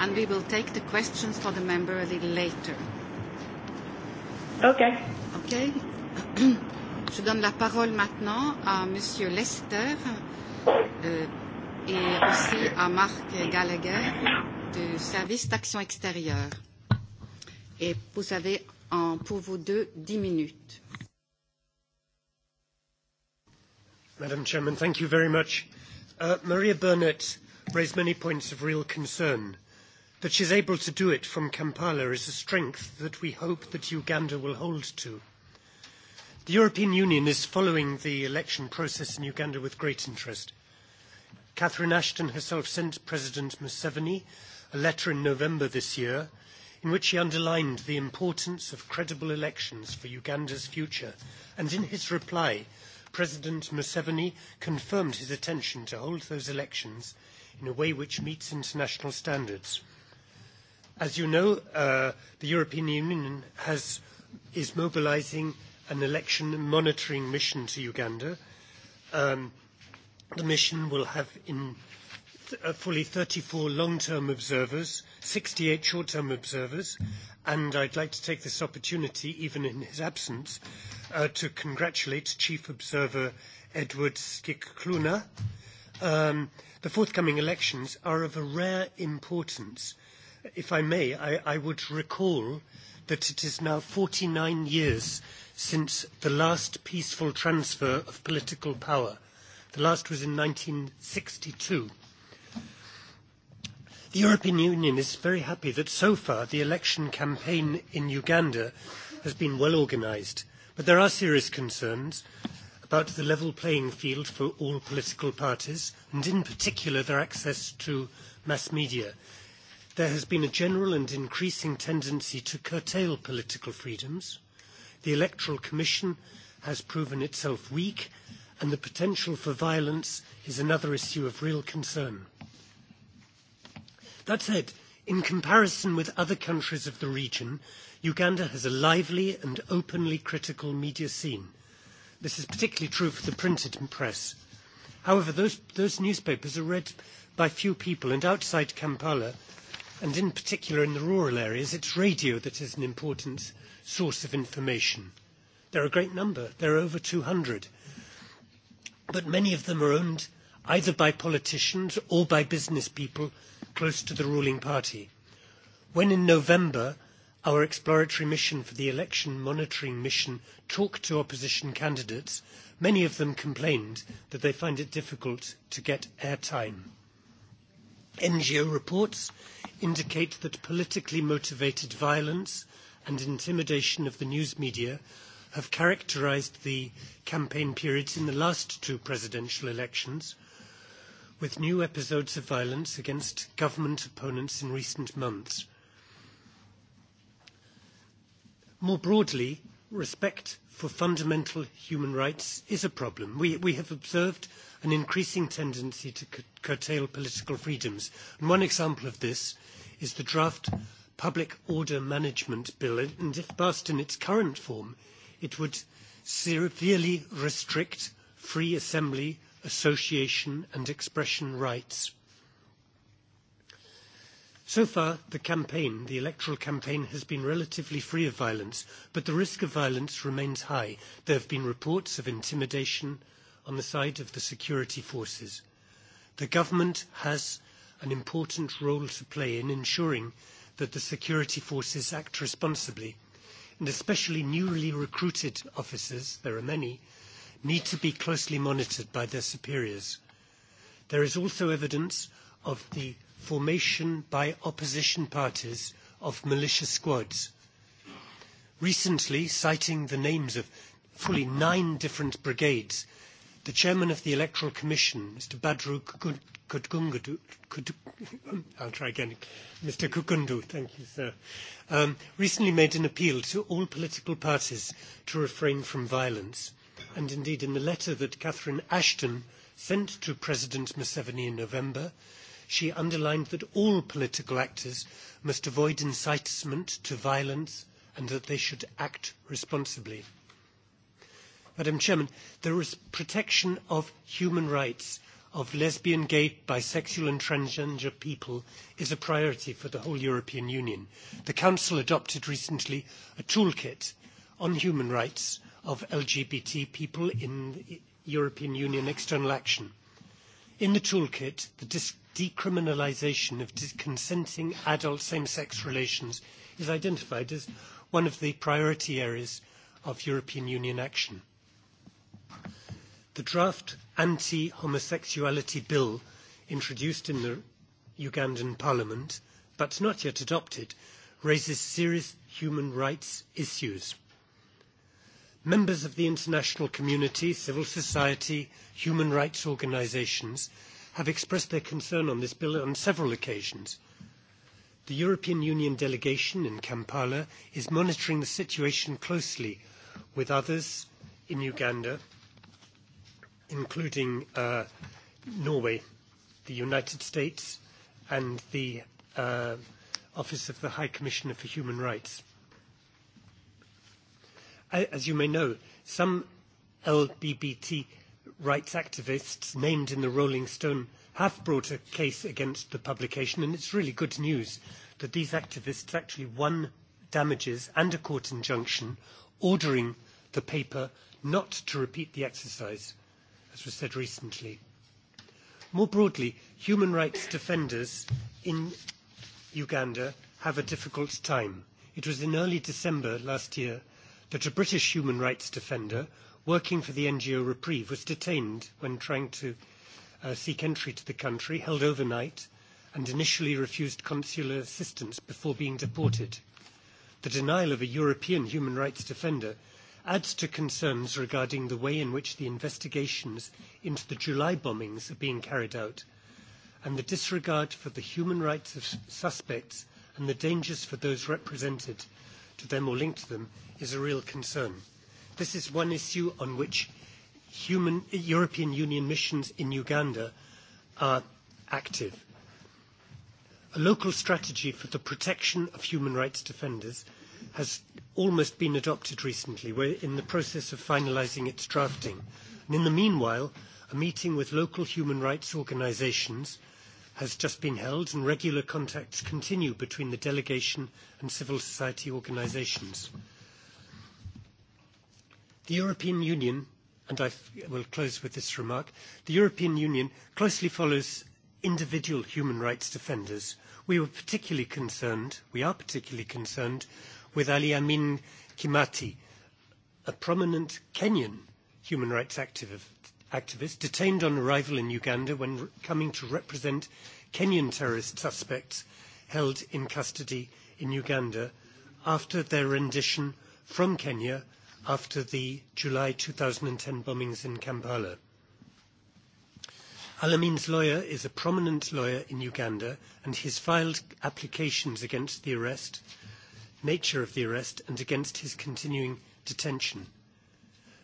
and we will take the questions for the member a little later. Okay. Okay. <clears throat> Je donne la parole maintenant à Monsieur Lester euh, et aussi à Marc Gallagher du service d'action extérieure. Et vous avez en, pour vous deux dix minutes. Madam Chairman, thank you very much. Uh, Maria Burnett raised many points of real concern. Uh, That she's able to do it from Kampala is a strength that we hope that Uganda will hold to. The European Union is following the election process in Uganda with great interest. Catherine Ashton herself sent President Museveni a letter in November this year in which he underlined the importance of credible elections for Uganda's future. And in his reply, President Museveni confirmed his intention to hold those elections in a way which meets international standards. As you know, uh, the European Union has, is mobilizing an election monitoring mission to Uganda. Um, the mission will have in th- uh, fully 34 long-term observers, 68 short-term observers, and I'd like to take this opportunity, even in his absence, uh, to congratulate Chief Observer Edward Skikluna. Um, the forthcoming elections are of a rare importance if I may, I, I would recall that it is now 49 years since the last peaceful transfer of political power. The last was in 1962. The European Union is very happy that so far the election campaign in Uganda has been well organised, but there are serious concerns about the level playing field for all political parties and in particular their access to mass media there has been a general and increasing tendency to curtail political freedoms. The Electoral Commission has proven itself weak, and the potential for violence is another issue of real concern. That said, in comparison with other countries of the region, Uganda has a lively and openly critical media scene. This is particularly true for the printed press. However, those, those newspapers are read by few people, and outside Kampala, and in particular in the rural areas, it's radio that is an important source of information. There are a great number. There are over 200. But many of them are owned either by politicians or by business people close to the ruling party. When in November our exploratory mission for the election monitoring mission talked to opposition candidates, many of them complained that they find it difficult to get airtime. NGO reports indicate that politically motivated violence and intimidation of the news media have characterized the campaign periods in the last two presidential elections, with new episodes of violence against government opponents in recent months. More broadly, respect for fundamental human rights is a problem. We, we have observed an increasing tendency to cu- curtail political freedoms. And one example of this is the draft Public Order Management Bill. And if passed in its current form, it would severely restrict free assembly, association, and expression rights So far, the campaign, the electoral campaign, has been relatively free of violence, but the risk of violence remains high. There have been reports of intimidation on the side of the security forces. The government has an important role to play in ensuring that the security forces act responsibly, and especially newly recruited officers, there are many, need to be closely monitored by their superiors. There is also evidence of the formation by opposition parties of militia squads. Recently, citing the names of fully nine different brigades, the chairman of the Electoral Commission, Mr. Badru Kutgundu, <laughs> I'll try again, Mr. Kukundu, thank you, sir, um, recently made an appeal to all political parties to refrain from violence. And indeed, in the letter that Catherine Ashton sent to President Museveni in November, she underlined that all political actors must avoid incitement to violence and that they should act responsibly. Madam Chairman, the res- protection of human rights of lesbian, gay, bisexual and transgender people is a priority for the whole European Union. The Council adopted recently a toolkit on human rights of LGBT people in European Union external action. In the toolkit, the dis- decriminalisation of consenting adult same-sex relations is identified as one of the priority areas of European Union action. The draft anti-homosexuality bill introduced in the Ugandan parliament, but not yet adopted, raises serious human rights issues. Members of the international community, civil society, human rights organisations have expressed their concern on this bill on several occasions. The European Union delegation in Kampala is monitoring the situation closely with others in Uganda, including uh, Norway, the United States, and the uh, Office of the High Commissioner for Human Rights. As you may know, some LGBT rights activists named in the Rolling Stone have brought a case against the publication, and it's really good news that these activists actually won damages and a court injunction ordering the paper not to repeat the exercise, as was said recently. More broadly, human rights defenders in Uganda have a difficult time. It was in early December last year that a British human rights defender working for the NGO Reprieve, was detained when trying to uh, seek entry to the country, held overnight, and initially refused consular assistance before being deported. The denial of a European human rights defender adds to concerns regarding the way in which the investigations into the July bombings are being carried out and the disregard for the human rights of suspects and the dangers for those represented to them or linked to them is a real concern this is one issue on which human, European Union missions in Uganda are active. A local strategy for the protection of human rights defenders has almost been adopted recently. We're in the process of finalizing its drafting. And in the meanwhile, a meeting with local human rights organizations has just been held and regular contacts continue between the delegation and civil society organizations. Mm-hmm. The European Union, and I will close with this remark, the European Union closely follows individual human rights defenders. We were particularly concerned, we are particularly concerned, with Ali Amin Kimati, a prominent Kenyan human rights activ- activist detained on arrival in Uganda when re- coming to represent Kenyan terrorist suspects held in custody in Uganda after their rendition from Kenya after the July 2010 bombings in Kampala. Alamin's lawyer is a prominent lawyer in Uganda and he's filed applications against the arrest, nature of the arrest, and against his continuing detention.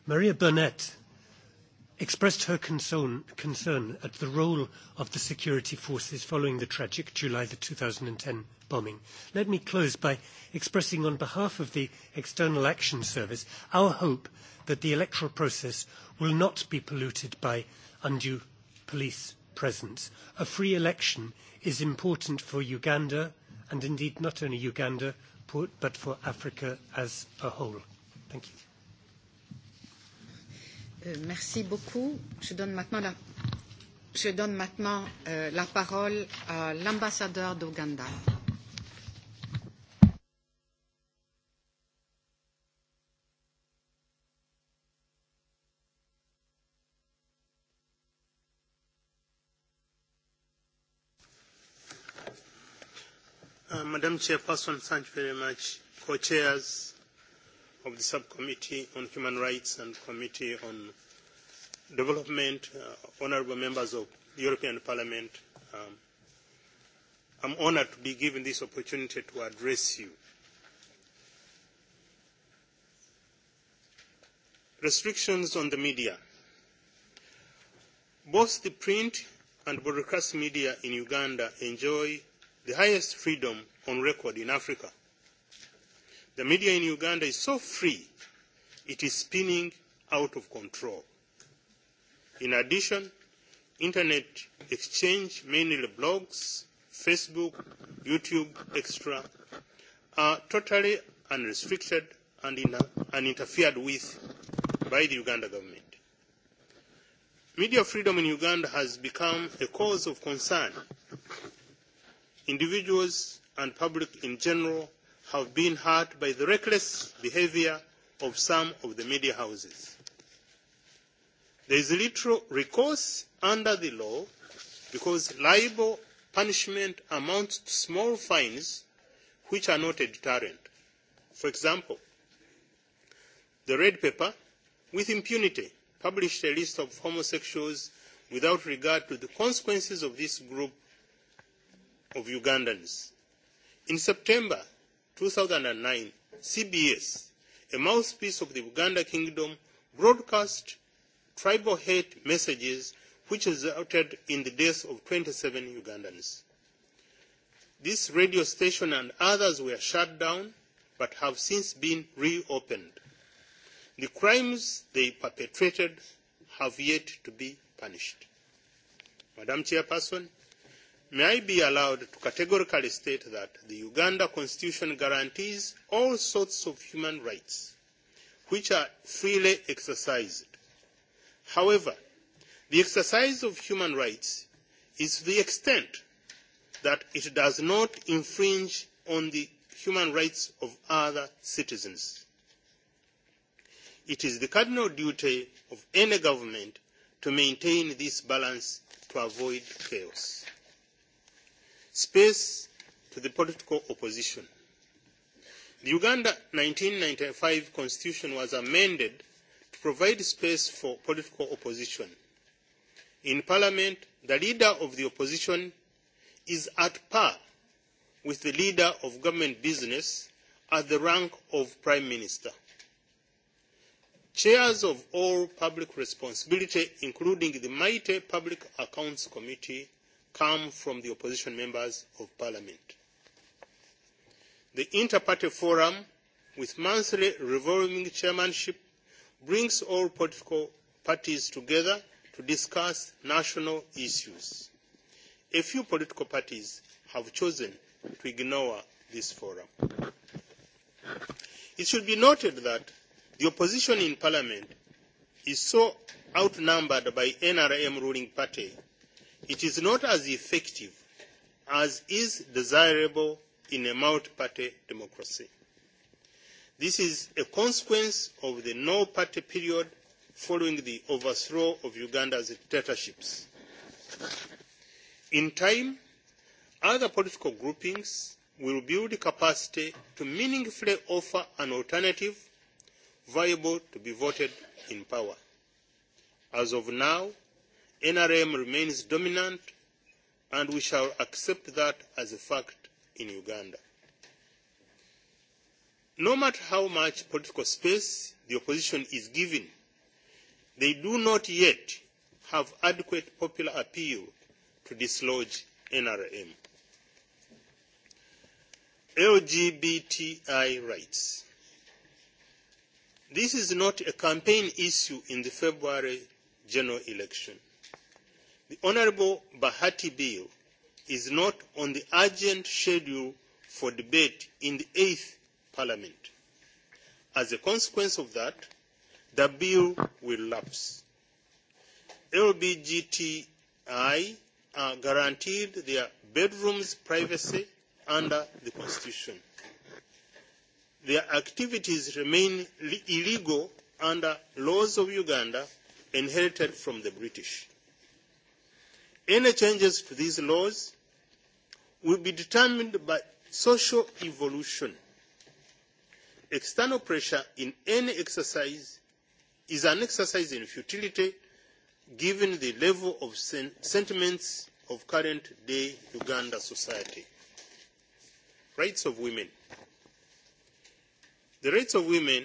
Maria Burnett, expressed her concern, concern at the role of the security forces following the tragic July the 2010 bombing. Let me close by expressing on behalf of the External Action Service our hope that the electoral process will not be polluted by undue police presence. A free election is important for Uganda and indeed not only Uganda but for Africa as a whole. Thank you. Euh, merci beaucoup. Je donne maintenant la, je donne maintenant, euh, la parole à l'ambassadeur d'Ouganda. Uh, Madam Chairperson, thank you very much. Co-chairs, of the Subcommittee on Human Rights and Committee on Development, uh, honorable members of the European Parliament, um, I'm honored to be given this opportunity to address you. Restrictions on the media. Both the print and broadcast media in Uganda enjoy the highest freedom on record in Africa – The media in Uganda is so free, it is spinning out of control. In addition, internet exchange, mainly blogs, Facebook, YouTube, etc., are totally unrestricted and, in, and interfered with by the Uganda government. Media freedom in Uganda has become a cause of concern. Individuals and public in general have been hurt by the reckless behavior of some of the media houses. There is literal recourse under the law because libel punishment amounts to small fines which are not a deterrent. For example, the Red Paper, with impunity, published a list of homosexuals without regard to the consequences of this group of Ugandans. In September 2009, CBS, a mouthpiece of the Uganda Kingdom, broadcast tribal hate messages which resulted in the deaths of 27 Ugandans. This radio station and others were shut down but have since been reopened. The crimes they perpetrated have yet to be punished. Madam Chairperson, may I be allowed to categorically state that the Uganda Constitution guarantees all sorts of human rights which are freely exercised. However, the exercise of human rights is to the extent that it does not infringe on the human rights of other citizens. It is the cardinal duty of any government to maintain this balance to avoid chaos space to the political opposition. The Uganda 1995 constitution was amended to provide space for political opposition. In parliament, the leader of the opposition is at par with the leader of government business at the rank of prime minister. Chairs of all public responsibility, including the Maite Public Accounts Committee, come from the opposition members of parliament. The Interparty Forum, with monthly revolving chairmanship, brings all political parties together to discuss national issues. A few political parties have chosen to ignore this forum. It should be noted that the opposition in parliament is so outnumbered by NRM ruling party it is not as effective as is desirable in a multi-party democracy. This is a consequence of the no-party period following the overthrow of Uganda's dictatorships. In time, other political groupings will build capacity to meaningfully offer an alternative viable to be voted in power. As of now, NRM remains dominant and we shall accept that as a fact in Uganda. No matter how much political space the opposition is given, they do not yet have adequate popular appeal to dislodge NRM. LGBTI rights. This is not a campaign issue in the February general election. The Honourable Bahati Bill is not on the urgent schedule for debate in the 8th Parliament. As a consequence of that, the bill will lapse. LBGTI are guaranteed their bedrooms privacy under the Constitution. Their activities remain illegal under laws of Uganda inherited from the British. Any changes to these laws will be determined by social evolution. External pressure in any exercise is an exercise in futility given the level of sen- sentiments of current day Uganda society. Rights of women. The rights of women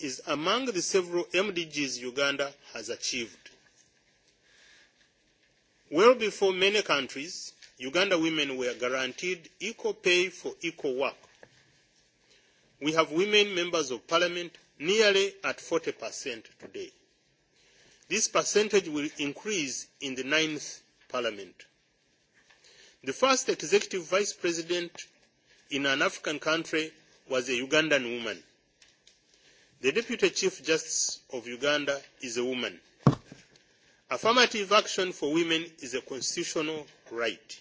is among the several MDGs Uganda has achieved. Well before many countries, Uganda women were guaranteed equal pay for equal work. We have women members of parliament nearly at 40% today. This percentage will increase in the ninth parliament. The first executive vice president in an African country was a Ugandan woman. The deputy chief justice of Uganda is a woman. Affirmative action for women is a constitutional right.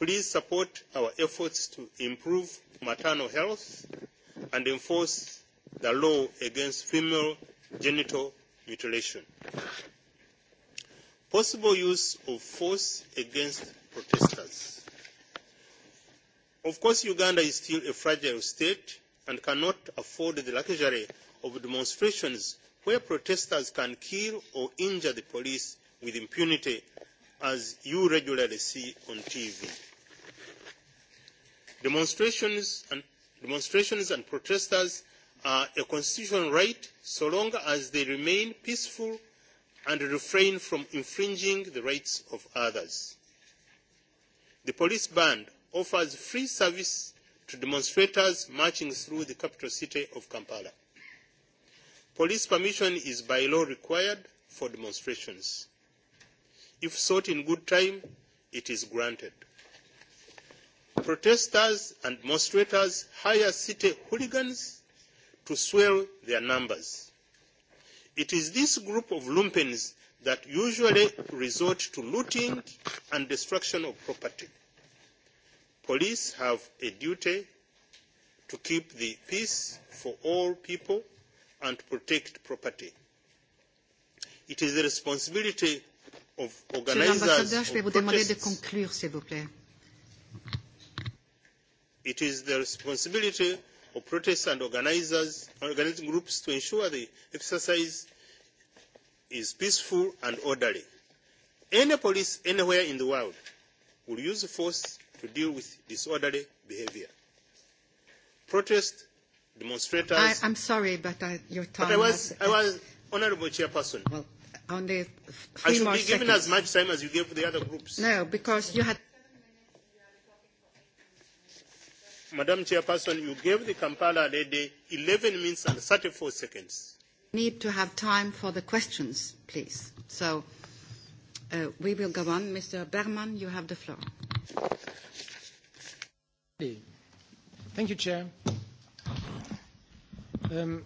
Please support our efforts to improve maternal health and enforce the law against female genital mutilation. Possible use of force against protesters. Of course, Uganda is still a fragile state and cannot afford the luxury of demonstrations where protesters can kill or injure the police with impunity, as you regularly see on TV. Demonstrations and, demonstrations and protesters are a constitutional right so long as they remain peaceful and refrain from infringing the rights of others. The police band offers free service to demonstrators marching through the capital city of Kampala. Police permission is by law required for demonstrations. If sought in good time, it is granted. Protesters and demonstrators hire city hooligans to swell their numbers. It is this group of lumpens that usually resort to looting and destruction of property. Police have a duty to keep the peace for all people and protect property. It is the responsibility of organizers of protests. It is the responsibility of protests and organizers, organizing groups to ensure the exercise is peaceful and orderly. Any police anywhere in the world will use force to deal with disorderly behavior. Protests demonstrators. I, I'm sorry, but I, uh, your time. But I was, has, I was uh, honourable chairperson. Well, on the three I should more be seconds. given as much time as you gave the other groups. No, because you had. Madam Chairperson, you gave the Kampala lady 11 minutes and 34 seconds. Need to have time for the questions, please. So uh, we will go on. Mr. Berman, you have the floor. Thank you, Chair. Um,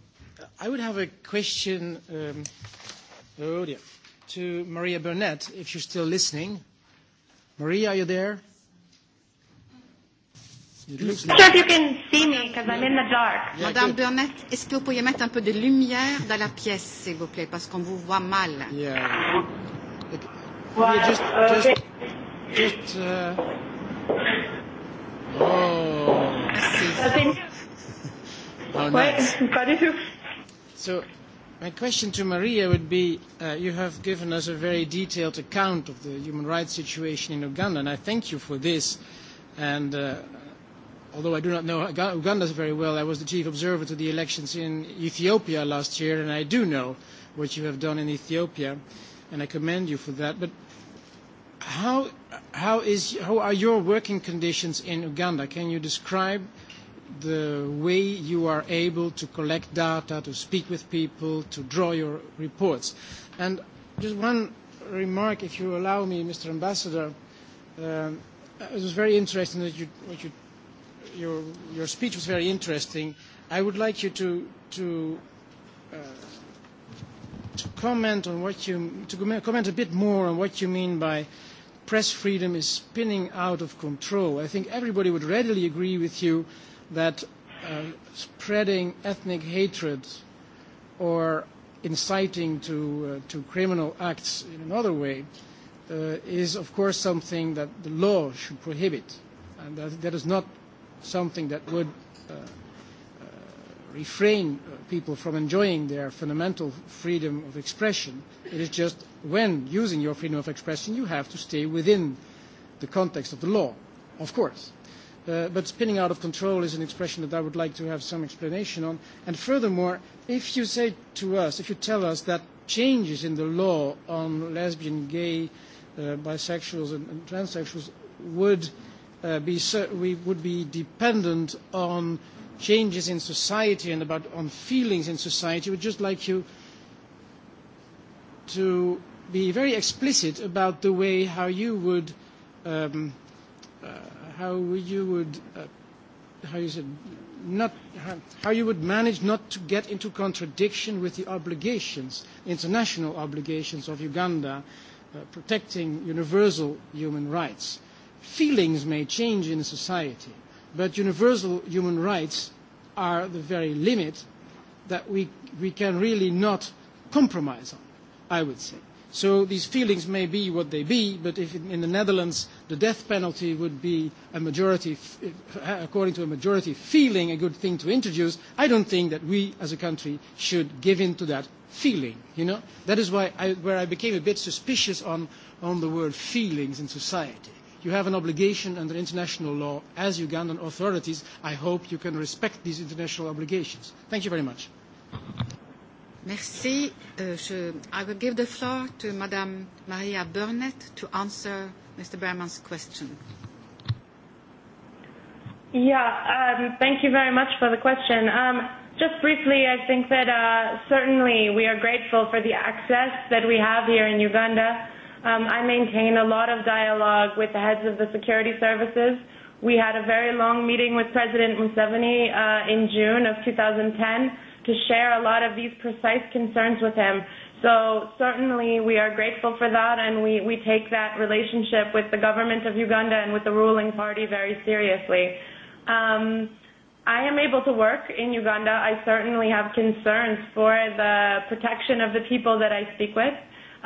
I would have a question um, oh dear, to Maria Burnett, if you're still listening. Maria, are you there? It looks like... Sure, if you can see me, because I'm in the dark. Yeah, Madame good. Burnett, est-ce que vous pourriez mettre un peu de lumière dans la pièce, s'il vous plaît, parce qu'on vous voit mal. Yeah. Okay. Well, yeah, just, uh, just, okay. just. Uh... Oh. Merci. Okay. How oh, nice. <laughs> So, my question to Maria would be, uh, you have given us a very detailed account of the human rights situation in Uganda, and I thank you for this. And uh, although I do not know Uganda very well, I was the chief observer to the elections in Ethiopia last year, and I do know what you have done in Ethiopia, and I commend you for that. But how, how, is, how are your working conditions in Uganda? Can you describe the way you are able to collect data, to speak with people, to draw your reports. And just one remark, if you allow me, Mr. Ambassador. Um, it was very interesting that you, what you, your, your speech was very interesting. I would like you to, to, uh, to comment on what you, to comment a bit more on what you mean by press freedom is spinning out of control. I think everybody would readily agree with you uh, that uh, spreading ethnic hatred or inciting to, uh, to criminal acts in another way uh, is, of course, something that the law should prohibit. And that, that is not something that would uh, uh, refrain uh, people from enjoying their fundamental freedom of expression. It is just when using your freedom of expression, you have to stay within the context of the law, of course. Uh, but spinning out of control is an expression that I would like to have some explanation on. And furthermore, if you say to us, if you tell us that changes in the law on lesbian, gay, uh, bisexuals, and, and transsexuals would uh, be so, we would be dependent on changes in society and about on feelings in society. We'd just like you to be very explicit about the way how you would. Um, how you would uh, how you said not how, how you would manage not to get into contradiction with the obligations, international obligations of Uganda, uh, protecting universal human rights. Feelings may change in a society, but universal human rights are the very limit that we, we can really not compromise on, I would say. So these feelings may be what they be, but if in the Netherlands the death penalty would be a majority, eh, according to a majority feeling, a good thing to introduce, I don't think that we as a country should give in to that feeling. You know, that is why I, where I became a bit suspicious on, on the word feelings in society. You have an obligation under international law as Ugandan authorities. I hope you can respect these international obligations. Thank you very much. Merci. Uh, je, I will give the floor to Madame Maria Burnett to answer Mr. Berman's question. Yeah, um, thank you very much for the question. Um, just briefly, I think that uh, certainly we are grateful for the access that we have here in Uganda. Um, I maintain a lot of dialogue with the heads of the security services. We had a very long meeting with President Museveni uh, in June of 2010 to share a lot of these precise concerns with him. So certainly we are grateful for that and we, we take that relationship with the government of Uganda and with the ruling party very seriously. Um, I am able to work in Uganda. I certainly have concerns for the protection of the people that I speak with.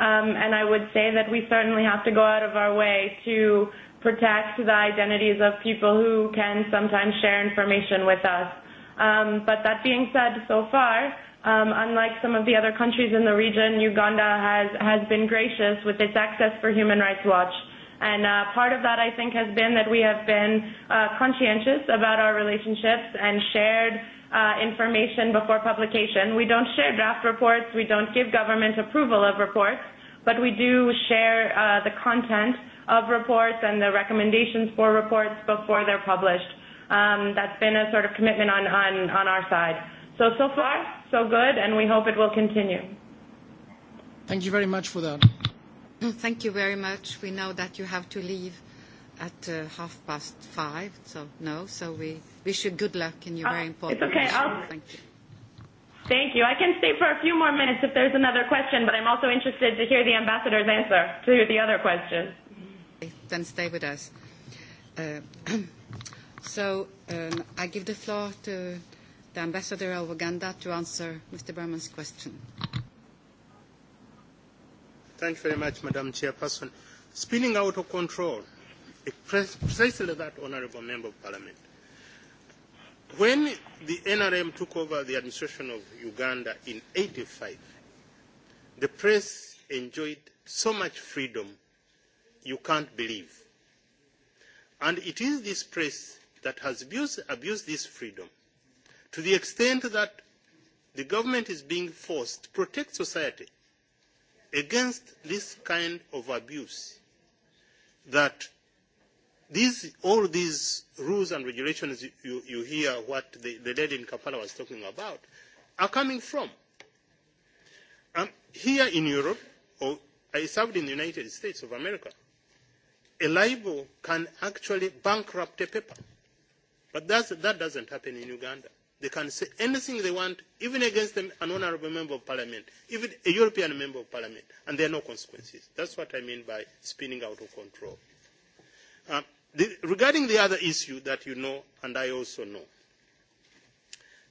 Um, and I would say that we certainly have to go out of our way to protect the identities of people who can sometimes share information with us. Um, but that being said, so far, um, unlike some of the other countries in the region, Uganda has, has been gracious with its access for Human Rights Watch. And uh, part of that, I think, has been that we have been uh, conscientious about our relationships and shared uh, information before publication. We don't share draft reports. We don't give government approval of reports, but we do share uh, the content of reports and the recommendations for reports before they're published. Um, that's been a sort of commitment on, on, on our side. So, so far, so good, and we hope it will continue. Thank you very much for that. <clears throat> Thank you very much. We know that you have to leave at uh, half past five, so no. So we wish you good luck in your uh, very important It's okay. Mission. I'll, Thank you. Thank you. I can stay for a few more minutes if there's another question, but I'm also interested to hear the ambassador's answer to the other question. Then stay with us. Uh, <clears throat> So um, I give the floor to the ambassador of Uganda to answer Mr. Berman's question. Thank you very much, Madam Chairperson. Spinning out of control, precisely that, Honourable Member of Parliament. When the NRM took over the administration of Uganda in 85, the press enjoyed so much freedom you can't believe. And it is this press that has abused, abused this freedom to the extent that the government is being forced to protect society against this kind of abuse that these, all these rules and regulations you, you hear what the, the lady in Kampala was talking about are coming from. Um, here in Europe, or I uh, served in the United States of America, a libel can actually bankrupt a paper But that's, that doesn't happen in Uganda. They can say anything they want, even against an honorable member of parliament, even a European member of parliament, and there are no consequences. That's what I mean by spinning out of control. Uh, the, regarding the other issue that you know, and I also know,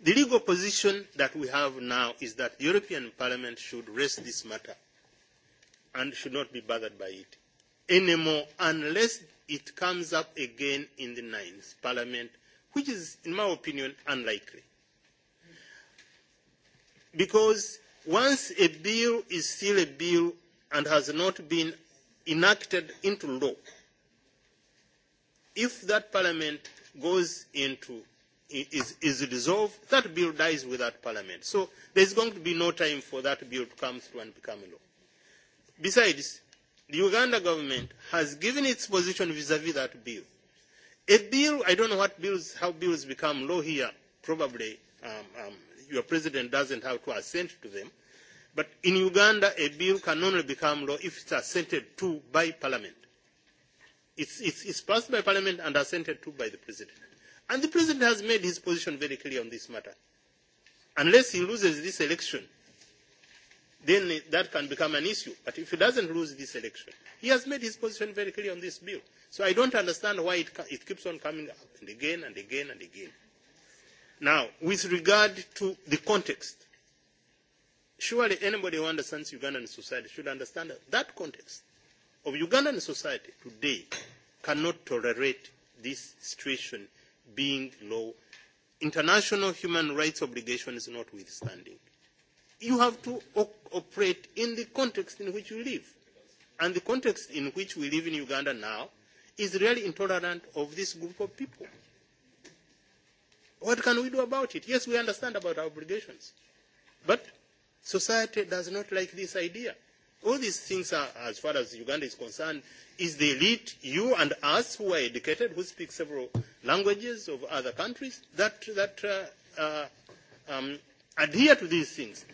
the legal position that we have now is that the European Parliament should raise this matter and should not be bothered by it anymore unless it comes up again in the ninth Parliament which is, in my opinion, unlikely. Because once a bill is still a bill and has not been enacted into law, if that parliament goes into is, is dissolved, that bill dies with that parliament. So there's going to be no time for that bill to come through and become law. Besides, the Uganda government has given its position vis-à-vis -vis that bill. A bill, I don't know what bills, how bills become law here. Probably um, um, your president doesn't have to assent to them. But in Uganda, a bill can only become law if it's assented to by parliament. It's, it's, it's passed by parliament and assented to by the president. And the president has made his position very clear on this matter. Unless he loses this election, then that can become an issue. But if he doesn't lose this election, he has made his position very clear on this bill. So I don't understand why it, it keeps on coming up and again and again and again. Now, with regard to the context, surely anybody who understands Ugandan society should understand that, that context of Ugandan society today cannot tolerate this situation being low, international human rights obligations notwithstanding. You have to op- operate in the context in which you live. And the context in which we live in Uganda now is really intolerant of this group of people. What can we do about it? Yes, we understand about our obligations. But society does not like this idea. All these things are, as far as Uganda is concerned, is the elite, you and us who are educated, who speak several languages of other countries, that, that uh, uh, um, adhere to these things.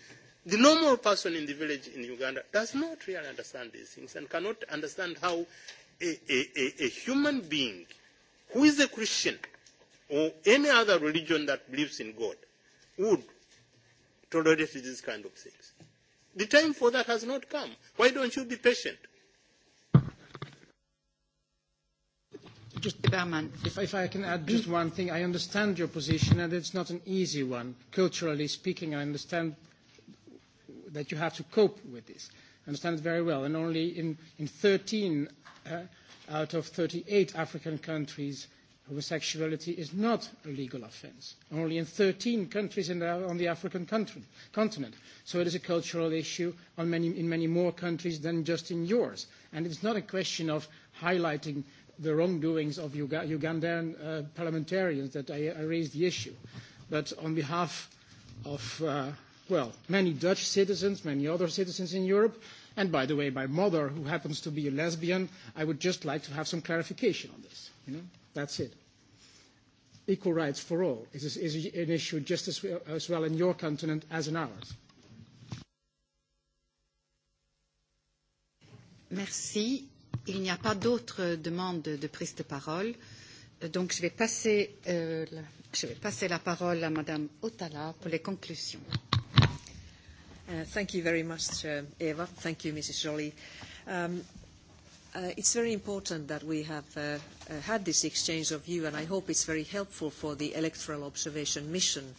The normal person in the village in Uganda does not really understand these things and cannot understand how a, a, a, a human being who is a Christian or any other religion that believes in God would tolerate these kind of things. The time for that has not come. Why don't you be patient? Just Berman. If, if I can add just one thing, I understand your position, and it's not an easy one. Culturally speaking, I understand that you have to cope with this. Uh, understand it very well, and only in, in 13 uh, out of 38 African countries, homosexuality is not a legal offense. Only in 13 countries in the, on the African country, continent. So it is a cultural issue on many, in many more countries than just in yours. And it's not a question of highlighting the wrongdoings of Uga- Ugandan uh, parliamentarians that I, I raised the issue. But on behalf of uh, well, many Dutch citizens, many other citizens in Europe, and by the way, my mother, who happens to be a lesbian, I would just like to have some clarification on this. You know? That's it. Equal rights for all is, is an issue just as, as well in your continent as in ours. Merci. Il n'y a pas d'autres demandes de prise de parole. Donc, je vais passer, euh, je vais passer la parole à Madame Otala pour les conclusions. Uh, thank you very much, uh, Eva. Thank you, Mrs. Joly. Um, uh, it's very important that we have uh, uh, had this exchange of view, and I hope it's very helpful for the electoral observation mission.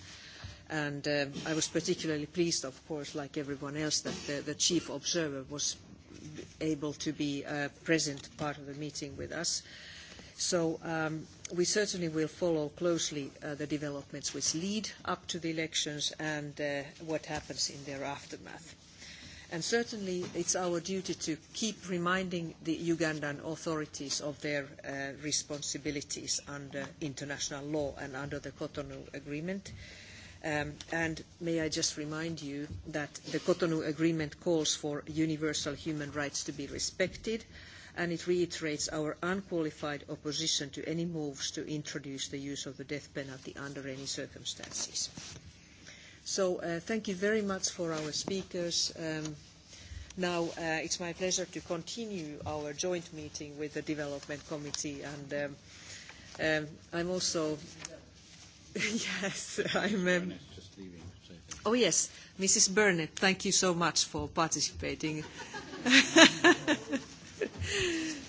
And uh, I was particularly pleased, of course, like everyone else, that the, the chief observer was able to be uh, present part of the meeting with us. Uh, So um, we certainly will follow closely uh, the developments which lead up to the elections and uh, what happens in their aftermath. And certainly it's our duty to keep reminding the Ugandan authorities of their uh, responsibilities under international law and under the Cotonou Agreement. Um, and may I just remind you that the Cotonou Agreement calls for universal human rights to be respected, uh, and it reiterates our unqualified opposition to any moves to introduce the use of the death penalty under any circumstances. So uh, thank you very much for our speakers. Um, now uh, it's my pleasure to continue our joint meeting with the Development Committee and um, um, I'm also... <laughs> yes, I'm... Um, just leaving. Oh, yes, Mrs. Burnett, thank you so much for participating. <laughs>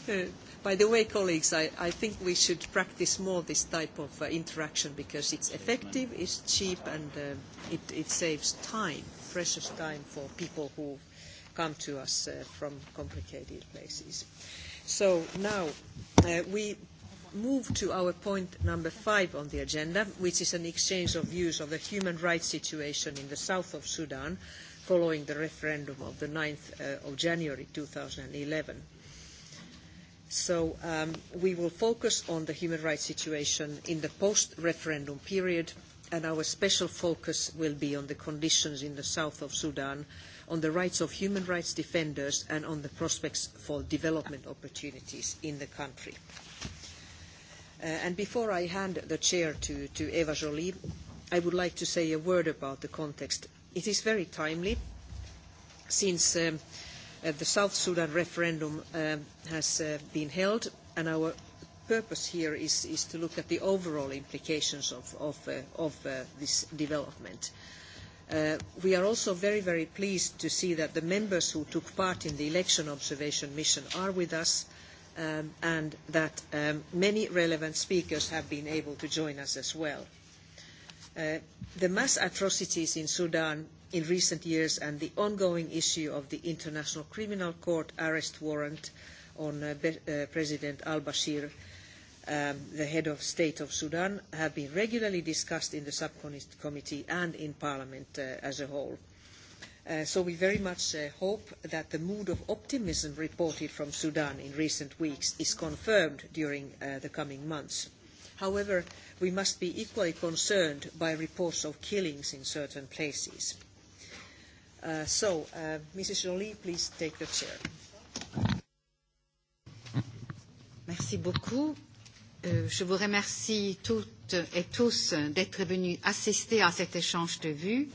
<laughs> By the way, colleagues, I, I think we should practice more this type of uh, interaction because it's effective, it's cheap, and uh, it, it saves time, precious time for people who come to us uh, from complicated places. So now uh, we move to our point number five on the agenda, which is an exchange of views on the human rights situation in the south of Sudan following the referendum of the 9th uh, of January 2011. So um, we will focus on the human rights situation in the post-referendum period, and our special focus will be on the conditions in the south of Sudan, on the rights of human rights defenders, and on the prospects for development opportunities in the country. Uh, and before I hand the chair to, to Eva Joly, I would like to say a word about the context. It is very timely since um, uh, uh, the South Sudan referendum um, has uh, been held, and our purpose here is, is to look at the overall implications of, of, uh, of uh, this development. Uh, we are also very, very pleased to see that the members who took part in the election observation mission are with us um, and that um, many relevant speakers have been able to join us as well. Uh, the mass atrocities in Sudan in recent years and the ongoing issue of the International Criminal Court arrest warrant on uh, Be- uh, President al-Bashir, um, the head of state of Sudan, have been regularly discussed in the subcommittee and in Parliament uh, as a whole. Uh, so we very much uh, hope that the mood of optimism reported from Sudan in recent weeks is confirmed during uh, the coming months. However, we must be equally concerned by reports of killings in certain places. Uh, so, uh, Mrs. Jolie, please take the chair. Merci beaucoup. Euh, je vous remercie toutes et tous d'être venus assister à cet échange de vues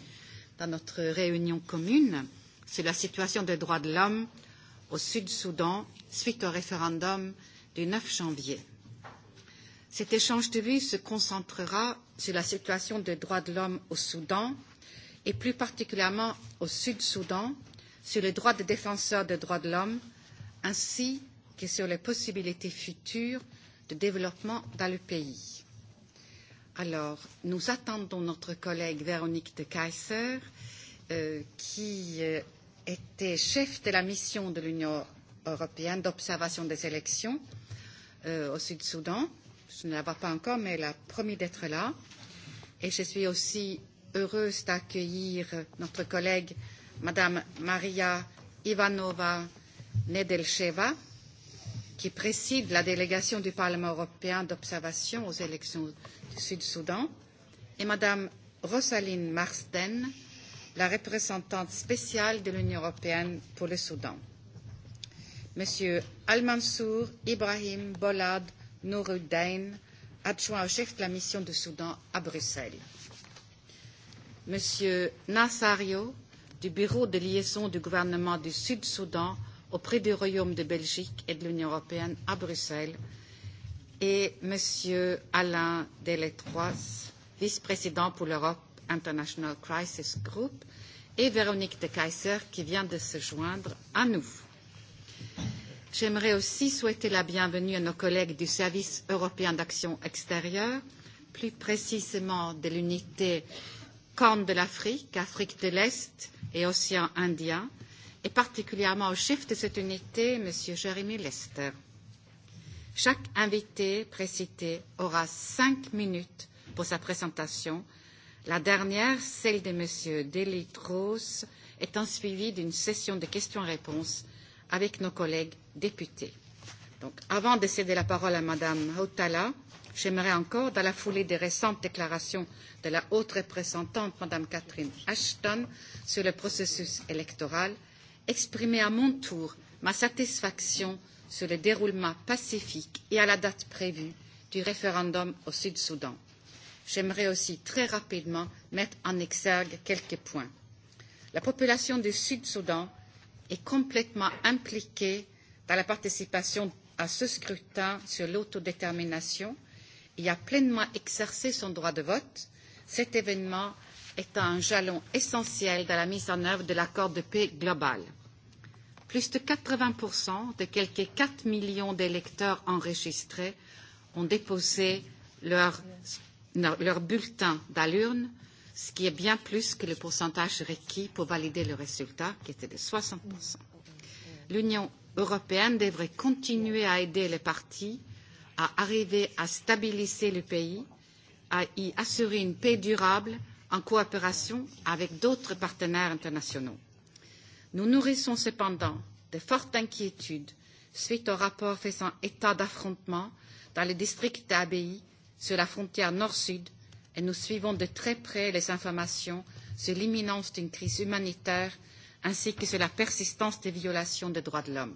dans notre réunion commune sur la situation des droits de l'homme au Sud-Soudan suite au référendum du 9 janvier. Cet échange de vues se concentrera sur la situation des droits de l'homme au Soudan, et plus particulièrement au Sud-Soudan, sur les droits des défenseurs des droits de l'homme, ainsi que sur les possibilités futures de développement dans le pays. Alors, nous attendons notre collègue Véronique de Keyser, euh, qui euh, était chef de la mission de l'Union européenne d'observation des élections euh, au Sud-Soudan. Je ne la vois pas encore, mais elle a promis d'être là. Et je suis aussi heureuse d'accueillir notre collègue Madame Maria Ivanova Nedelcheva, qui préside la délégation du Parlement européen d'observation aux élections du Sud-Soudan, et Madame Rosaline Marsden, la représentante spéciale de l'Union européenne pour le Soudan. Monsieur Al-Mansour Ibrahim Bolad Nouruddin, adjoint au chef de la mission du Soudan à Bruxelles. M. Nassario du Bureau de liaison du gouvernement du Sud-Soudan auprès du Royaume de Belgique et de l'Union européenne à Bruxelles et M. Alain Delectroix, vice-président pour l'Europe International Crisis Group, et Véronique de Keyser qui vient de se joindre à nous. J'aimerais aussi souhaiter la bienvenue à nos collègues du Service européen d'action extérieure, plus précisément de l'unité Corne de l'Afrique, Afrique de l'Est et Océan Indien, et particulièrement au chef de cette unité, M. Jérémy Lester. Chaque invité précité aura cinq minutes pour sa présentation. La dernière, celle de M. Deli Rose, étant suivie d'une session de questions-réponses avec nos collègues députés. Donc, avant de céder la parole à Mme Hautala, J'aimerais encore, dans la foulée des récentes déclarations de la haute représentante, Mme Catherine Ashton, sur le processus électoral, exprimer à mon tour ma satisfaction sur le déroulement pacifique et à la date prévue du référendum au Sud-Soudan. J'aimerais aussi très rapidement mettre en exergue quelques points. La population du Sud-Soudan est complètement impliquée dans la participation à ce scrutin sur l'autodétermination et a pleinement exercé son droit de vote, cet événement est un jalon essentiel dans la mise en œuvre de l'accord de paix global. Plus de 80% de quelques 4 millions d'électeurs enregistrés ont déposé leur, leur bulletin dans l'urne, ce qui est bien plus que le pourcentage requis pour valider le résultat, qui était de 60%. L'Union européenne devrait continuer à aider les partis à arriver à stabiliser le pays, à y assurer une paix durable en coopération avec d'autres partenaires internationaux. Nous nourrissons cependant de fortes inquiétudes suite au rapport faisant état d'affrontements dans le district d'Abbaye sur la frontière nord-sud et nous suivons de très près les informations sur l'imminence d'une crise humanitaire ainsi que sur la persistance des violations des droits de l'homme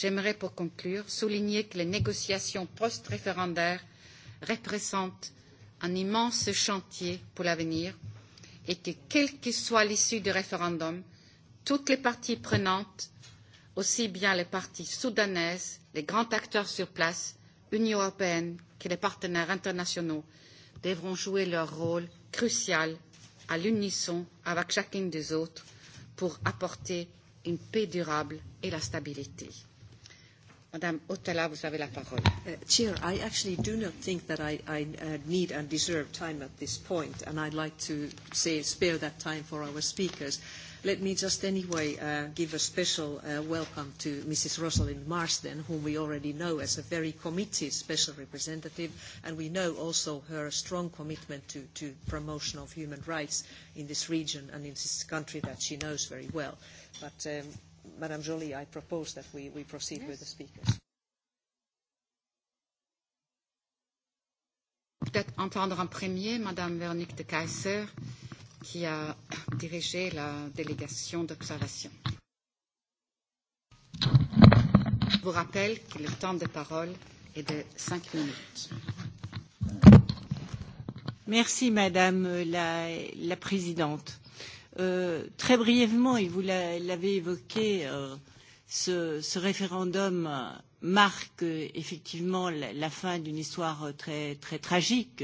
j'aimerais pour conclure souligner que les négociations post-référendaires représentent un immense chantier pour l'avenir et que, quelle que soit l'issue du référendum, toutes les parties prenantes, aussi bien les parties soudanaises, les grands acteurs sur place, Union européenne que les partenaires internationaux, devront jouer leur rôle crucial à l'unisson avec chacune des autres pour apporter une paix durable et la stabilité. Madame Otala, vous avez la parole. Uh, Chair, I actually do not think that I, I uh, need and deserve time at this point, and I'd like to say, spare that time for our speakers. Let me just anyway uh, give a special uh, welcome to Mrs. Rosalind Marsden, whom we already know as a very committed special representative, and we know also her strong commitment to, to promotion of human rights in this region and in this country that she knows very well. But um, Madame Joly, I propose that we, we proceed yes. with the speakers. Peut-être entendre en premier Madame Véronique de Keyser, qui a dirigé la délégation d'observation. Je vous rappelle que le temps de parole est de cinq minutes. Merci Madame la, la Présidente euh, très brièvement, et vous l'avez évoqué, euh, ce, ce référendum marque euh, effectivement la, la fin d'une histoire très, très tragique,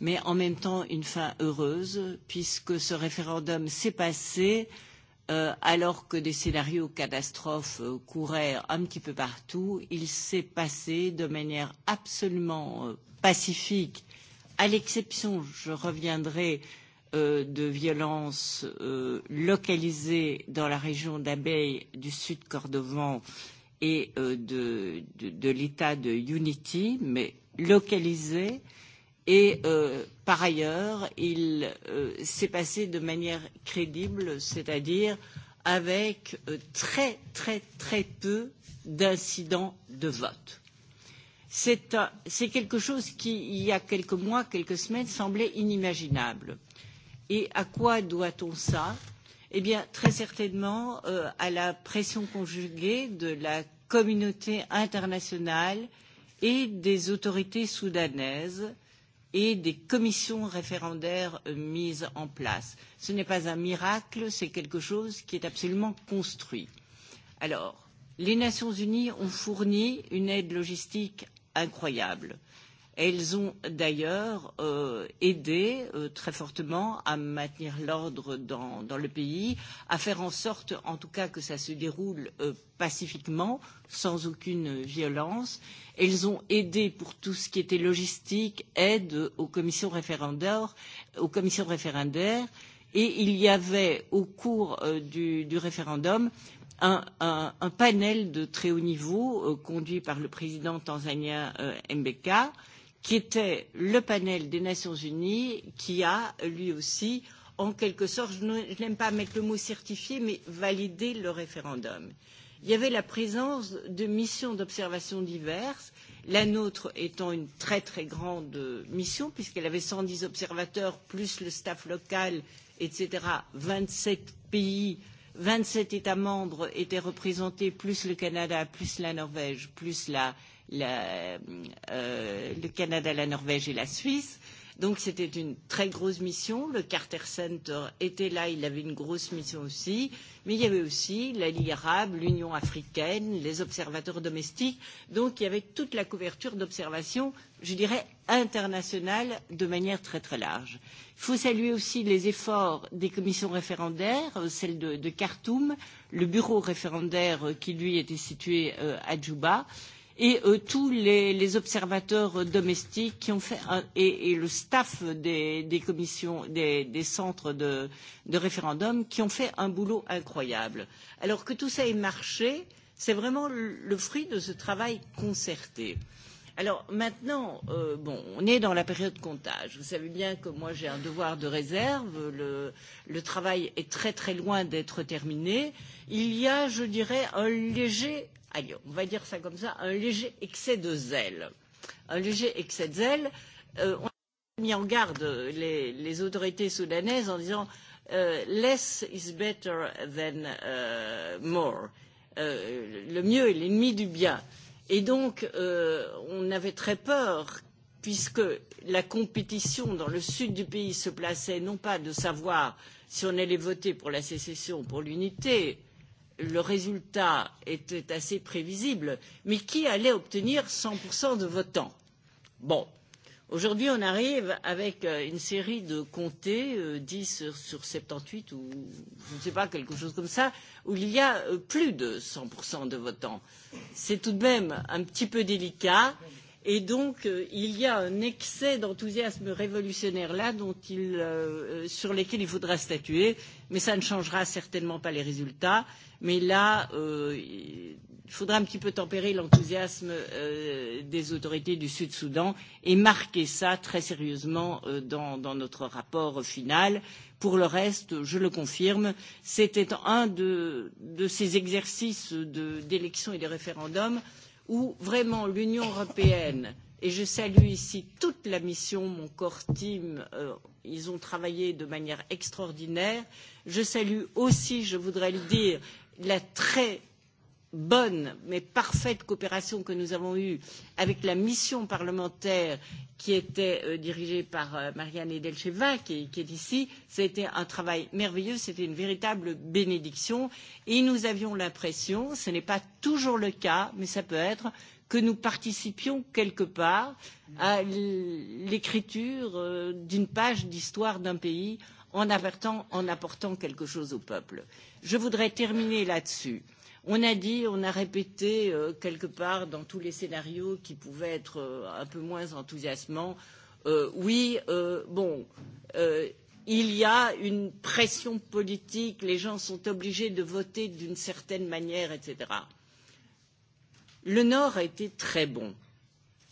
mais en même temps une fin heureuse, puisque ce référendum s'est passé euh, alors que des scénarios catastrophes euh, couraient un petit peu partout. Il s'est passé de manière absolument euh, pacifique, à l'exception, je reviendrai, euh, euh, de violences euh, localisées dans la région d'Abeille du Sud Cordovan et euh, de, de, de l'État de Unity, mais localisées. Et euh, par ailleurs, il euh, s'est passé de manière crédible, c'est-à-dire avec euh, très très très peu d'incidents de vote. C'est quelque chose qui, il y a quelques mois, quelques semaines, semblait inimaginable. Euh, Et à quoi doit-on ça Eh bien, très certainement euh, à la pression conjuguée de la communauté internationale et des autorités soudanaises et des commissions référendaires euh, mises en place. Ce n'est pas un miracle, c'est quelque chose qui est absolument construit. Alors, les Nations Unies ont fourni une aide logistique incroyable. Euh, Elles ont d'ailleurs euh, aidé euh, très fortement à maintenir l'ordre dans, dans le pays, à faire en sorte, en tout cas, que ça se déroule euh, pacifiquement, sans aucune violence. Elles ont aidé pour tout ce qui était logistique, aide aux commissions référendaires, aux commissions référendaires et il y avait au cours euh, du, du référendum un, un, un panel de très haut niveau euh, conduit par le président tanzanien euh, Mbeka qui était le panel des Nations Unies, qui a, lui aussi, en quelque sorte, je n'aime pas mettre le mot certifié, mais validé le référendum. Il y avait la présence de missions d'observation diverses, la nôtre étant une très très grande mission, puisqu'elle avait 110 observateurs, plus le staff local, etc. 27 pays, 27 États membres étaient représentés, plus le Canada, plus la Norvège, plus la, euh, la, euh, le Canada, la Norvège et la Suisse. Donc c'était une très grosse mission. Le Carter Center était là, il avait une grosse mission aussi. Mais il y avait aussi la Ligue arabe, l'Union africaine, les observateurs domestiques. Donc il y avait toute la couverture d'observation, je dirais, internationale de manière très très large. Il faut saluer aussi les efforts des commissions référendaires, celle de, de Khartoum, le bureau référendaire qui lui était situé euh, à Djouba. Euh, et euh, tous les, les observateurs domestiques qui ont fait, euh, et, et le staff des, des commissions, des, des centres de, de référendum qui ont fait un boulot incroyable. Alors que tout ça ait marché, c'est vraiment le fruit de ce travail concerté. Alors maintenant, euh, bon, on est dans la période comptage. Vous savez bien que moi j'ai un devoir de réserve. Le, le travail est très très loin d'être terminé. Il y a, je dirais, un léger allez, on va dire ça comme ça, un léger excès de zèle. Un léger excès de zèle. Euh, on a mis en garde les, les autorités soudanaises en disant euh, less is better than euh, more. Euh, le mieux est l'ennemi du bien. Et donc, euh, on avait très peur puisque la compétition dans le sud du pays se plaçait non pas de savoir si on allait voter pour la sécession ou pour l'unité, euh, le résultat était assez prévisible, mais qui allait obtenir 100% de votants Bon, aujourd'hui on arrive avec euh, une série de comtés, euh, 10 sur, sur 78 ou je ne sais pas, quelque chose comme ça, où il y a euh, plus de 100% de votants. C'est tout de même un petit peu délicat. Euh, Et donc, euh, il y a un excès d'enthousiasme révolutionnaire là dont il, euh, euh, sur lesquels il faudra statuer, mais ça ne changera certainement pas les résultats. Mais là, euh, il faudra un petit peu tempérer l'enthousiasme euh, des autorités du Sud-Soudan et marquer ça très sérieusement euh, dans, dans notre rapport final. Pour le reste, je le confirme, c'était un de, de ces exercices d'élections et de référendums euh, où vraiment l'Union européenne et je salue ici toute la mission, mon corps team, euh, ils ont travaillé de manière extraordinaire. Je salue aussi, je voudrais le dire, la très bonne mais parfaite coopération que nous avons eue avec la mission parlementaire qui était euh, dirigée par euh, Marianne Edelcheva, qui, qui est ici, c'était un travail merveilleux, c'était une véritable bénédiction et nous avions l'impression, ce n'est pas toujours le cas, mais ça peut être, que nous participions quelque part à l'écriture euh, d'une page d'histoire d'un pays en apportant, en apportant quelque chose au peuple. Je voudrais terminer là-dessus. Euh, On a dit, on a répété euh, quelque part dans tous les scénarios qui pouvaient être euh, un peu moins enthousiasmants, euh, oui, euh, bon, euh, il y a une pression politique, les gens sont obligés de voter d'une certaine manière, etc. Le Nord a été très bon,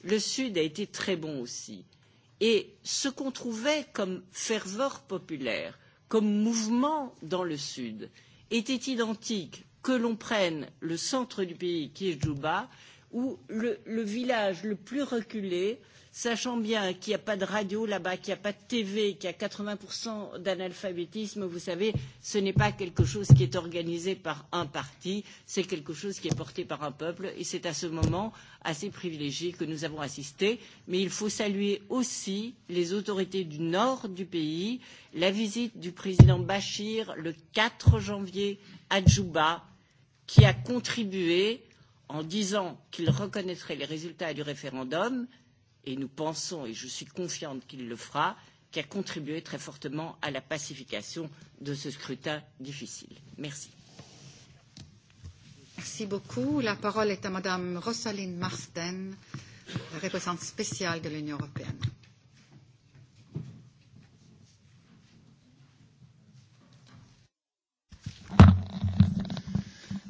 le Sud a été très bon aussi. Et ce qu'on trouvait comme ferveur populaire, comme mouvement dans le Sud, était identique que l'on prenne le centre du pays qui est Djouba ou le, le village le plus reculé, sachant bien qu'il n'y a pas de radio là-bas, qu'il n'y a pas de TV, qu'il y a 80% d'analphabétisme, vous savez, ce n'est pas quelque chose qui est organisé par un parti, c'est quelque chose qui est porté par un peuple et c'est à ce moment assez privilégié que nous avons assisté. Mais il faut saluer aussi les autorités du nord du pays, la visite du président Bachir le 4 janvier Adjouba, qui a contribué en disant qu'il reconnaîtrait les résultats du référendum, et nous pensons, et je suis confiante qu'il le fera, qui a contribué très fortement à la pacification de ce scrutin difficile. Merci. Merci beaucoup. La parole est à Madame Rosaline Marsden, représentante spéciale de l'Union européenne.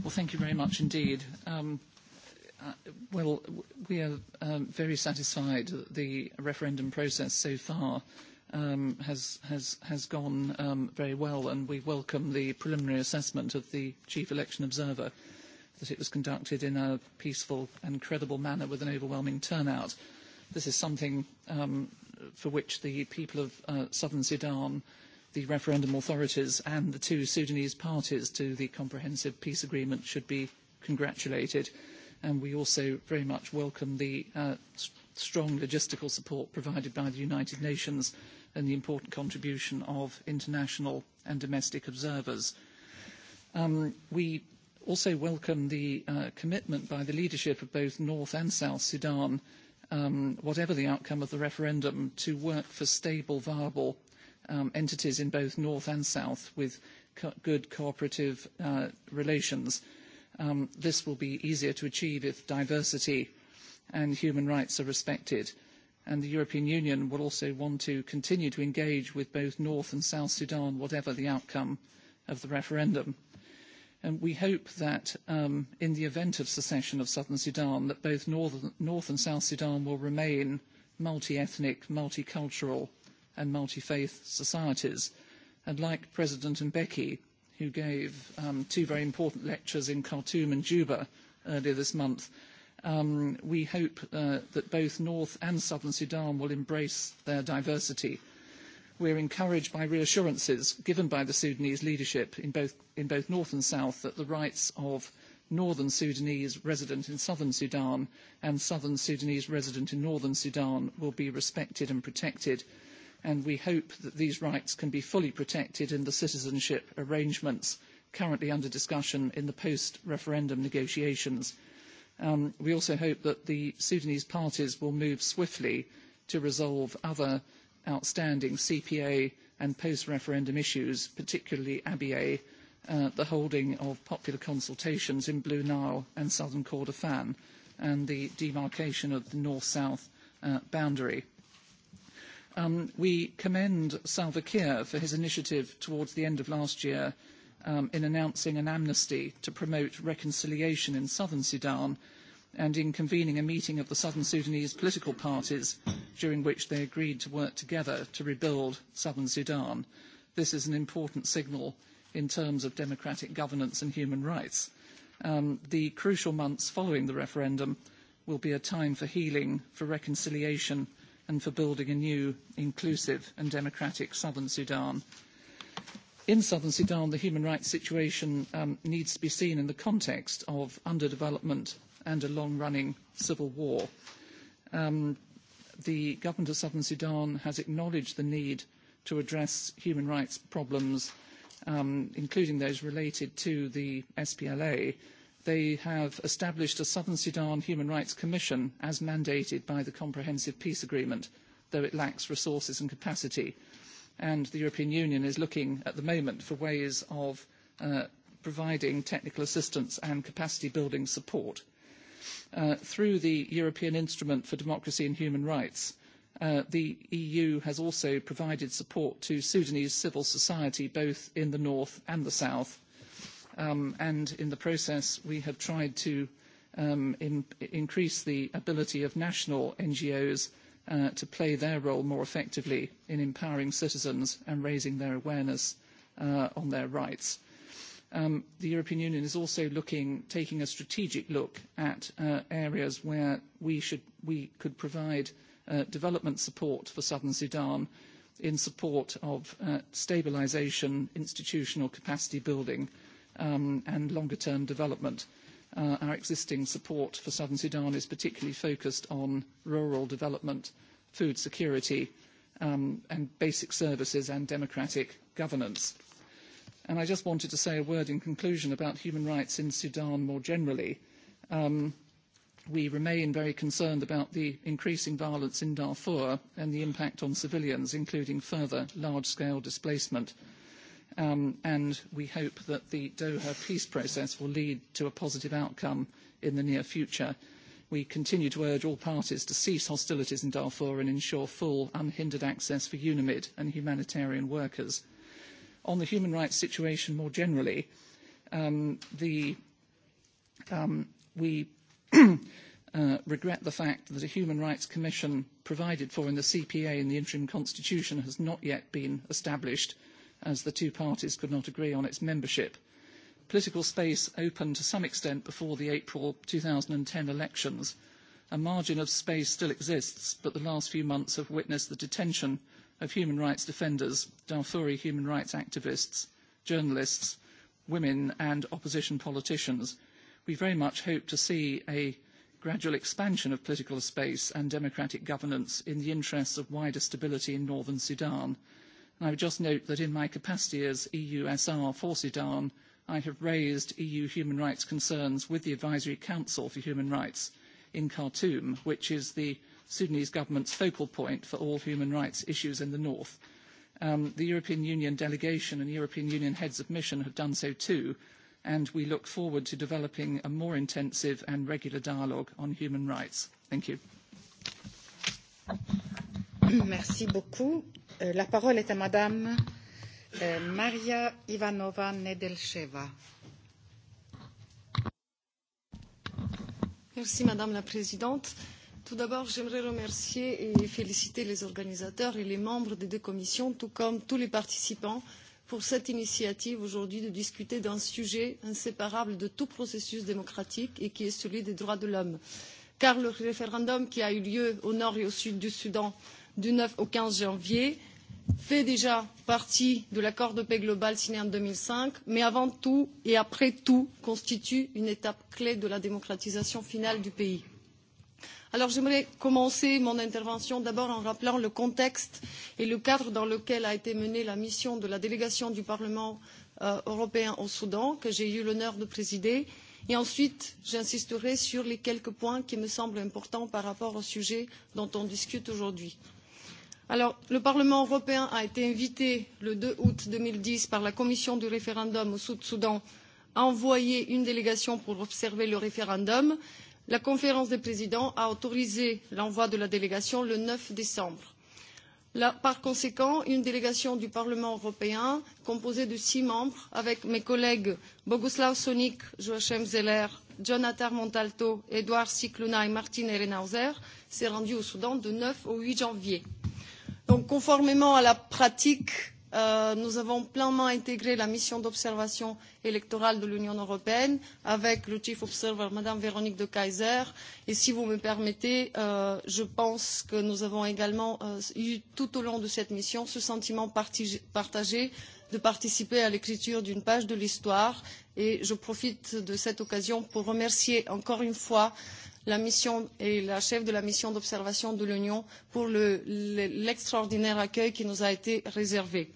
Well, thank you very much indeed. Um, uh, well, we are um, very satisfied that the referendum process so far um, has, has, has gone um, very well, and we welcome the preliminary assessment of the chief election observer that it was conducted in a peaceful and credible manner with an overwhelming turnout. This is something um, for which the people of uh, southern Sudan uh, the referendum authorities and the two Sudanese parties to the comprehensive peace agreement should be congratulated. And we also very much welcome the uh, strong logistical support provided by the United Nations and the important contribution of international and domestic observers. Um, we also welcome the uh, commitment by the leadership of both North and South Sudan, um, whatever the outcome of the referendum, to work for stable, viable um, entities in both North and South with co good cooperative uh, relations. Um, this will be easier to achieve if diversity and human rights are respected. And the European Union will also want to continue to engage with both North and South Sudan, whatever the outcome of the referendum. And we hope that um, in the event of secession of Southern Sudan, that both North, North and South Sudan will remain multi-ethnic, multicultural and multi-faith societies. And like President Mbeki, who gave um, two very important lectures in Khartoum and Juba earlier this month, um, we hope uh, that both North and Southern Sudan will embrace their diversity. We're encouraged by reassurances given by the Sudanese leadership in both, in both North and South that the rights of Northern Sudanese resident in Southern Sudan and Southern Sudanese resident in Northern Sudan will be respected and protected and we hope that these rights can be fully protected in the citizenship arrangements currently under discussion in the post-referendum negotiations. Um, we also hope that the Sudanese parties will move swiftly to resolve other outstanding CPA and post-referendum issues, particularly ABA, uh, the holding of popular consultations in Blue Nile and southern Kordofan, and the demarcation of the north-south uh, boundary. Um, we commend Salva Kiir for his initiative towards the end of last year um, in announcing an amnesty to promote reconciliation in southern Sudan and in convening a meeting of the southern Sudanese political parties during which they agreed to work together to rebuild southern Sudan. This is an important signal in terms of democratic governance and human rights. Um, the crucial months following the referendum will be a time for healing, for reconciliation, and for building a new, inclusive and democratic southern Sudan. In southern Sudan, the human rights situation um, needs to be seen in the context of underdevelopment and a long-running civil war. Um, the government of southern Sudan has acknowledged the need to address human rights problems, um, including those related to the SPLA, they have established a Southern Sudan Human Rights Commission as mandated by the Comprehensive Peace Agreement, though it lacks resources and capacity. And the European Union is looking at the moment for ways of uh, providing technical assistance and capacity building support. Uh, through the European Instrument for Democracy and Human Rights, uh, the EU has also provided support to Sudanese civil society both in the north and the south Um, and in the process, we have tried to um, in, increase the ability of national NGOs uh, to play their role more effectively in empowering citizens and raising their awareness uh, on their rights. Um, the European Union is also looking, taking a strategic look at uh, areas where we, should, we could provide uh, development support for southern Sudan in support of uh, stabilization, institutional capacity building, uh, um, and longer-term development. Uh, our existing support for Southern Sudan is particularly focused on rural development, food security, um, and basic services and democratic governance. And I just wanted to say a word in conclusion about human rights in Sudan more generally. Um, we remain very concerned about the increasing violence in Darfur and the impact on civilians, including further large-scale displacement. Uh, um, and we hope that the Doha peace process will lead to a positive outcome in the near future. We continue to urge all parties to cease hostilities in Darfur and ensure full, unhindered access for UNAMID and humanitarian workers. On the human rights situation more generally, um, the, um, we <clears throat> uh, regret the fact that a human rights commission provided for in the CPA in the interim constitution has not yet been established. Uh, as the two parties could not agree on its membership. Political space opened to some extent before the April 2010 elections. A margin of space still exists, but the last few months have witnessed the detention of human rights defenders, Darfuri human rights activists, journalists, women and opposition politicians. We very much hope to see a gradual expansion of political space and democratic governance in the interests of wider stability in northern Sudan And I would just note that in my capacity as EUSR for Sudan, I have raised EU human rights concerns with the Advisory Council for Human Rights in Khartoum, which is the Sudanese government's focal point for all human rights issues in the north. Um, the European Union delegation and European Union heads of mission have done so too, and we look forward to developing a more intensive and regular dialogue on human rights. Thank you. Merci beaucoup. Euh, la parole est à Madame euh, Maria Ivanova Nedelcheva. Merci Madame la Présidente. Tout d'abord, j'aimerais remercier et féliciter les organisateurs et les membres des deux commissions, tout comme tous les participants, pour cette initiative aujourd'hui de discuter d'un sujet inséparable de tout processus démocratique et qui est celui des droits de l'homme. Car le référendum qui a eu lieu au nord et au sud du Soudan du 9 au 15 janvier fait déjà partie de l'accord de paix global signé en deux mille cinq mais avant tout et après tout constitue une étape clé de la démocratisation finale du pays. Alors j'aimerais commencer mon intervention d'abord en rappelant le contexte et le cadre dans lequel a été menée la mission de la délégation du Parlement euh, européen au Soudan, que j'ai eu l'honneur de présider, et ensuite j'insisterai sur les quelques points qui me semblent importants par rapport au sujet dont on discute aujourd'hui. Euh, Alors, le Parlement européen a été invité le 2 août 2010 par la commission du référendum au Sud-Soudan à envoyer une délégation pour observer le référendum. La conférence des présidents a autorisé l'envoi de la délégation le 9 décembre. Là, par conséquent, une délégation du Parlement européen composée de six membres, avec mes collègues Boguslav Sonik, Joachim Zeller, Jonathan Montalto, Edouard Cicluna et Martine Ehrenhauser, s'est rendue au Soudan de 9 au 8 janvier. Donc, conformément à la pratique, euh, nous avons pleinement intégré la mission d'observation électorale de l'Union européenne avec le chief observer, Madame Véronique de Kaiser. Et si vous me permettez, euh, je pense que nous avons également euh, eu tout au long de cette mission ce sentiment partage, partagé de participer à l'écriture d'une page de l'histoire. Et je profite de cette occasion pour remercier encore une fois euh, la, mission et la chef de la mission d'observation de l'Union pour l'extraordinaire le, le, accueil qui nous a été réservé.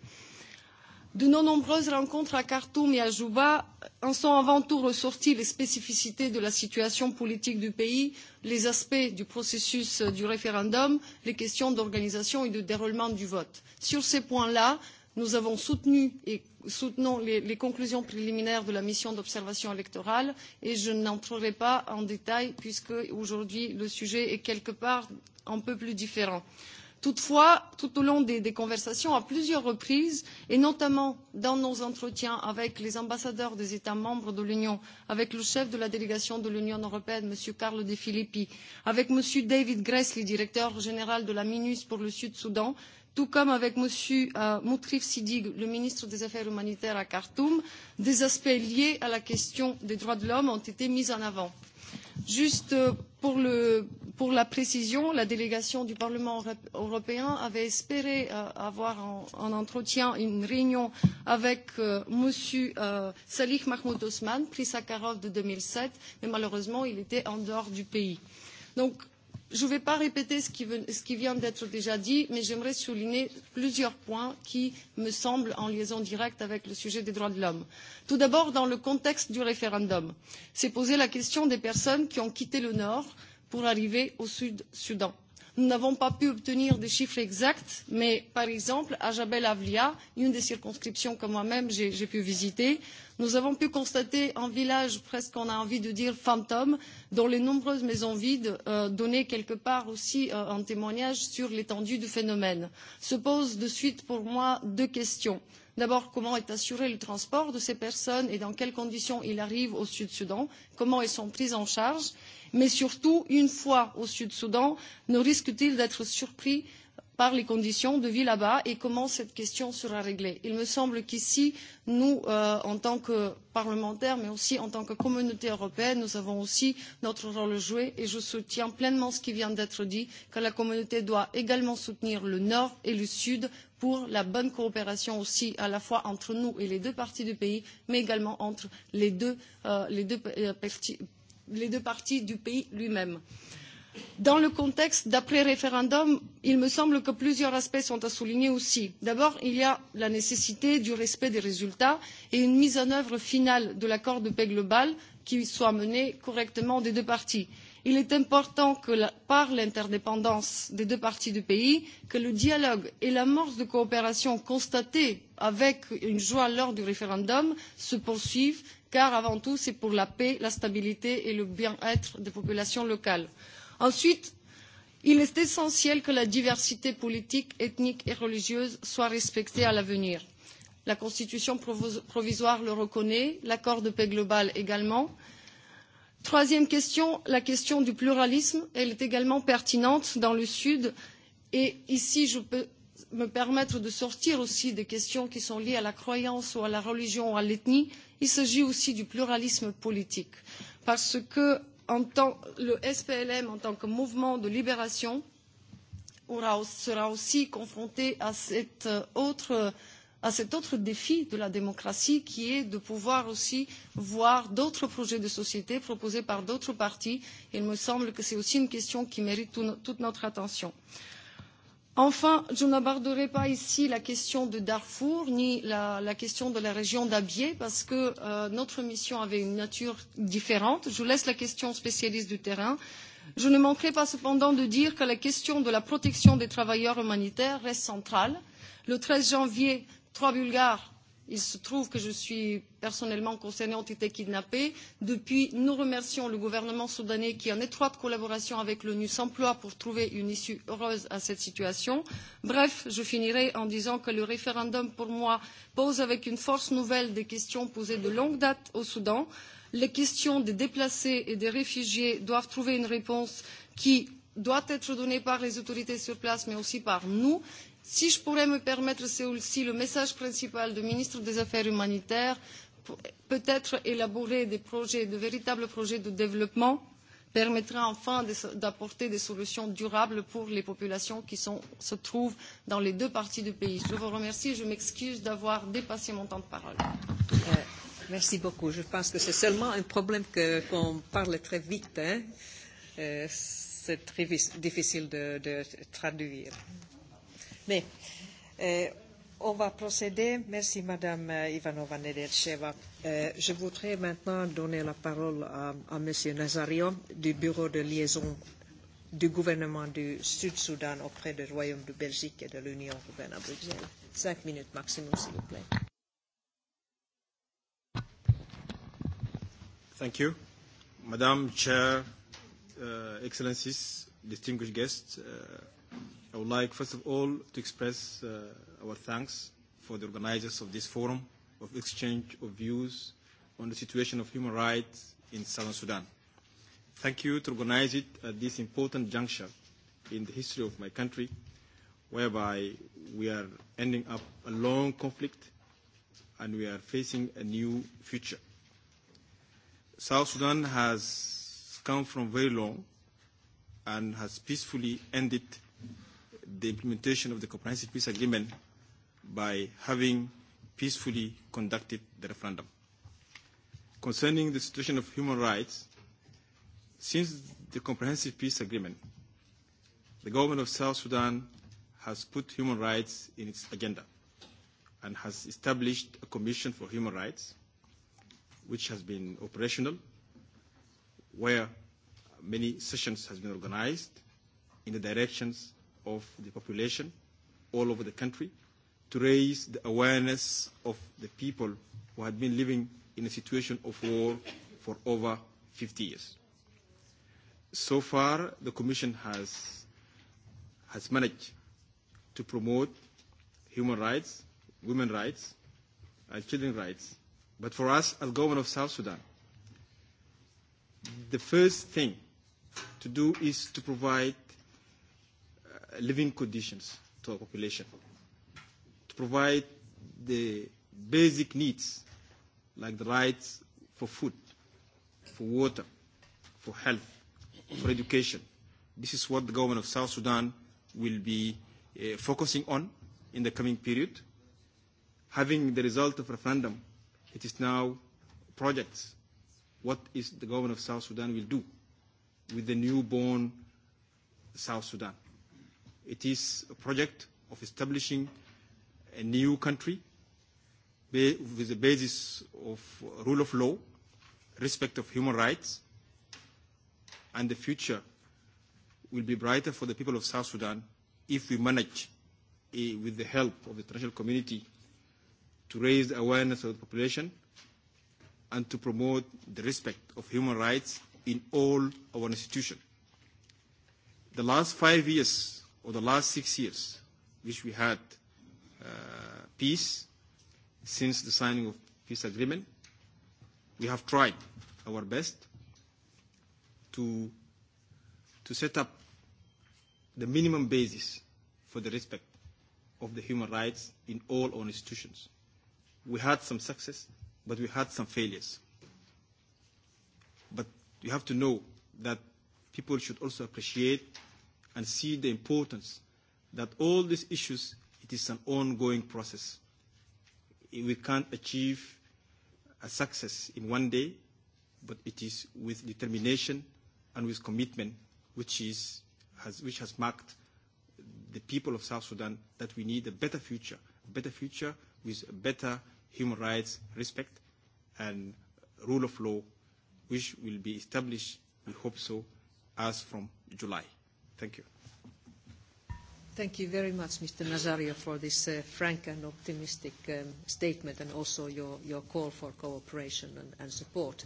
De nos nombreuses rencontres à Khartoum et à Juba en sont avant tout ressorties les spécificités de la situation politique du pays, les aspects du processus du référendum, les questions d'organisation et de déroulement du vote. Sur ces points-là, nous avons soutenu et soutenons les, les conclusions préliminaires de la mission d'observation électorale et je n'entrerai pas en détail puisque aujourd'hui le sujet est quelque part un peu plus différent. Toutefois, tout au long des, des conversations, à plusieurs reprises, et notamment dans nos entretiens avec les ambassadeurs des États membres de l'Union, avec le chef de la délégation de l'Union européenne, M. Carlo De Filippi, avec M. David Gressly, directeur général de la MINUS pour le Sud-Soudan, tout comme avec M. Euh, Moutrif Sidig, le ministre des Affaires humanitaires à Khartoum, des aspects liés à la question des droits de l'homme ont été mis en avant. Juste euh, pour, le, pour la précision, la délégation du Parlement européen avait espéré euh, avoir en, en entretien une réunion avec euh, M. Euh, Salih Mahmoud Osman, prix Sakharov de 2007, mais malheureusement, il était en dehors du pays. Donc, Je ne vais pas répéter ce qui, ce qui vient d'être déjà dit, mais j'aimerais souligner plusieurs points qui me semblent en liaison directe avec le sujet des droits de l'homme. Tout d'abord, dans le contexte du référendum, s'est posée la question des personnes qui ont quitté le Nord pour arriver au Sud Soudan Nous n'avons pas pu obtenir des chiffres exacts, mais par exemple, à Jabel Avlia, une des circonscriptions que moi-même j'ai pu visiter, nous avons pu constater un village presque, on a envie de dire, fantôme, dont les nombreuses maisons vides euh, donnaient quelque part aussi euh, un témoignage sur l'étendue du phénomène. Se posent de suite pour moi deux questions. Euh, D'abord, comment est assuré le transport de ces personnes et dans quelles conditions ils arrivent au Sud-Soudan, comment ils sont pris en charge, mais surtout, une fois au Sud-Soudan, ne risquent-ils d'être surpris euh, par les conditions de vie là-bas et comment cette question sera réglée. Il me semble qu'ici, nous, euh, en tant que parlementaires, mais aussi en tant que communauté européenne, nous avons aussi notre rôle à jouer et je soutiens pleinement ce qui vient d'être dit, que la communauté doit également soutenir le Nord et le Sud pour la bonne coopération aussi à la fois entre nous et les deux parties du pays, mais également entre les deux, euh, les deux, euh, les deux parties du pays lui-même. Euh, Dans le contexte d'après-référendum, il me semble que plusieurs aspects sont à souligner aussi. D'abord, il y a la nécessité du respect des résultats et une mise en œuvre finale de l'accord de paix global qui soit menée correctement des deux parties. Il est important que, la, par l'interdépendance des deux parties du pays, que le dialogue et l'amorce de coopération constatée avec une joie lors du référendum se poursuivent, car avant tout, c'est pour la paix, la stabilité et le bien-être des populations locales. Euh, Ensuite, il est essentiel que la diversité politique, ethnique et religieuse soit respectée à l'avenir. La Constitution provisoire le reconnaît, l'accord de paix global également. Troisième question, la question du pluralisme, elle est également pertinente dans le Sud. Et ici, je peux me permettre de sortir aussi des questions qui sont liées à la croyance ou à la religion ou à l'ethnie. Il s'agit aussi du pluralisme politique. Parce que en tant, le SPLM en tant que mouvement de libération aura, sera aussi confronté à, cette euh, autre, à cet autre défi de la démocratie qui est de pouvoir aussi voir d'autres projets de société proposés par d'autres partis. Il me semble que c'est aussi une question qui mérite tout, toute notre attention. Euh, Enfin, je n'aborderai pas ici la question de Darfour ni la, la question de la région d'Abyei parce que euh, notre mission avait une nature différente. Je laisse la question aux spécialistes du terrain. Je ne manquerai pas cependant de dire que la question de la protection des travailleurs humanitaires reste centrale. Le 13 janvier, trois Bulgares Il se trouve que je suis personnellement concernée ont été kidnappés. Depuis, nous remercions le gouvernement soudanais qui, en étroite collaboration avec l'ONU, s'emploie pour trouver une issue heureuse à cette situation. Bref, je finirai en disant que le référendum, pour moi, pose avec une force nouvelle des questions posées de longue date au Soudan. Les questions des déplacés et des réfugiés doivent trouver une réponse qui doit être donnée par les autorités sur place, mais aussi par nous. Si je pourrais me permettre, c'est aussi le message principal du ministre des Affaires humanitaires, peut-être élaborer des projets, de véritables projets de développement permettra enfin d'apporter de, des solutions durables pour les populations qui sont, se trouvent dans les deux parties du pays. Je vous remercie et je m'excuse d'avoir dépassé mon temps de parole. Euh, merci beaucoup. Je pense que c'est seulement un problème qu'on qu parle très vite. Hein. Euh, c'est très difficile de, de traduire. Euh, Mais euh, on va procéder. Merci, Madame euh, Ivanova Nedelcheva. Euh, je voudrais maintenant donner la parole à, à Monsieur Nazario du Bureau de liaison du gouvernement du Sud-Soudan auprès du Royaume de Belgique et de l'Union européenne à Bruxelles. Cinq minutes maximum, s'il vous plaît. Thank you. Madam Chair, uh, Excellencies, distinguished guests, uh, I would like, first of all, to express uh, our thanks for the organizers of this forum of exchange of views on the situation of human rights in southern Sudan. Thank you to organize it at this important juncture in the history of my country, whereby we are ending up a long conflict and we are facing a new future. South Sudan has come from very long and has peacefully ended the implementation of the Comprehensive Peace Agreement by having peacefully conducted the referendum. Concerning the situation of human rights, since the Comprehensive Peace Agreement, the government of South Sudan has put human rights in its agenda and has established a commission for human rights, which has been operational, where many sessions has been organized in the directions of the population all over the country to raise the awareness of the people who had been living in a situation of war for over 50 years. So far, the Commission has, has managed to promote human rights, women's rights, and children's rights. But for us, as government of South Sudan, the first thing to do is to provide living conditions to our population, to provide the basic needs like the rights for food, for water, for health, for education. This is what the government of South Sudan will be uh, focusing on in the coming period. Having the result of referendum, it is now projects. What is the government of South Sudan will do with the newborn South Sudan? It is a project of establishing a new country with the basis of rule of law, respect of human rights, and the future will be brighter for the people of South Sudan if we manage, uh, with the help of the international community, to raise the awareness of the population and to promote the respect of human rights in all our institutions. The last five years or the last six years, which we had uh, peace since the signing of peace agreement, we have tried our best to, to set up the minimum basis for the respect of the human rights in all our institutions. We had some success, but we had some failures. But you have to know that people should also appreciate and see the importance that all these issues, it is an ongoing process. We can't achieve a success in one day, but it is with determination and with commitment, which, is, has, which has marked the people of South Sudan that we need a better future, a better future with better human rights respect and rule of law, which will be established, we hope so, as from July. Thank you. Thank you very much, Mr. Nazario, for this uh, frank and optimistic um, statement and also your, your call for cooperation and, and support.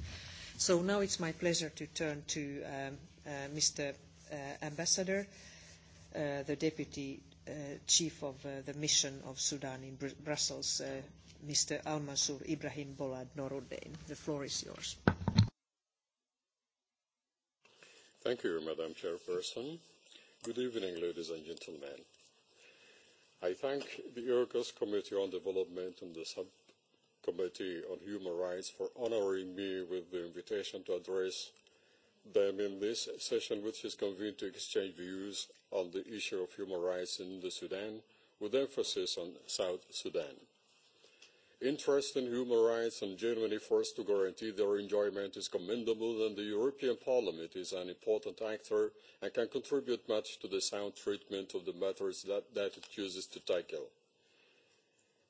So now it's my pleasure to turn to um, uh, Mr. Uh, Ambassador, uh, the Deputy uh, Chief of uh, the Mission of Sudan in Br Brussels, uh, Mr. Al-Mansur Ibrahim Bolad Noruddin. The floor is yours. Thank you, Madam Chairperson. Good evening, ladies and gentlemen. I thank the IRCAS Committee on Development and the Subcommittee on Human Rights for honoring me with the invitation to address them in this session, which is convened to exchange views on the issue of human rights in the Sudan, with emphasis on South Sudan interest in human rights and genuine efforts to guarantee their enjoyment is commendable and the european parliament is an important actor and can contribute much to the sound treatment of the matters that, that it chooses to tackle.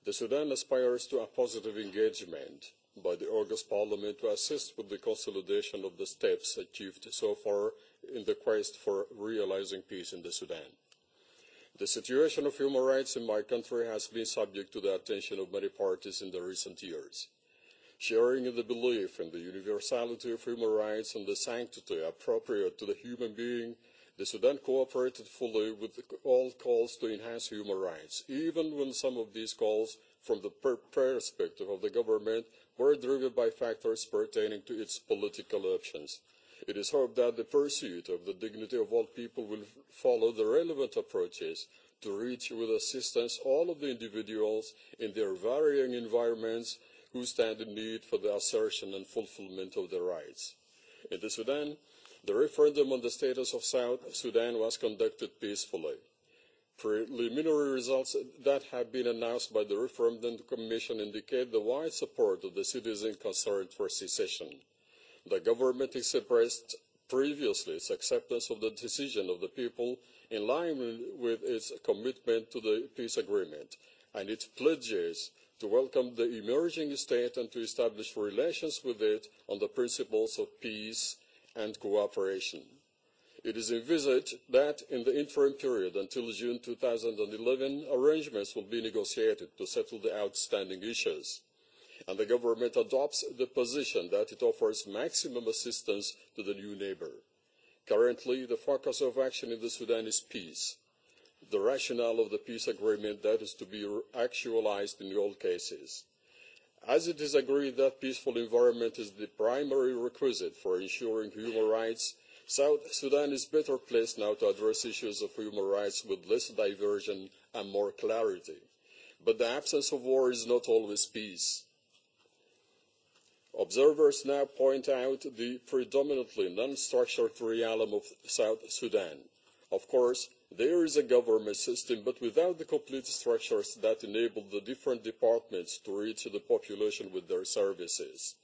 the sudan aspires to a positive engagement by the august parliament to assist with the consolidation of the steps achieved so far in the quest for realising peace in the sudan the situation of human rights in my country has been subject to the attention of many parties in recent years. sharing in the belief in the universality of human rights and the sanctity appropriate to the human being the sudan cooperated fully with all calls to enhance human rights even when some of these calls from the perspective of the government were driven by factors pertaining to its political options. It is hoped that the pursuit of the dignity of all people will follow the relevant approaches to reach with assistance all of the individuals in their varying environments who stand in need for the assertion and fulfillment of their rights. In the Sudan, the referendum on the status of South Sudan was conducted peacefully. Preliminary results that have been announced by the Referendum Commission indicate the wide support of the citizens concerned for secession the government expressed previously its acceptance of the decision of the people in line with its commitment to the peace agreement and it pledges to welcome the emerging state and to establish relations with it on the principles of peace and cooperation. it is envisaged that in the interim period until june two thousand and eleven arrangements will be negotiated to settle the outstanding issues and the government adopts the position that it offers maximum assistance to the new neighbour. currently the focus of action in sudan is peace the rationale of the peace agreement that is to be actualised in all cases. as it is agreed that a peaceful environment is the primary requisite for ensuring human rights south sudan is better placed now to address issues of human rights with less diversion and more clarity. but the absence of war is not always peace observers now point out the predominantly non structured realm of south sudan. of course there is a government system but without the complete structures that enable the different departments to reach the population with their services.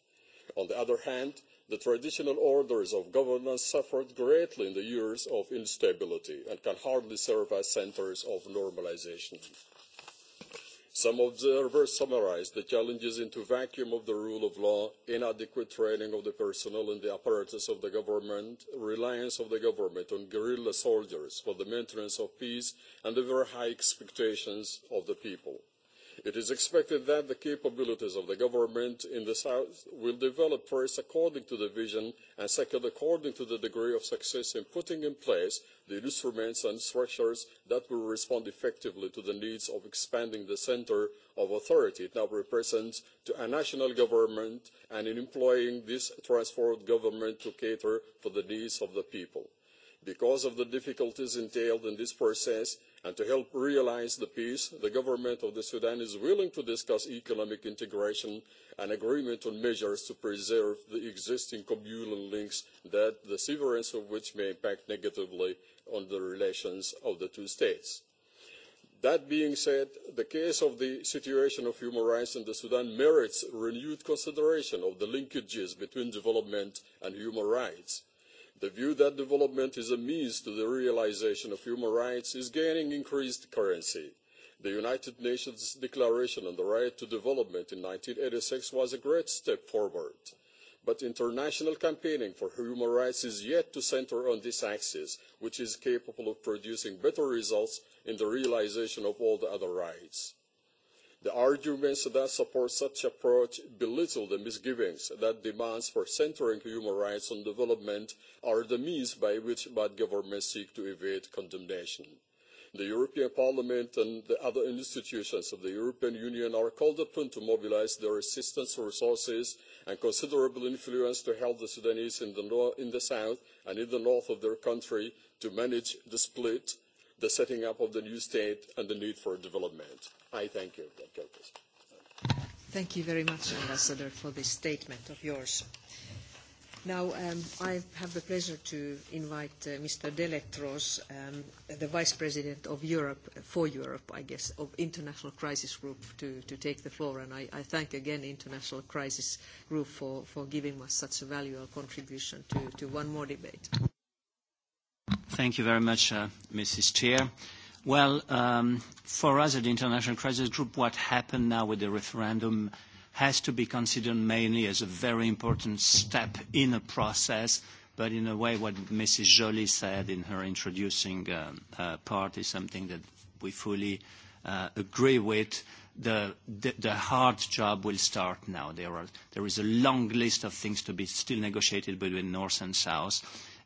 on the other hand the traditional orders of governance suffered greatly in the years of instability and can hardly serve as centres of normalisation some observers summarised the challenges into a vacuum of the rule of law inadequate training of the personnel and the apparatus of the government reliance of the government on guerrilla soldiers for the maintenance of peace and the very high expectations of the people. It is expected that the capabilities of the government in the South will develop first according to the vision and second according to the degree of success in putting in place the instruments and structures that will respond effectively to the needs of expanding the centre of authority it now represents to a national government and in employing this transformed government to cater for the needs of the people. Because of the difficulties entailed in this process, and to help realise the peace the government of sudan is willing to discuss economic integration and agreement on measures to preserve the existing communal links the severance of which may impact negatively on the relations of the two states. that being said the case of the situation of human rights in sudan merits renewed consideration of the linkages between development and human rights the view that development is a means to the realisation of human rights is gaining increased currency. the united nations declaration on the right to development in one thousand nine hundred and eighty six was a great step forward but international campaigning for human rights is yet to centre on this axis which is capable of producing better results in the realisation of all the other rights the arguments that support such an approach belittle the misgivings that demands for centering human rights on development are the means by which bad governments seek to evade condemnation. the european parliament and the other institutions of the european union are called upon to mobilise their assistance resources and considerable influence to help the sudanese in the south and in the north of their country to manage the split the setting up of the new state and the need for development. I thank you. That covers. Thank you very much, Ambassador, for this statement of yours. Now, um, I have the pleasure to invite uh, Mr. Delectros, um, the Vice President of Europe, for Europe, I guess, of International Crisis Group, to, to take the floor. And I, I thank again International Crisis Group for, for giving us such a valuable contribution to, to one more debate. Thank you very much, uh, Mrs. Chair. Well, um, for us at the International Crisis Group, what happened now with the referendum has to be considered mainly as a very important step in a process, but in a way what Mrs. Joly said in her introducing uh, uh, part is something that we fully uh, agree with. The, the, the hard job will start now. There, are, there is a long list of things to be still negotiated between North and South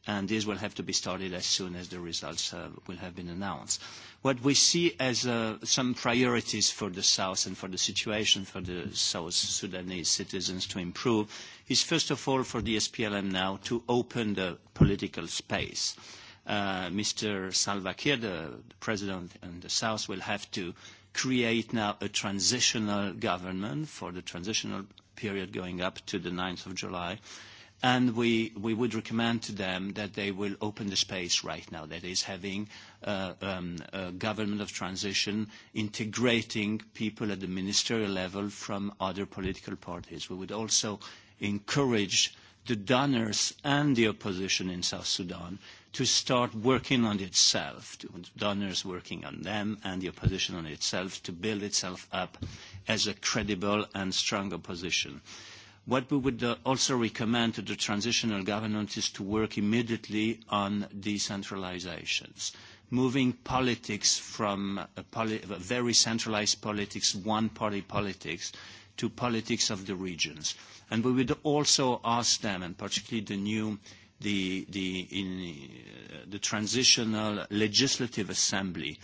and this will have to be started as soon as the results uh, will have been announced. What we see as uh, some priorities for the South and for the situation for the South Sudanese citizens to improve is, first of all, for the SPLM now to open the political space. Uh, Mr. Salva Kiir, the, the president in the South, will have to create now a transitional government for the transitional period going up to the 9th of July, uh, And we, we would recommend to them that they will open the space right now, that is having uh, um, a government of transition integrating people at the ministerial level from other political parties. We would also encourage the donors and the opposition in South Sudan to start working on itself, to donors working on them and the opposition on itself to build itself up as a credible and strong opposition. Uh, What we would uh, also recommend to the transitional government is to work immediately on decentralizations, moving politics from a, poli a very centralized politics, one-party politics, to politics of the regions. And we would also ask them, and particularly the new the, the, in, uh, the transitional legislative assembly,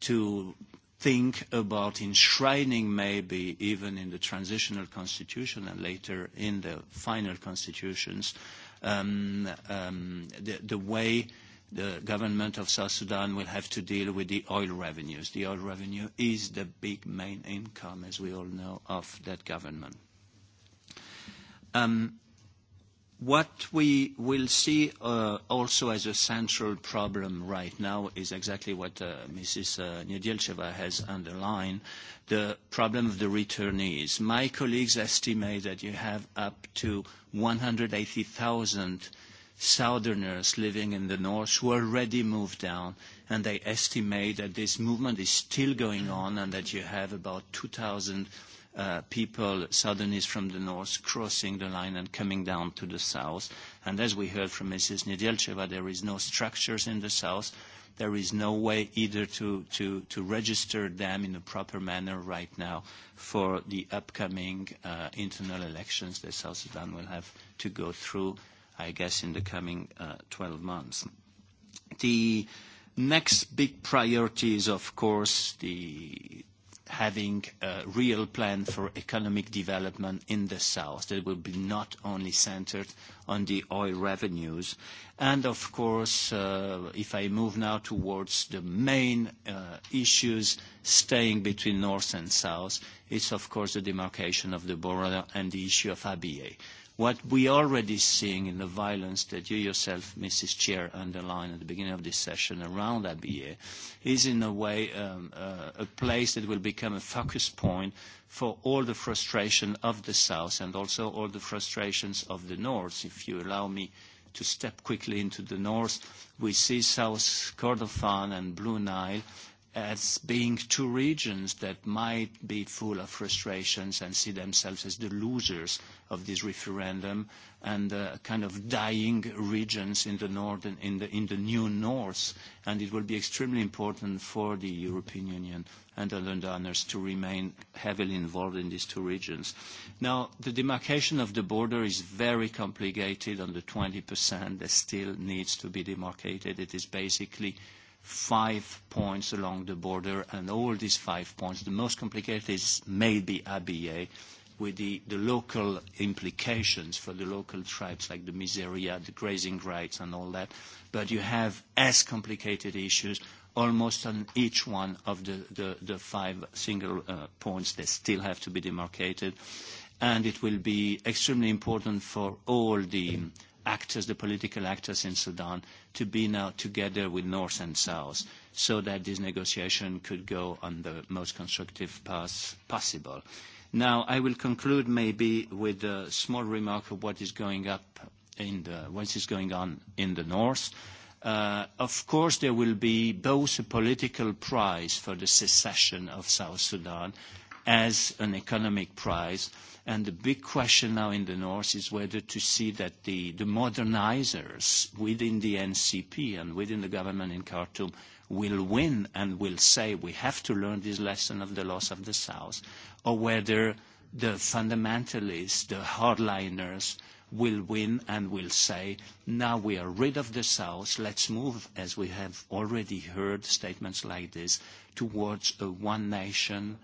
to think about enshrining maybe even in the transitional constitution and later in the final constitutions um, um, the, the way the government of South Sudan will have to deal with the oil revenues. The oil revenue is the big main income, as we all know, of that government. Um, What we will see uh, also as a central problem right now is exactly what uh, Mrs. Uh, Nedelcheva has underlined, the problem of the returnees. My colleagues estimate that you have up to 180,000 Southerners living in the north who already moved down, and they estimate that this movement is still going on and that you have about 2,000 uh, people, Southerners from the north, crossing the line and coming down to the south. And as we heard from Mrs. Nedelcheva, there is no structures in the south. There is no way either to, to, to register them in a proper manner right now for the upcoming uh, internal elections that South Sudan will have to go through, I guess, in the coming uh, 12 months. The next big priority is, of course, the having a real plan for economic development in the South that will be not only centered on the oil revenues. And of course, uh, if I move now towards the main uh, issues staying between North and South, it's of course the demarcation of the border and the issue of ABA what we already seeing in the violence that you yourself, Mrs. Chair, underlined at the beginning of this session around Abyei, is in a way um, uh, a place that will become a focus point for all the frustration of the South and also all the frustrations of the North. If you allow me to step quickly into the North, we see South Kordofan and Blue Nile as being two regions that might be full of frustrations and see themselves as the losers of this referendum and uh, kind of dying regions in the, northern, in, the, in the new north. And it will be extremely important for the European Union and the Londoners to remain heavily involved in these two regions. Now, the demarcation of the border is very complicated on the 20% that still needs to be demarcated. It is basically five points along the border, and all these five points, the most complicated is maybe Abyei, with the, the local implications for the local tribes, like the miseria, the grazing rights, and all that. But you have as complicated issues almost on each one of the, the, the five single uh, points that still have to be demarcated. And it will be extremely important for all the actors, the political actors in Sudan, to be now together with North and South so that this negotiation could go on the most constructive path possible. Now, I will conclude maybe with a small remark of what is going up in the, what is going on in the North. Uh, of course, there will be both a political prize for the secession of South Sudan as an economic prize. And the big question now in the North is whether to see that the, the modernizers within the NCP and within the government in Khartoum will win and will say we have to learn this lesson of the loss of the South, or whether the fundamentalists, the hardliners, will win and will say, now we are rid of the South, let's move, as we have already heard statements like this, towards a one nation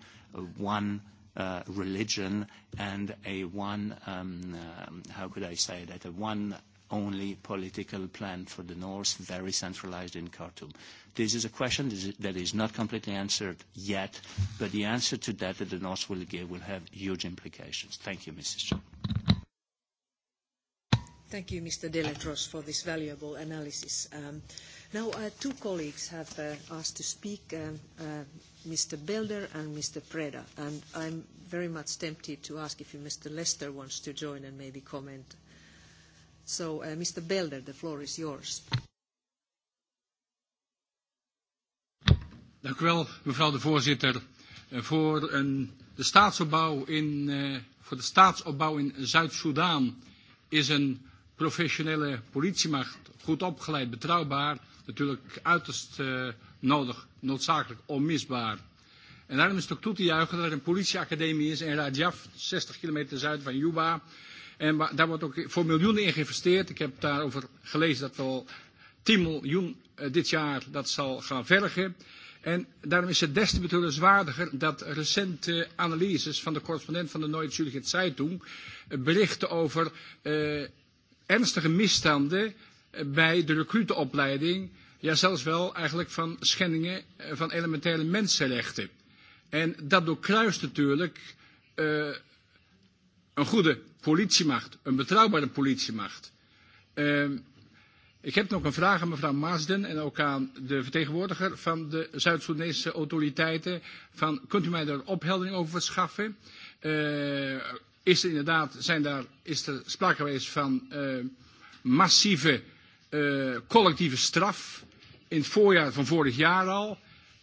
one uh, religion and a one, um, um, how could I say that, a one only political plan for the North, very centralized in Khartoum. This is a question that is not completely answered yet, but the answer to that that the North will give will have huge implications. Thank you, Mrs. Chair. Thank you, Mr. Deletros, for this valuable analysis. Um, Now, uh, two colleagues have uh, asked to speak, um, uh, uh Mr. Belder and Mr. Preda, and I'm very much tempted to ask if Mr. Lester wants to join and maybe comment. So, uh, Mr. Belder, the floor is yours. Dank u wel, mevrouw de voorzitter. Eh, voor een, de staatsopbouw in, uh, voor de staatsopbouw in Zuid-Soedan is een professionele politiemacht, goed opgeleid, betrouwbaar, natuurlijk uiterst uh, nodig, noodzakelijk, onmisbaar. En daarom is het ook toe te juichen dat er een politieacademie is in Rajaf, 60 kilometer zuid van Juba. En daar wordt ook voor miljoenen in geïnvesteerd. Ik heb daarover gelezen dat wel 10 miljoen uh, dit jaar dat zal gaan vergen. En daarom is het des te betreurenswaardiger dat recente analyses van de correspondent van de Nooit Zürcher Zeitung eh, berichten over uh, ernstige misstanden bij de recrutenopleiding, ja zelfs wel eigenlijk van schendingen eh, van elementaire mensenrechten. En dat doorkruist natuurlijk uh, een goede politiemacht, een betrouwbare politiemacht. Uh, ik heb nog een vraag aan mevrouw Maasden en ook aan de vertegenwoordiger van de Zuid-Soedanese autoriteiten. Van, kunt u mij daar opheldering over verschaffen? Uh, is er inderdaad, zijn daar, is er sprake geweest van uh, massieve uh, collectieve straf in het voorjaar van vorig jaar al.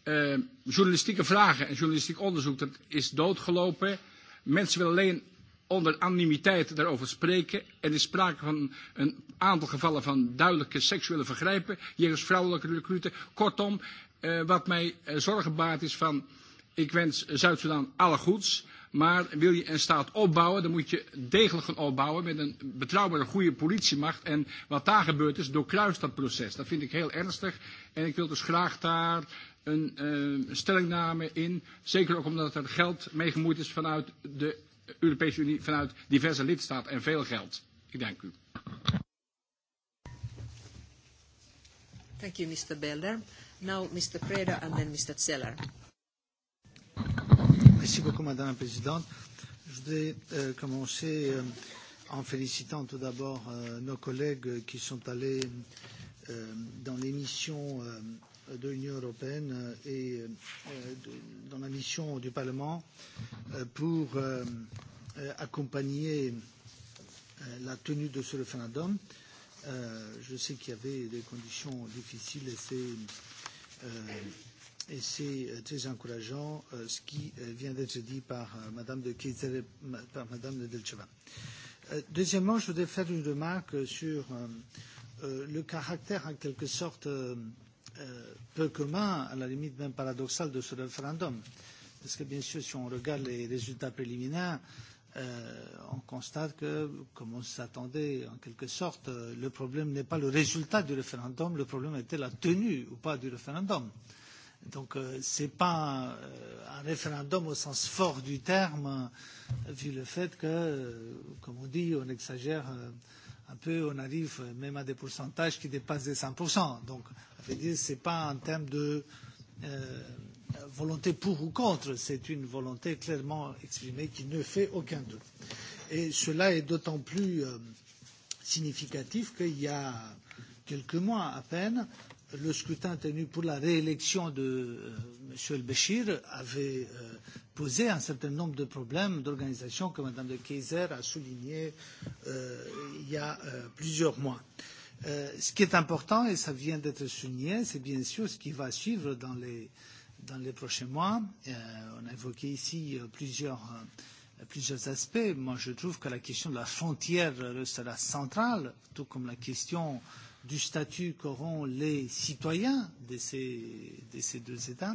Uh, journalistieke vragen en journalistiek onderzoek, dat is doodgelopen. Mensen willen alleen onder anonimiteit daarover spreken. Er is sprake van een aantal gevallen van duidelijke seksuele vergrijpen jegens vrouwelijke recruten. Kortom, uh, wat mij uh, zorgen baart is van ik wens Zuid-Soedan alle goeds. Maar wil je een staat opbouwen, dan moet je degelijk gaan opbouwen met een betrouwbare, goede politiemacht. En wat daar gebeurd is, doorkruist dat proces. Dat vind ik heel ernstig. En ik wil dus graag daar een uh, stellingname in. Zeker ook omdat er geld mee gemoeid is vanuit de Europese Unie, vanuit diverse lidstaten. En veel geld. Ik dank u. Thank you, Mr. Belder. Now, Mr. Preda and then Mr. Zeller. Merci beaucoup, Madame la Présidente. Je voudrais euh, commencer euh, en félicitant tout d'abord euh, nos collègues qui sont allés euh, dans les missions euh, de l'Union européenne euh, et euh, de, dans la mission du Parlement euh, pour euh, euh, accompagner euh, la tenue de ce référendum. Euh, je sais qu'il y avait des conditions difficiles et c'est euh, et c'est euh, très encourageant euh, ce qui euh, vient d'être dit par Madame de Keitere, par Madame de Delcheva. Deuxièmement, je voudrais faire une remarque sur le caractère en quelque sorte peu commun, à la limite même paradoxal, de ce référendum. Parce que bien sûr, si on regarde les résultats préliminaires, euh, on constate que, comme on s'attendait en quelque sorte, le problème n'est pas le résultat du référendum, le problème était la tenue ou pas du référendum. Euh, Donc euh, ce n'est pas euh, un référendum au sens fort du terme, vu le fait que, euh, comme on dit, on exagère euh, un peu, on arrive même à des pourcentages qui dépassent les 100%. Donc, à dire, ce n'est pas en termes de euh, volonté pour ou contre, c'est une volonté clairement exprimée qui ne fait aucun doute. Et cela est d'autant plus euh, significatif qu'il y a quelques mois à peine, le scrutin tenu pour la réélection de euh, M. El-Béchir avait euh, posé un certain nombre de problèmes d'organisation que Mme de Keyser a souligné euh, il y a euh, plusieurs mois. Euh, ce qui est important, et ça vient d'être souligné, c'est bien sûr ce qui va suivre dans les, dans les prochains mois. Euh, on a évoqué ici euh, plusieurs. Euh, plusieurs aspects. Moi, je trouve que la question de la frontière restera centrale, tout comme la question euh, du statut qu'auront les citoyens de ces, de ces deux États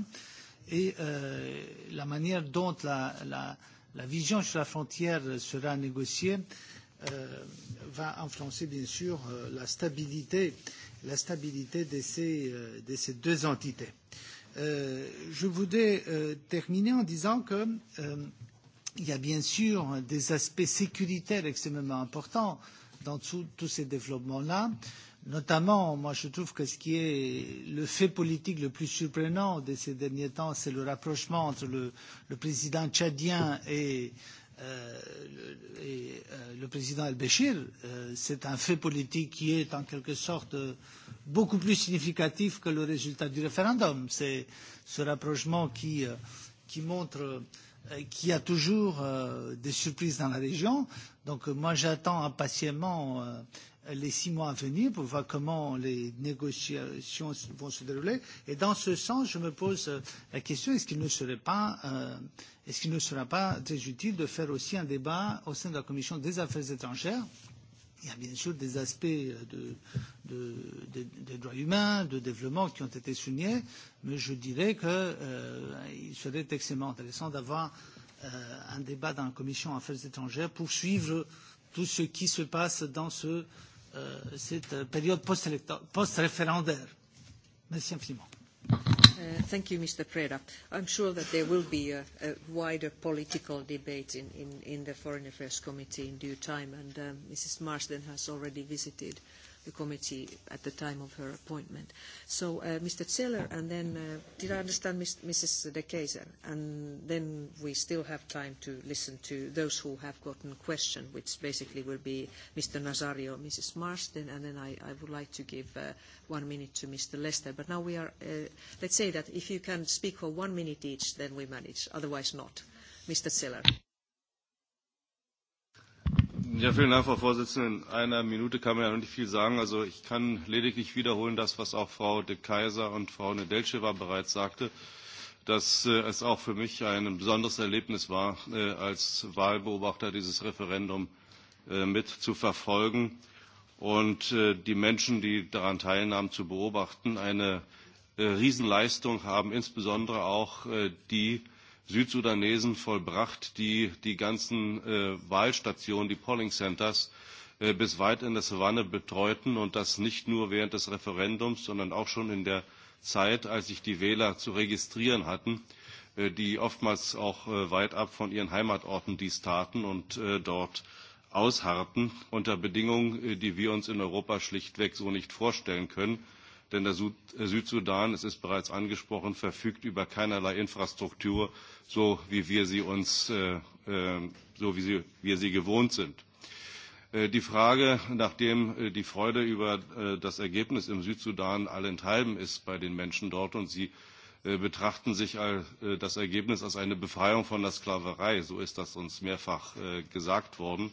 et euh, la manière dont la, la, la vision sur la frontière sera négociée euh, va influencer bien sûr euh, la stabilité, la stabilité de, ces, euh, de ces deux entités. Euh, je voudrais euh, terminer en disant que euh, il y a bien sûr des aspects sécuritaires extrêmement importants dans tous ces développements-là. Euh, Notamment, moi je trouve que ce qui est le fait politique le plus surprenant de ces derniers temps, c'est le rapprochement entre le, le président tchadien et, euh, et euh, le président El-Béchir. Euh, c'est un fait politique qui est en quelque sorte euh, beaucoup plus significatif que le résultat du référendum. C'est ce rapprochement qui, euh, qui montre euh, qu'il y a toujours euh, des surprises dans la région. Donc moi j'attends impatiemment. Euh, les six mois à venir pour voir comment les négociations vont se dérouler. Et dans ce sens, je me pose euh, la question est-ce qu'il ne serait pas, euh, est-ce qu'il ne sera pas très utile de faire aussi un débat au sein de la commission des affaires étrangères Il y a bien sûr des aspects euh, de, de, de, des droits humains, de développement qui ont été soulignés, mais je dirais qu'il euh, il serait extrêmement intéressant d'avoir euh, un débat dans la commission affaires étrangères pour suivre tout ce qui se passe dans ce euh, euh, cette période post-référendaire. Merci infiniment. Uh, thank you, Mr. Preda. I'm sure that there will be a, a wider political debate in, in, in the Foreign Affairs Committee in due time, and um, Mrs. Marsden has already visited uh, the committee at the time of her appointment. So, uh, Mr. Zeller, and then uh, did I understand Ms. Mrs. De Keyser? And then we still have time to listen to those who have gotten question, which basically will be Mr. Nazario, Mrs. Marsden, and then I, I would like to give uh, one minute to Mr. Lester. But now we are, uh, let's say that if you can speak for one minute each, then we manage. Otherwise, not. Mr. Zeller. Ja, vielen Dank, Frau Vorsitzende. In einer Minute kann man ja noch nicht viel sagen. Also ich kann lediglich wiederholen das, was auch Frau de Kaiser und Frau Nedelcheva bereits sagte, dass äh, es auch für mich ein besonderes Erlebnis war, äh, als Wahlbeobachter dieses Referendum äh, mit zu verfolgen und äh, die Menschen, die daran teilnahmen, zu beobachten. Eine äh, Riesenleistung haben insbesondere auch äh, die, Südsudanesen vollbracht, die die ganzen äh, Wahlstationen, die Polling Centers, äh, bis weit in der Savanne betreuten und das nicht nur während des Referendums, sondern auch schon in der Zeit, als sich die Wähler zu registrieren hatten, äh, die oftmals auch äh, weit ab von ihren Heimatorten dies taten und äh, dort ausharrten, unter Bedingungen, äh, die wir uns in Europa schlichtweg so nicht vorstellen können. Äh, denn der Süd äh, Südsudan, es ist bereits angesprochen, verfügt über keinerlei Infrastruktur, so wie wir sie uns, äh, ähm, so wie sie, wir sie gewohnt sind. Äh, die Frage, nachdem äh, die Freude über das Ergebnis im Südsudan allenthalben ist bei den Menschen dort und sie betrachten sich das Ergebnis als eine Befreiung von der Sklaverei, so ist das uns mehrfach gesagt worden, äh,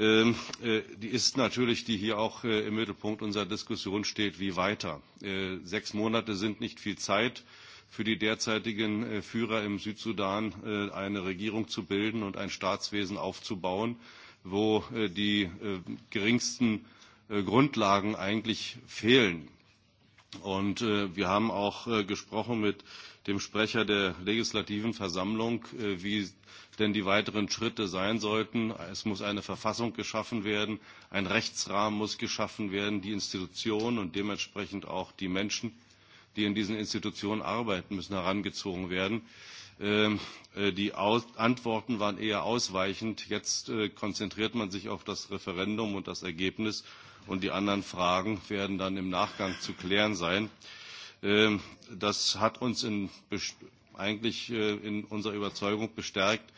Ähm, äh, die ist natürlich, die hier auch äh, im Mittelpunkt unserer Diskussion steht, wie weiter. Äh, sechs Monate sind nicht viel Zeit für die derzeitigen Führer im Südsudan, eine Regierung zu bilden und ein Staatswesen aufzubauen, wo die geringsten Grundlagen eigentlich fehlen. Und wir haben auch gesprochen mit dem Sprecher der legislativen Versammlung, äh, wie denn die weiteren Schritte sein sollten. Es muss eine Verfassung geschaffen werden, ein Rechtsrahmen muss geschaffen werden, die Institutionen und dementsprechend auch die Menschen, die in diesen Institutionen arbeiten, müssen herangezogen werden. Ähm, äh, die Aus Antworten waren eher ausweichend. Jetzt äh, konzentriert man sich auf das Referendum und das Ergebnis, und die anderen Fragen werden dann im Nachgang zu klären sein. Äh, Ähm, das hat uns in, eigentlich äh, in unserer Überzeugung bestärkt,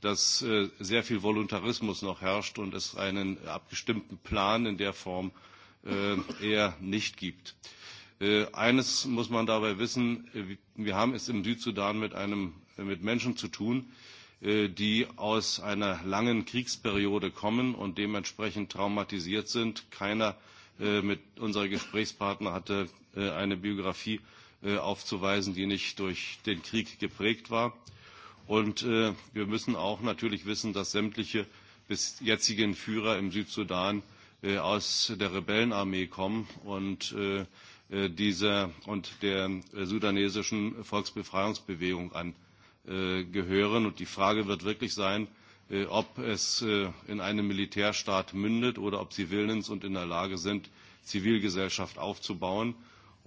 dass äh, sehr viel Voluntarismus noch herrscht und es einen abgestimmten Plan in der Form äh, eher nicht gibt. Eines muss man dabei wissen, wir haben es im Südsudan mit, einem, mit Menschen zu tun, die aus einer langen Kriegsperiode kommen und dementsprechend traumatisiert sind. Keiner mit unserer Gesprächspartner hatte Äh, eine Biografie äh, aufzuweisen, die nicht durch den Krieg geprägt war. Und äh, wir müssen auch natürlich wissen, dass sämtliche bis jetzigen Führer im Südsudan aus der Rebellenarmee kommen und dieser und der sudanesischen Volksbefreiungsbewegung angehören. Und die Frage wird wirklich sein, ob es in einem Militärstaat mündet oder ob sie willens und in der Lage sind, Zivilgesellschaft aufzubauen.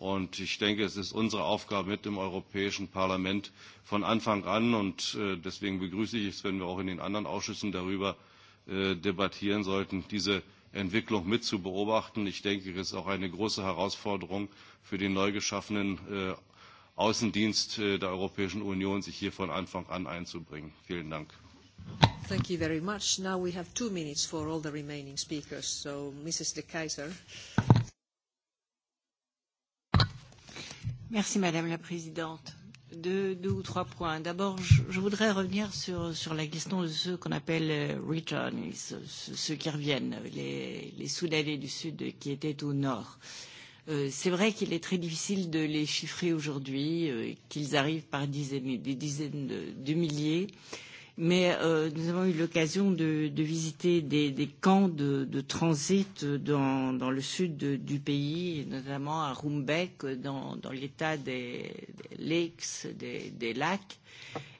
Und ich denke, es ist unsere Aufgabe mit dem Europäischen Parlament von Anfang an, und äh, deswegen begrüße ich es, wenn wir auch in den anderen Ausschüssen darüber äh, debattieren sollten, diese Entwicklung mit zu beobachten. Ich denke, es ist auch eine große Herausforderung für den neu geschaffenen äh, Außendienst der Europäischen Union, sich hier von Anfang an einzubringen. Vielen Dank. Thank you very much. Now we have two minutes for all the remaining speakers. So, Mrs. De Keyser. Merci Madame la Présidente. Deux, deux ou trois points. D'abord, je, je voudrais revenir sur, sur la question de ceux qu'on appelle euh, return, ceux, ceux qui reviennent, les, les Soudanais du Sud qui étaient au nord. Euh, C'est vrai qu'il est très difficile de les chiffrer aujourd'hui, euh, qu'ils arrivent par dizaines, des dizaines de, de milliers. Euh, mais euh, nous avons eu l'occasion de, de visiter des, des camps de, de transit dans, dans le sud de, du pays, notamment à Rumbek, dans, dans l'état des, des lakes, des, des lacs.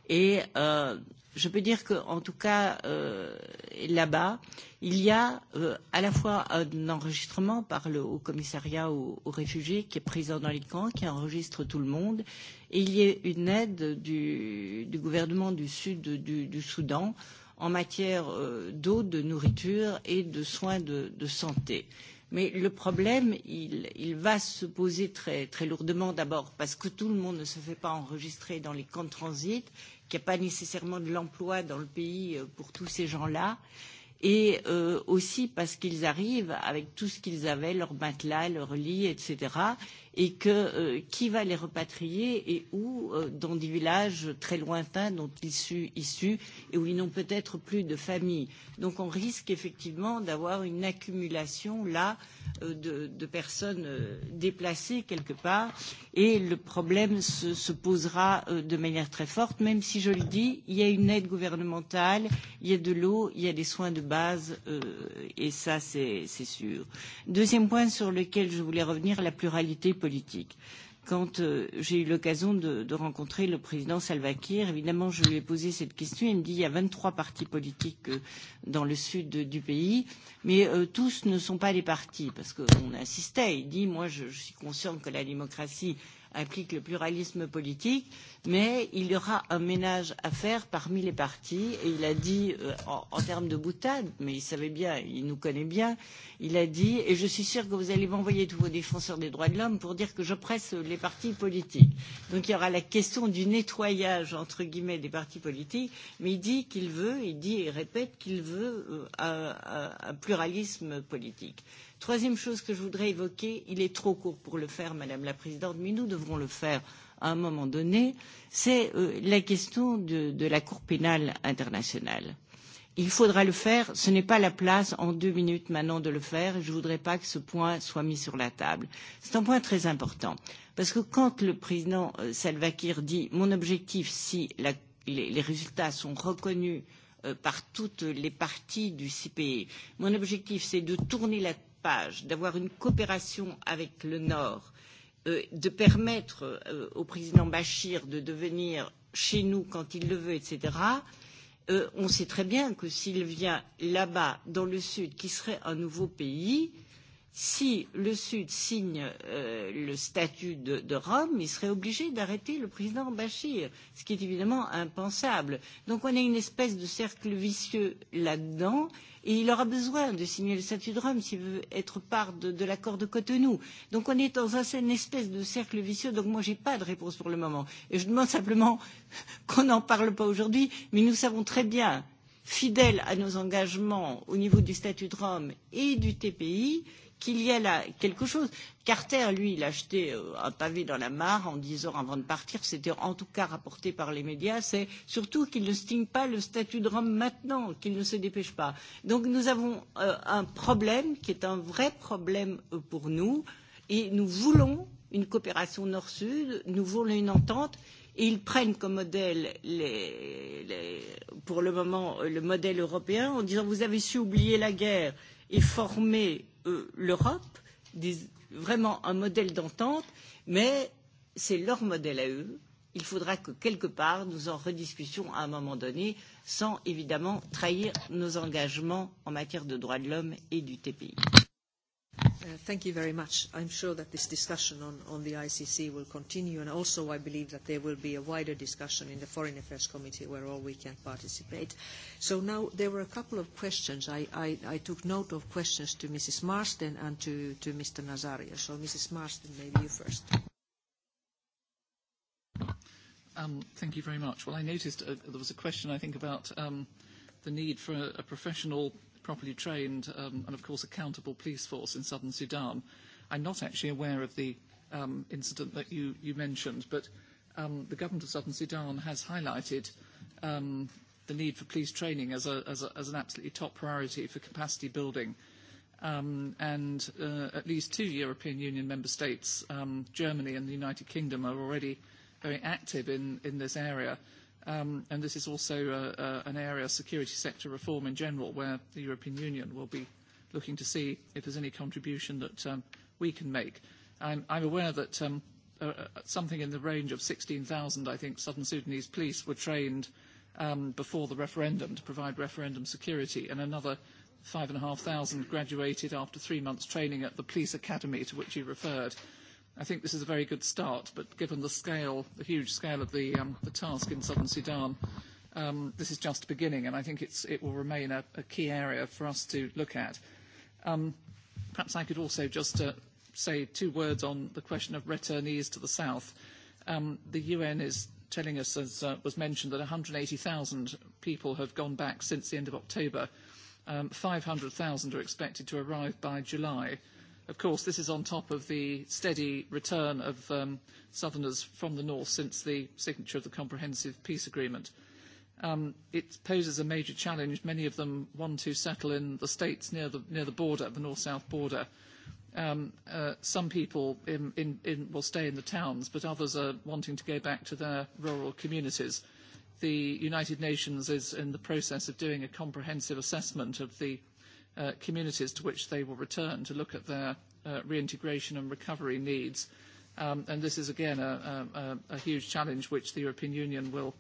Et euh, je peux dire qu'en tout cas, euh, là-bas, il y a euh, à la fois un enregistrement par le Haut Commissariat aux, aux réfugiés qui est présent dans les camps, qui enregistre tout le monde, et il y a une aide du, du gouvernement du sud du, du Soudan en matière euh, d'eau, de nourriture et de soins de, de santé. Euh, Mais le problème, il, il va se poser très, très lourdement d'abord parce que tout le monde ne se fait pas enregistrer dans les camps de transit, qu'il n'y a pas nécessairement de l'emploi dans le pays euh, pour tous ces gens-là. Et euh, aussi parce qu'ils arrivent avec tout ce qu'ils avaient, leur matelas, leur lit, etc et que euh, qui va les repatrier et où euh, dans des villages très lointains dont ils sont issus et où ils n'ont peut-être plus de famille. Donc on risque effectivement d'avoir une accumulation là euh, de, de personnes euh, déplacées quelque part et le problème se, se posera euh, de manière très forte même si je le dis il y a une aide gouvernementale, il y a de l'eau, il y a des soins de base euh, et ça c'est sûr. Deuxième point sur lequel je voulais revenir la pluralité politique. Quand euh, j'ai eu l'occasion de, de rencontrer le président Salva Kiir, évidemment, je lui ai posé cette question. Il me dit il y a 23 partis politiques euh, dans le sud euh, du pays, mais euh, tous ne sont pas des partis, parce qu'on assistait. Il dit moi, je, je suis conscient que la démocratie euh, implique le pluralisme politique, mais il y aura un ménage à faire parmi les partis. Et il a dit, euh, en, en termes de boutade, mais il savait bien, il nous connaît bien, il a dit, et je suis sûr que vous allez m'envoyer tous vos défenseurs des droits de l'homme pour dire que je presse les partis politiques. Donc il y aura la question du nettoyage, entre guillemets, des partis politiques, mais il dit qu'il veut, il dit et répète qu'il veut euh, un, un, un pluralisme politique. Euh, Troisième chose que je voudrais évoquer, il est trop court pour le faire, Madame la Présidente, mais nous devrons le faire à un moment donné, c'est euh, la question de, de la Cour pénale internationale. Il faudra le faire, ce n'est pas la place en deux minutes maintenant de le faire, et je ne voudrais pas que ce point soit mis sur la table. C'est un point très important, parce que quand le président euh, Salva Kiir dit mon objectif, si la, les, les résultats sont reconnus euh, par toutes les parties du CPE, mon objectif c'est de tourner la page, d'avoir une coopération avec le Nord, euh, de permettre euh, au président Bachir de devenir chez nous quand il le veut, etc., euh, on sait très bien que s'il vient là-bas, dans le Sud, qui serait un nouveau pays, euh, si le Sud signe euh, le statut de, de Rome, il serait obligé d'arrêter le président Bachir, ce qui est évidemment impensable. Donc on a une espèce de cercle vicieux là-dedans, et il aura besoin de signer le statut de Rome s'il veut être part de, de l'accord de Cotonou. Donc on est dans un, une espèce de cercle vicieux, donc moi je n'ai pas de réponse pour le moment. Et je demande simplement <laughs> qu'on n'en parle pas aujourd'hui, mais nous savons très bien, fidèles à nos engagements au niveau du statut de Rome et du TPI, euh, qu'il y a là quelque chose. Carter, lui, il a acheté euh, un pavé dans la mare en disant avant de partir, c'était en tout cas rapporté par les médias, c'est surtout qu'il ne stigne pas le statut de Rome maintenant, qu'il ne se dépêche pas. Donc nous avons euh, un problème qui est un vrai problème euh, pour nous et nous voulons une coopération nord-sud, nous voulons une entente et ils prennent comme modèle les, les, pour le moment euh, le modèle européen en disant vous avez su oublier la guerre et former euh, l'Europe, des, vraiment un modèle d'entente, mais c'est leur modèle à eux. Il faudra que quelque part nous en rediscutions à un moment donné, sans évidemment trahir nos engagements en matière de droits de l'homme et du TPI. Uh, thank you very much. I'm sure that this discussion on, on the ICC will continue, and also I believe that there will be a wider discussion in the Foreign Affairs Committee where all we can participate. So now there were a couple of questions. I, I, I took note of questions to Mrs. Marsden and to, to Mr. Nazaria. So Mrs. Marsden, maybe you first. Um, thank you very much. Well, I noticed uh, there was a question, I think, about um, the need for a, a professional properly trained um, and, of course, accountable police force in southern Sudan. I'm not actually aware of the um, incident that you, you mentioned, but um, the government of southern Sudan has highlighted um, the need for police training as, a, as, a, as an absolutely top priority for capacity building. Um, and uh, at least two European Union member states, um, Germany and the United Kingdom, are already very active in, in this area. Uh, Um, and this is also uh, uh, an area, security sector reform in general, where the European Union will be looking to see if there's any contribution that um, we can make. I'm, I'm aware that um, uh, uh, something in the range of 16,000, I think, Southern Sudanese police were trained um, before the referendum to provide referendum security, and another 5,500 graduated after three months training at the police academy to which you referred. Uh, I think this is a very good start, but given the scale, the huge scale of the, um, the task in southern Sudan, um, this is just beginning, and I think it's, it will remain a, a key area for us to look at. Um, perhaps I could also just uh, say two words on the question of returnees to the south. Um, the UN is telling us, as uh, was mentioned, that 180,000 people have gone back since the end of October. Um, 500,000 are expected to arrive by July. Uh, Of course, this is on top of the steady return of um, southerners from the north since the signature of the Comprehensive Peace Agreement. Um, it poses a major challenge. Many of them want to settle in the states near the, near the border, the north-south border. Um, uh, some people in, in, in will stay in the towns, but others are wanting to go back to their rural communities. The United Nations is in the process of doing a comprehensive assessment of the uh, communities to which they will return to look at their uh, reintegration and recovery needs. Um, and this is, again, a, a, a huge challenge which the European Union will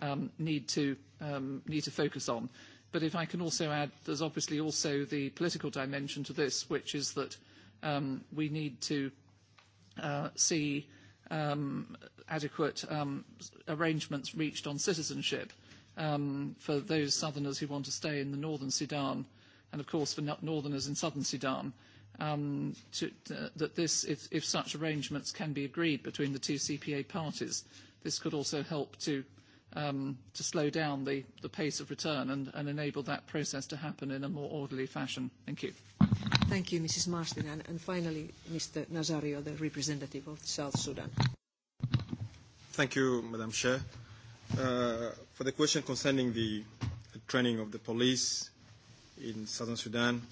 um, need, to, um, need to focus on. But if I can also add, there's obviously also the political dimension to this, which is that um, we need to uh, see um, adequate um, arrangements reached on citizenship um, for those southerners who want to stay in the northern Sudan and of course for northerners in southern Sudan, um, to, uh, that this, if, if such arrangements can be agreed between the two CPA parties, this could also help to, um, to slow down the, the pace of return and, and enable that process to happen in a more orderly fashion. Thank you. Thank you, Mrs. Marsden. And, and finally, Mr. Nazario, the representative of South Sudan. Thank you, Madam Chair. Uh, for the question concerning the training of the police in southern Sudan.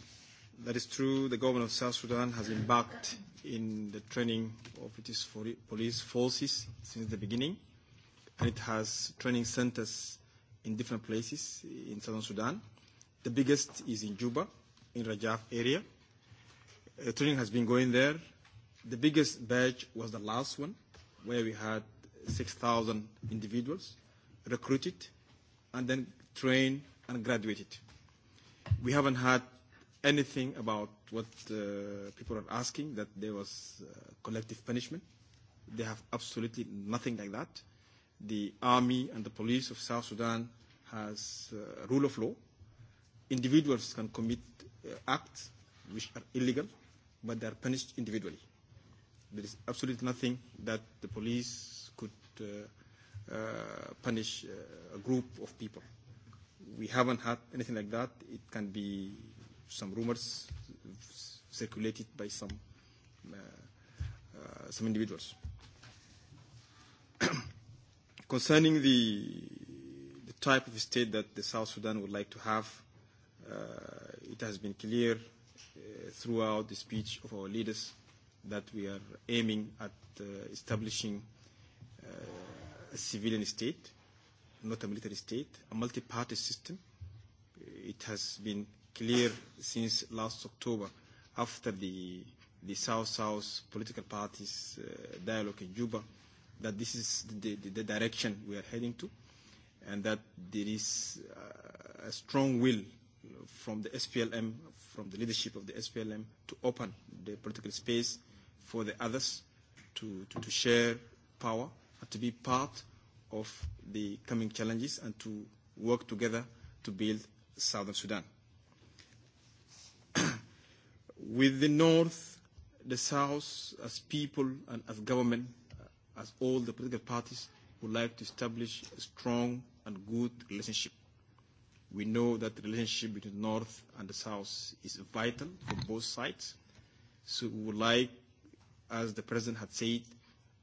That is true. The government of South Sudan has embarked in the training of its police forces since the beginning, and it has training centers in different places in southern Sudan. The biggest is in Juba, in Rajaf area. Uh, training has been going there. The biggest batch was the last one, where we had 6,000 individuals recruited and then trained and graduated we haven't had anything about what uh, people are asking, that there was uh, collective punishment. They have absolutely nothing like that. The army and the police of South Sudan has uh, rule of law. Individuals can commit uh, acts which are illegal, but they are punished individually. There is absolutely nothing that the police could uh, uh, punish uh, a group of people we haven't had anything like that. It can be some rumors circulated by some uh, uh, some individuals. <clears throat> Concerning the the type of state that the South Sudan would like to have, uh, it has been clear uh, throughout the speech of our leaders that we are aiming at uh, establishing uh, a civilian state not a military state, a multi-party system. It has been clear since last October after the, the South-South political parties uh, dialogue in Juba that this is the, the, the direction we are heading to and that there is uh, a strong will from the SPLM, from the leadership of the SPLM to open the political space for the others to, to, to share power and to be part uh, of the coming challenges and to work together to build southern Sudan. <clears throat> With the north, the south, as people and as government, uh, as all the political parties, would like to establish a strong and good relationship. We know that the relationship between the north and the south is vital for both sides. So we would like, as the president had said,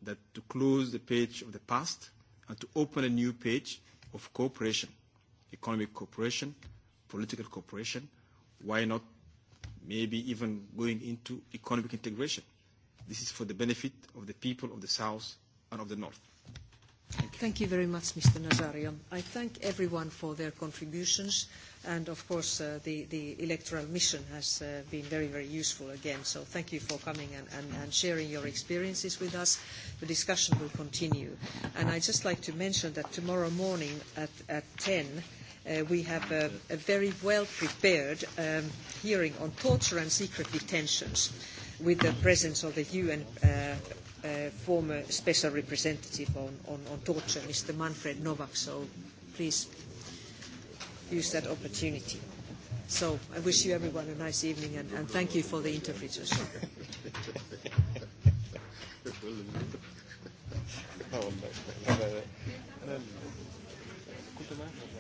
that to close the page of the past and to open a new page of cooperation, economic cooperation, political cooperation. Why not maybe even going into economic integration? This is for the benefit of the people of the South and of the North. Thank you. Thank you very much, Mr. Nazarian. I thank everyone for their contributions, and of course, uh, the, the electoral mission has uh, been very, very useful again. So thank you for coming and, and, and sharing your experiences with us. The discussion will continue. And I'd just like to mention that tomorrow morning at, at 10, uh, we have a, a very well-prepared um, hearing on torture and secret detentions with the presence of the UN uh, uh, former special representative on, on, on torture, Mr. Manfred Novak, so please use that opportunity. So I wish you everyone a nice evening and, and thank you for the interpreters. <laughs>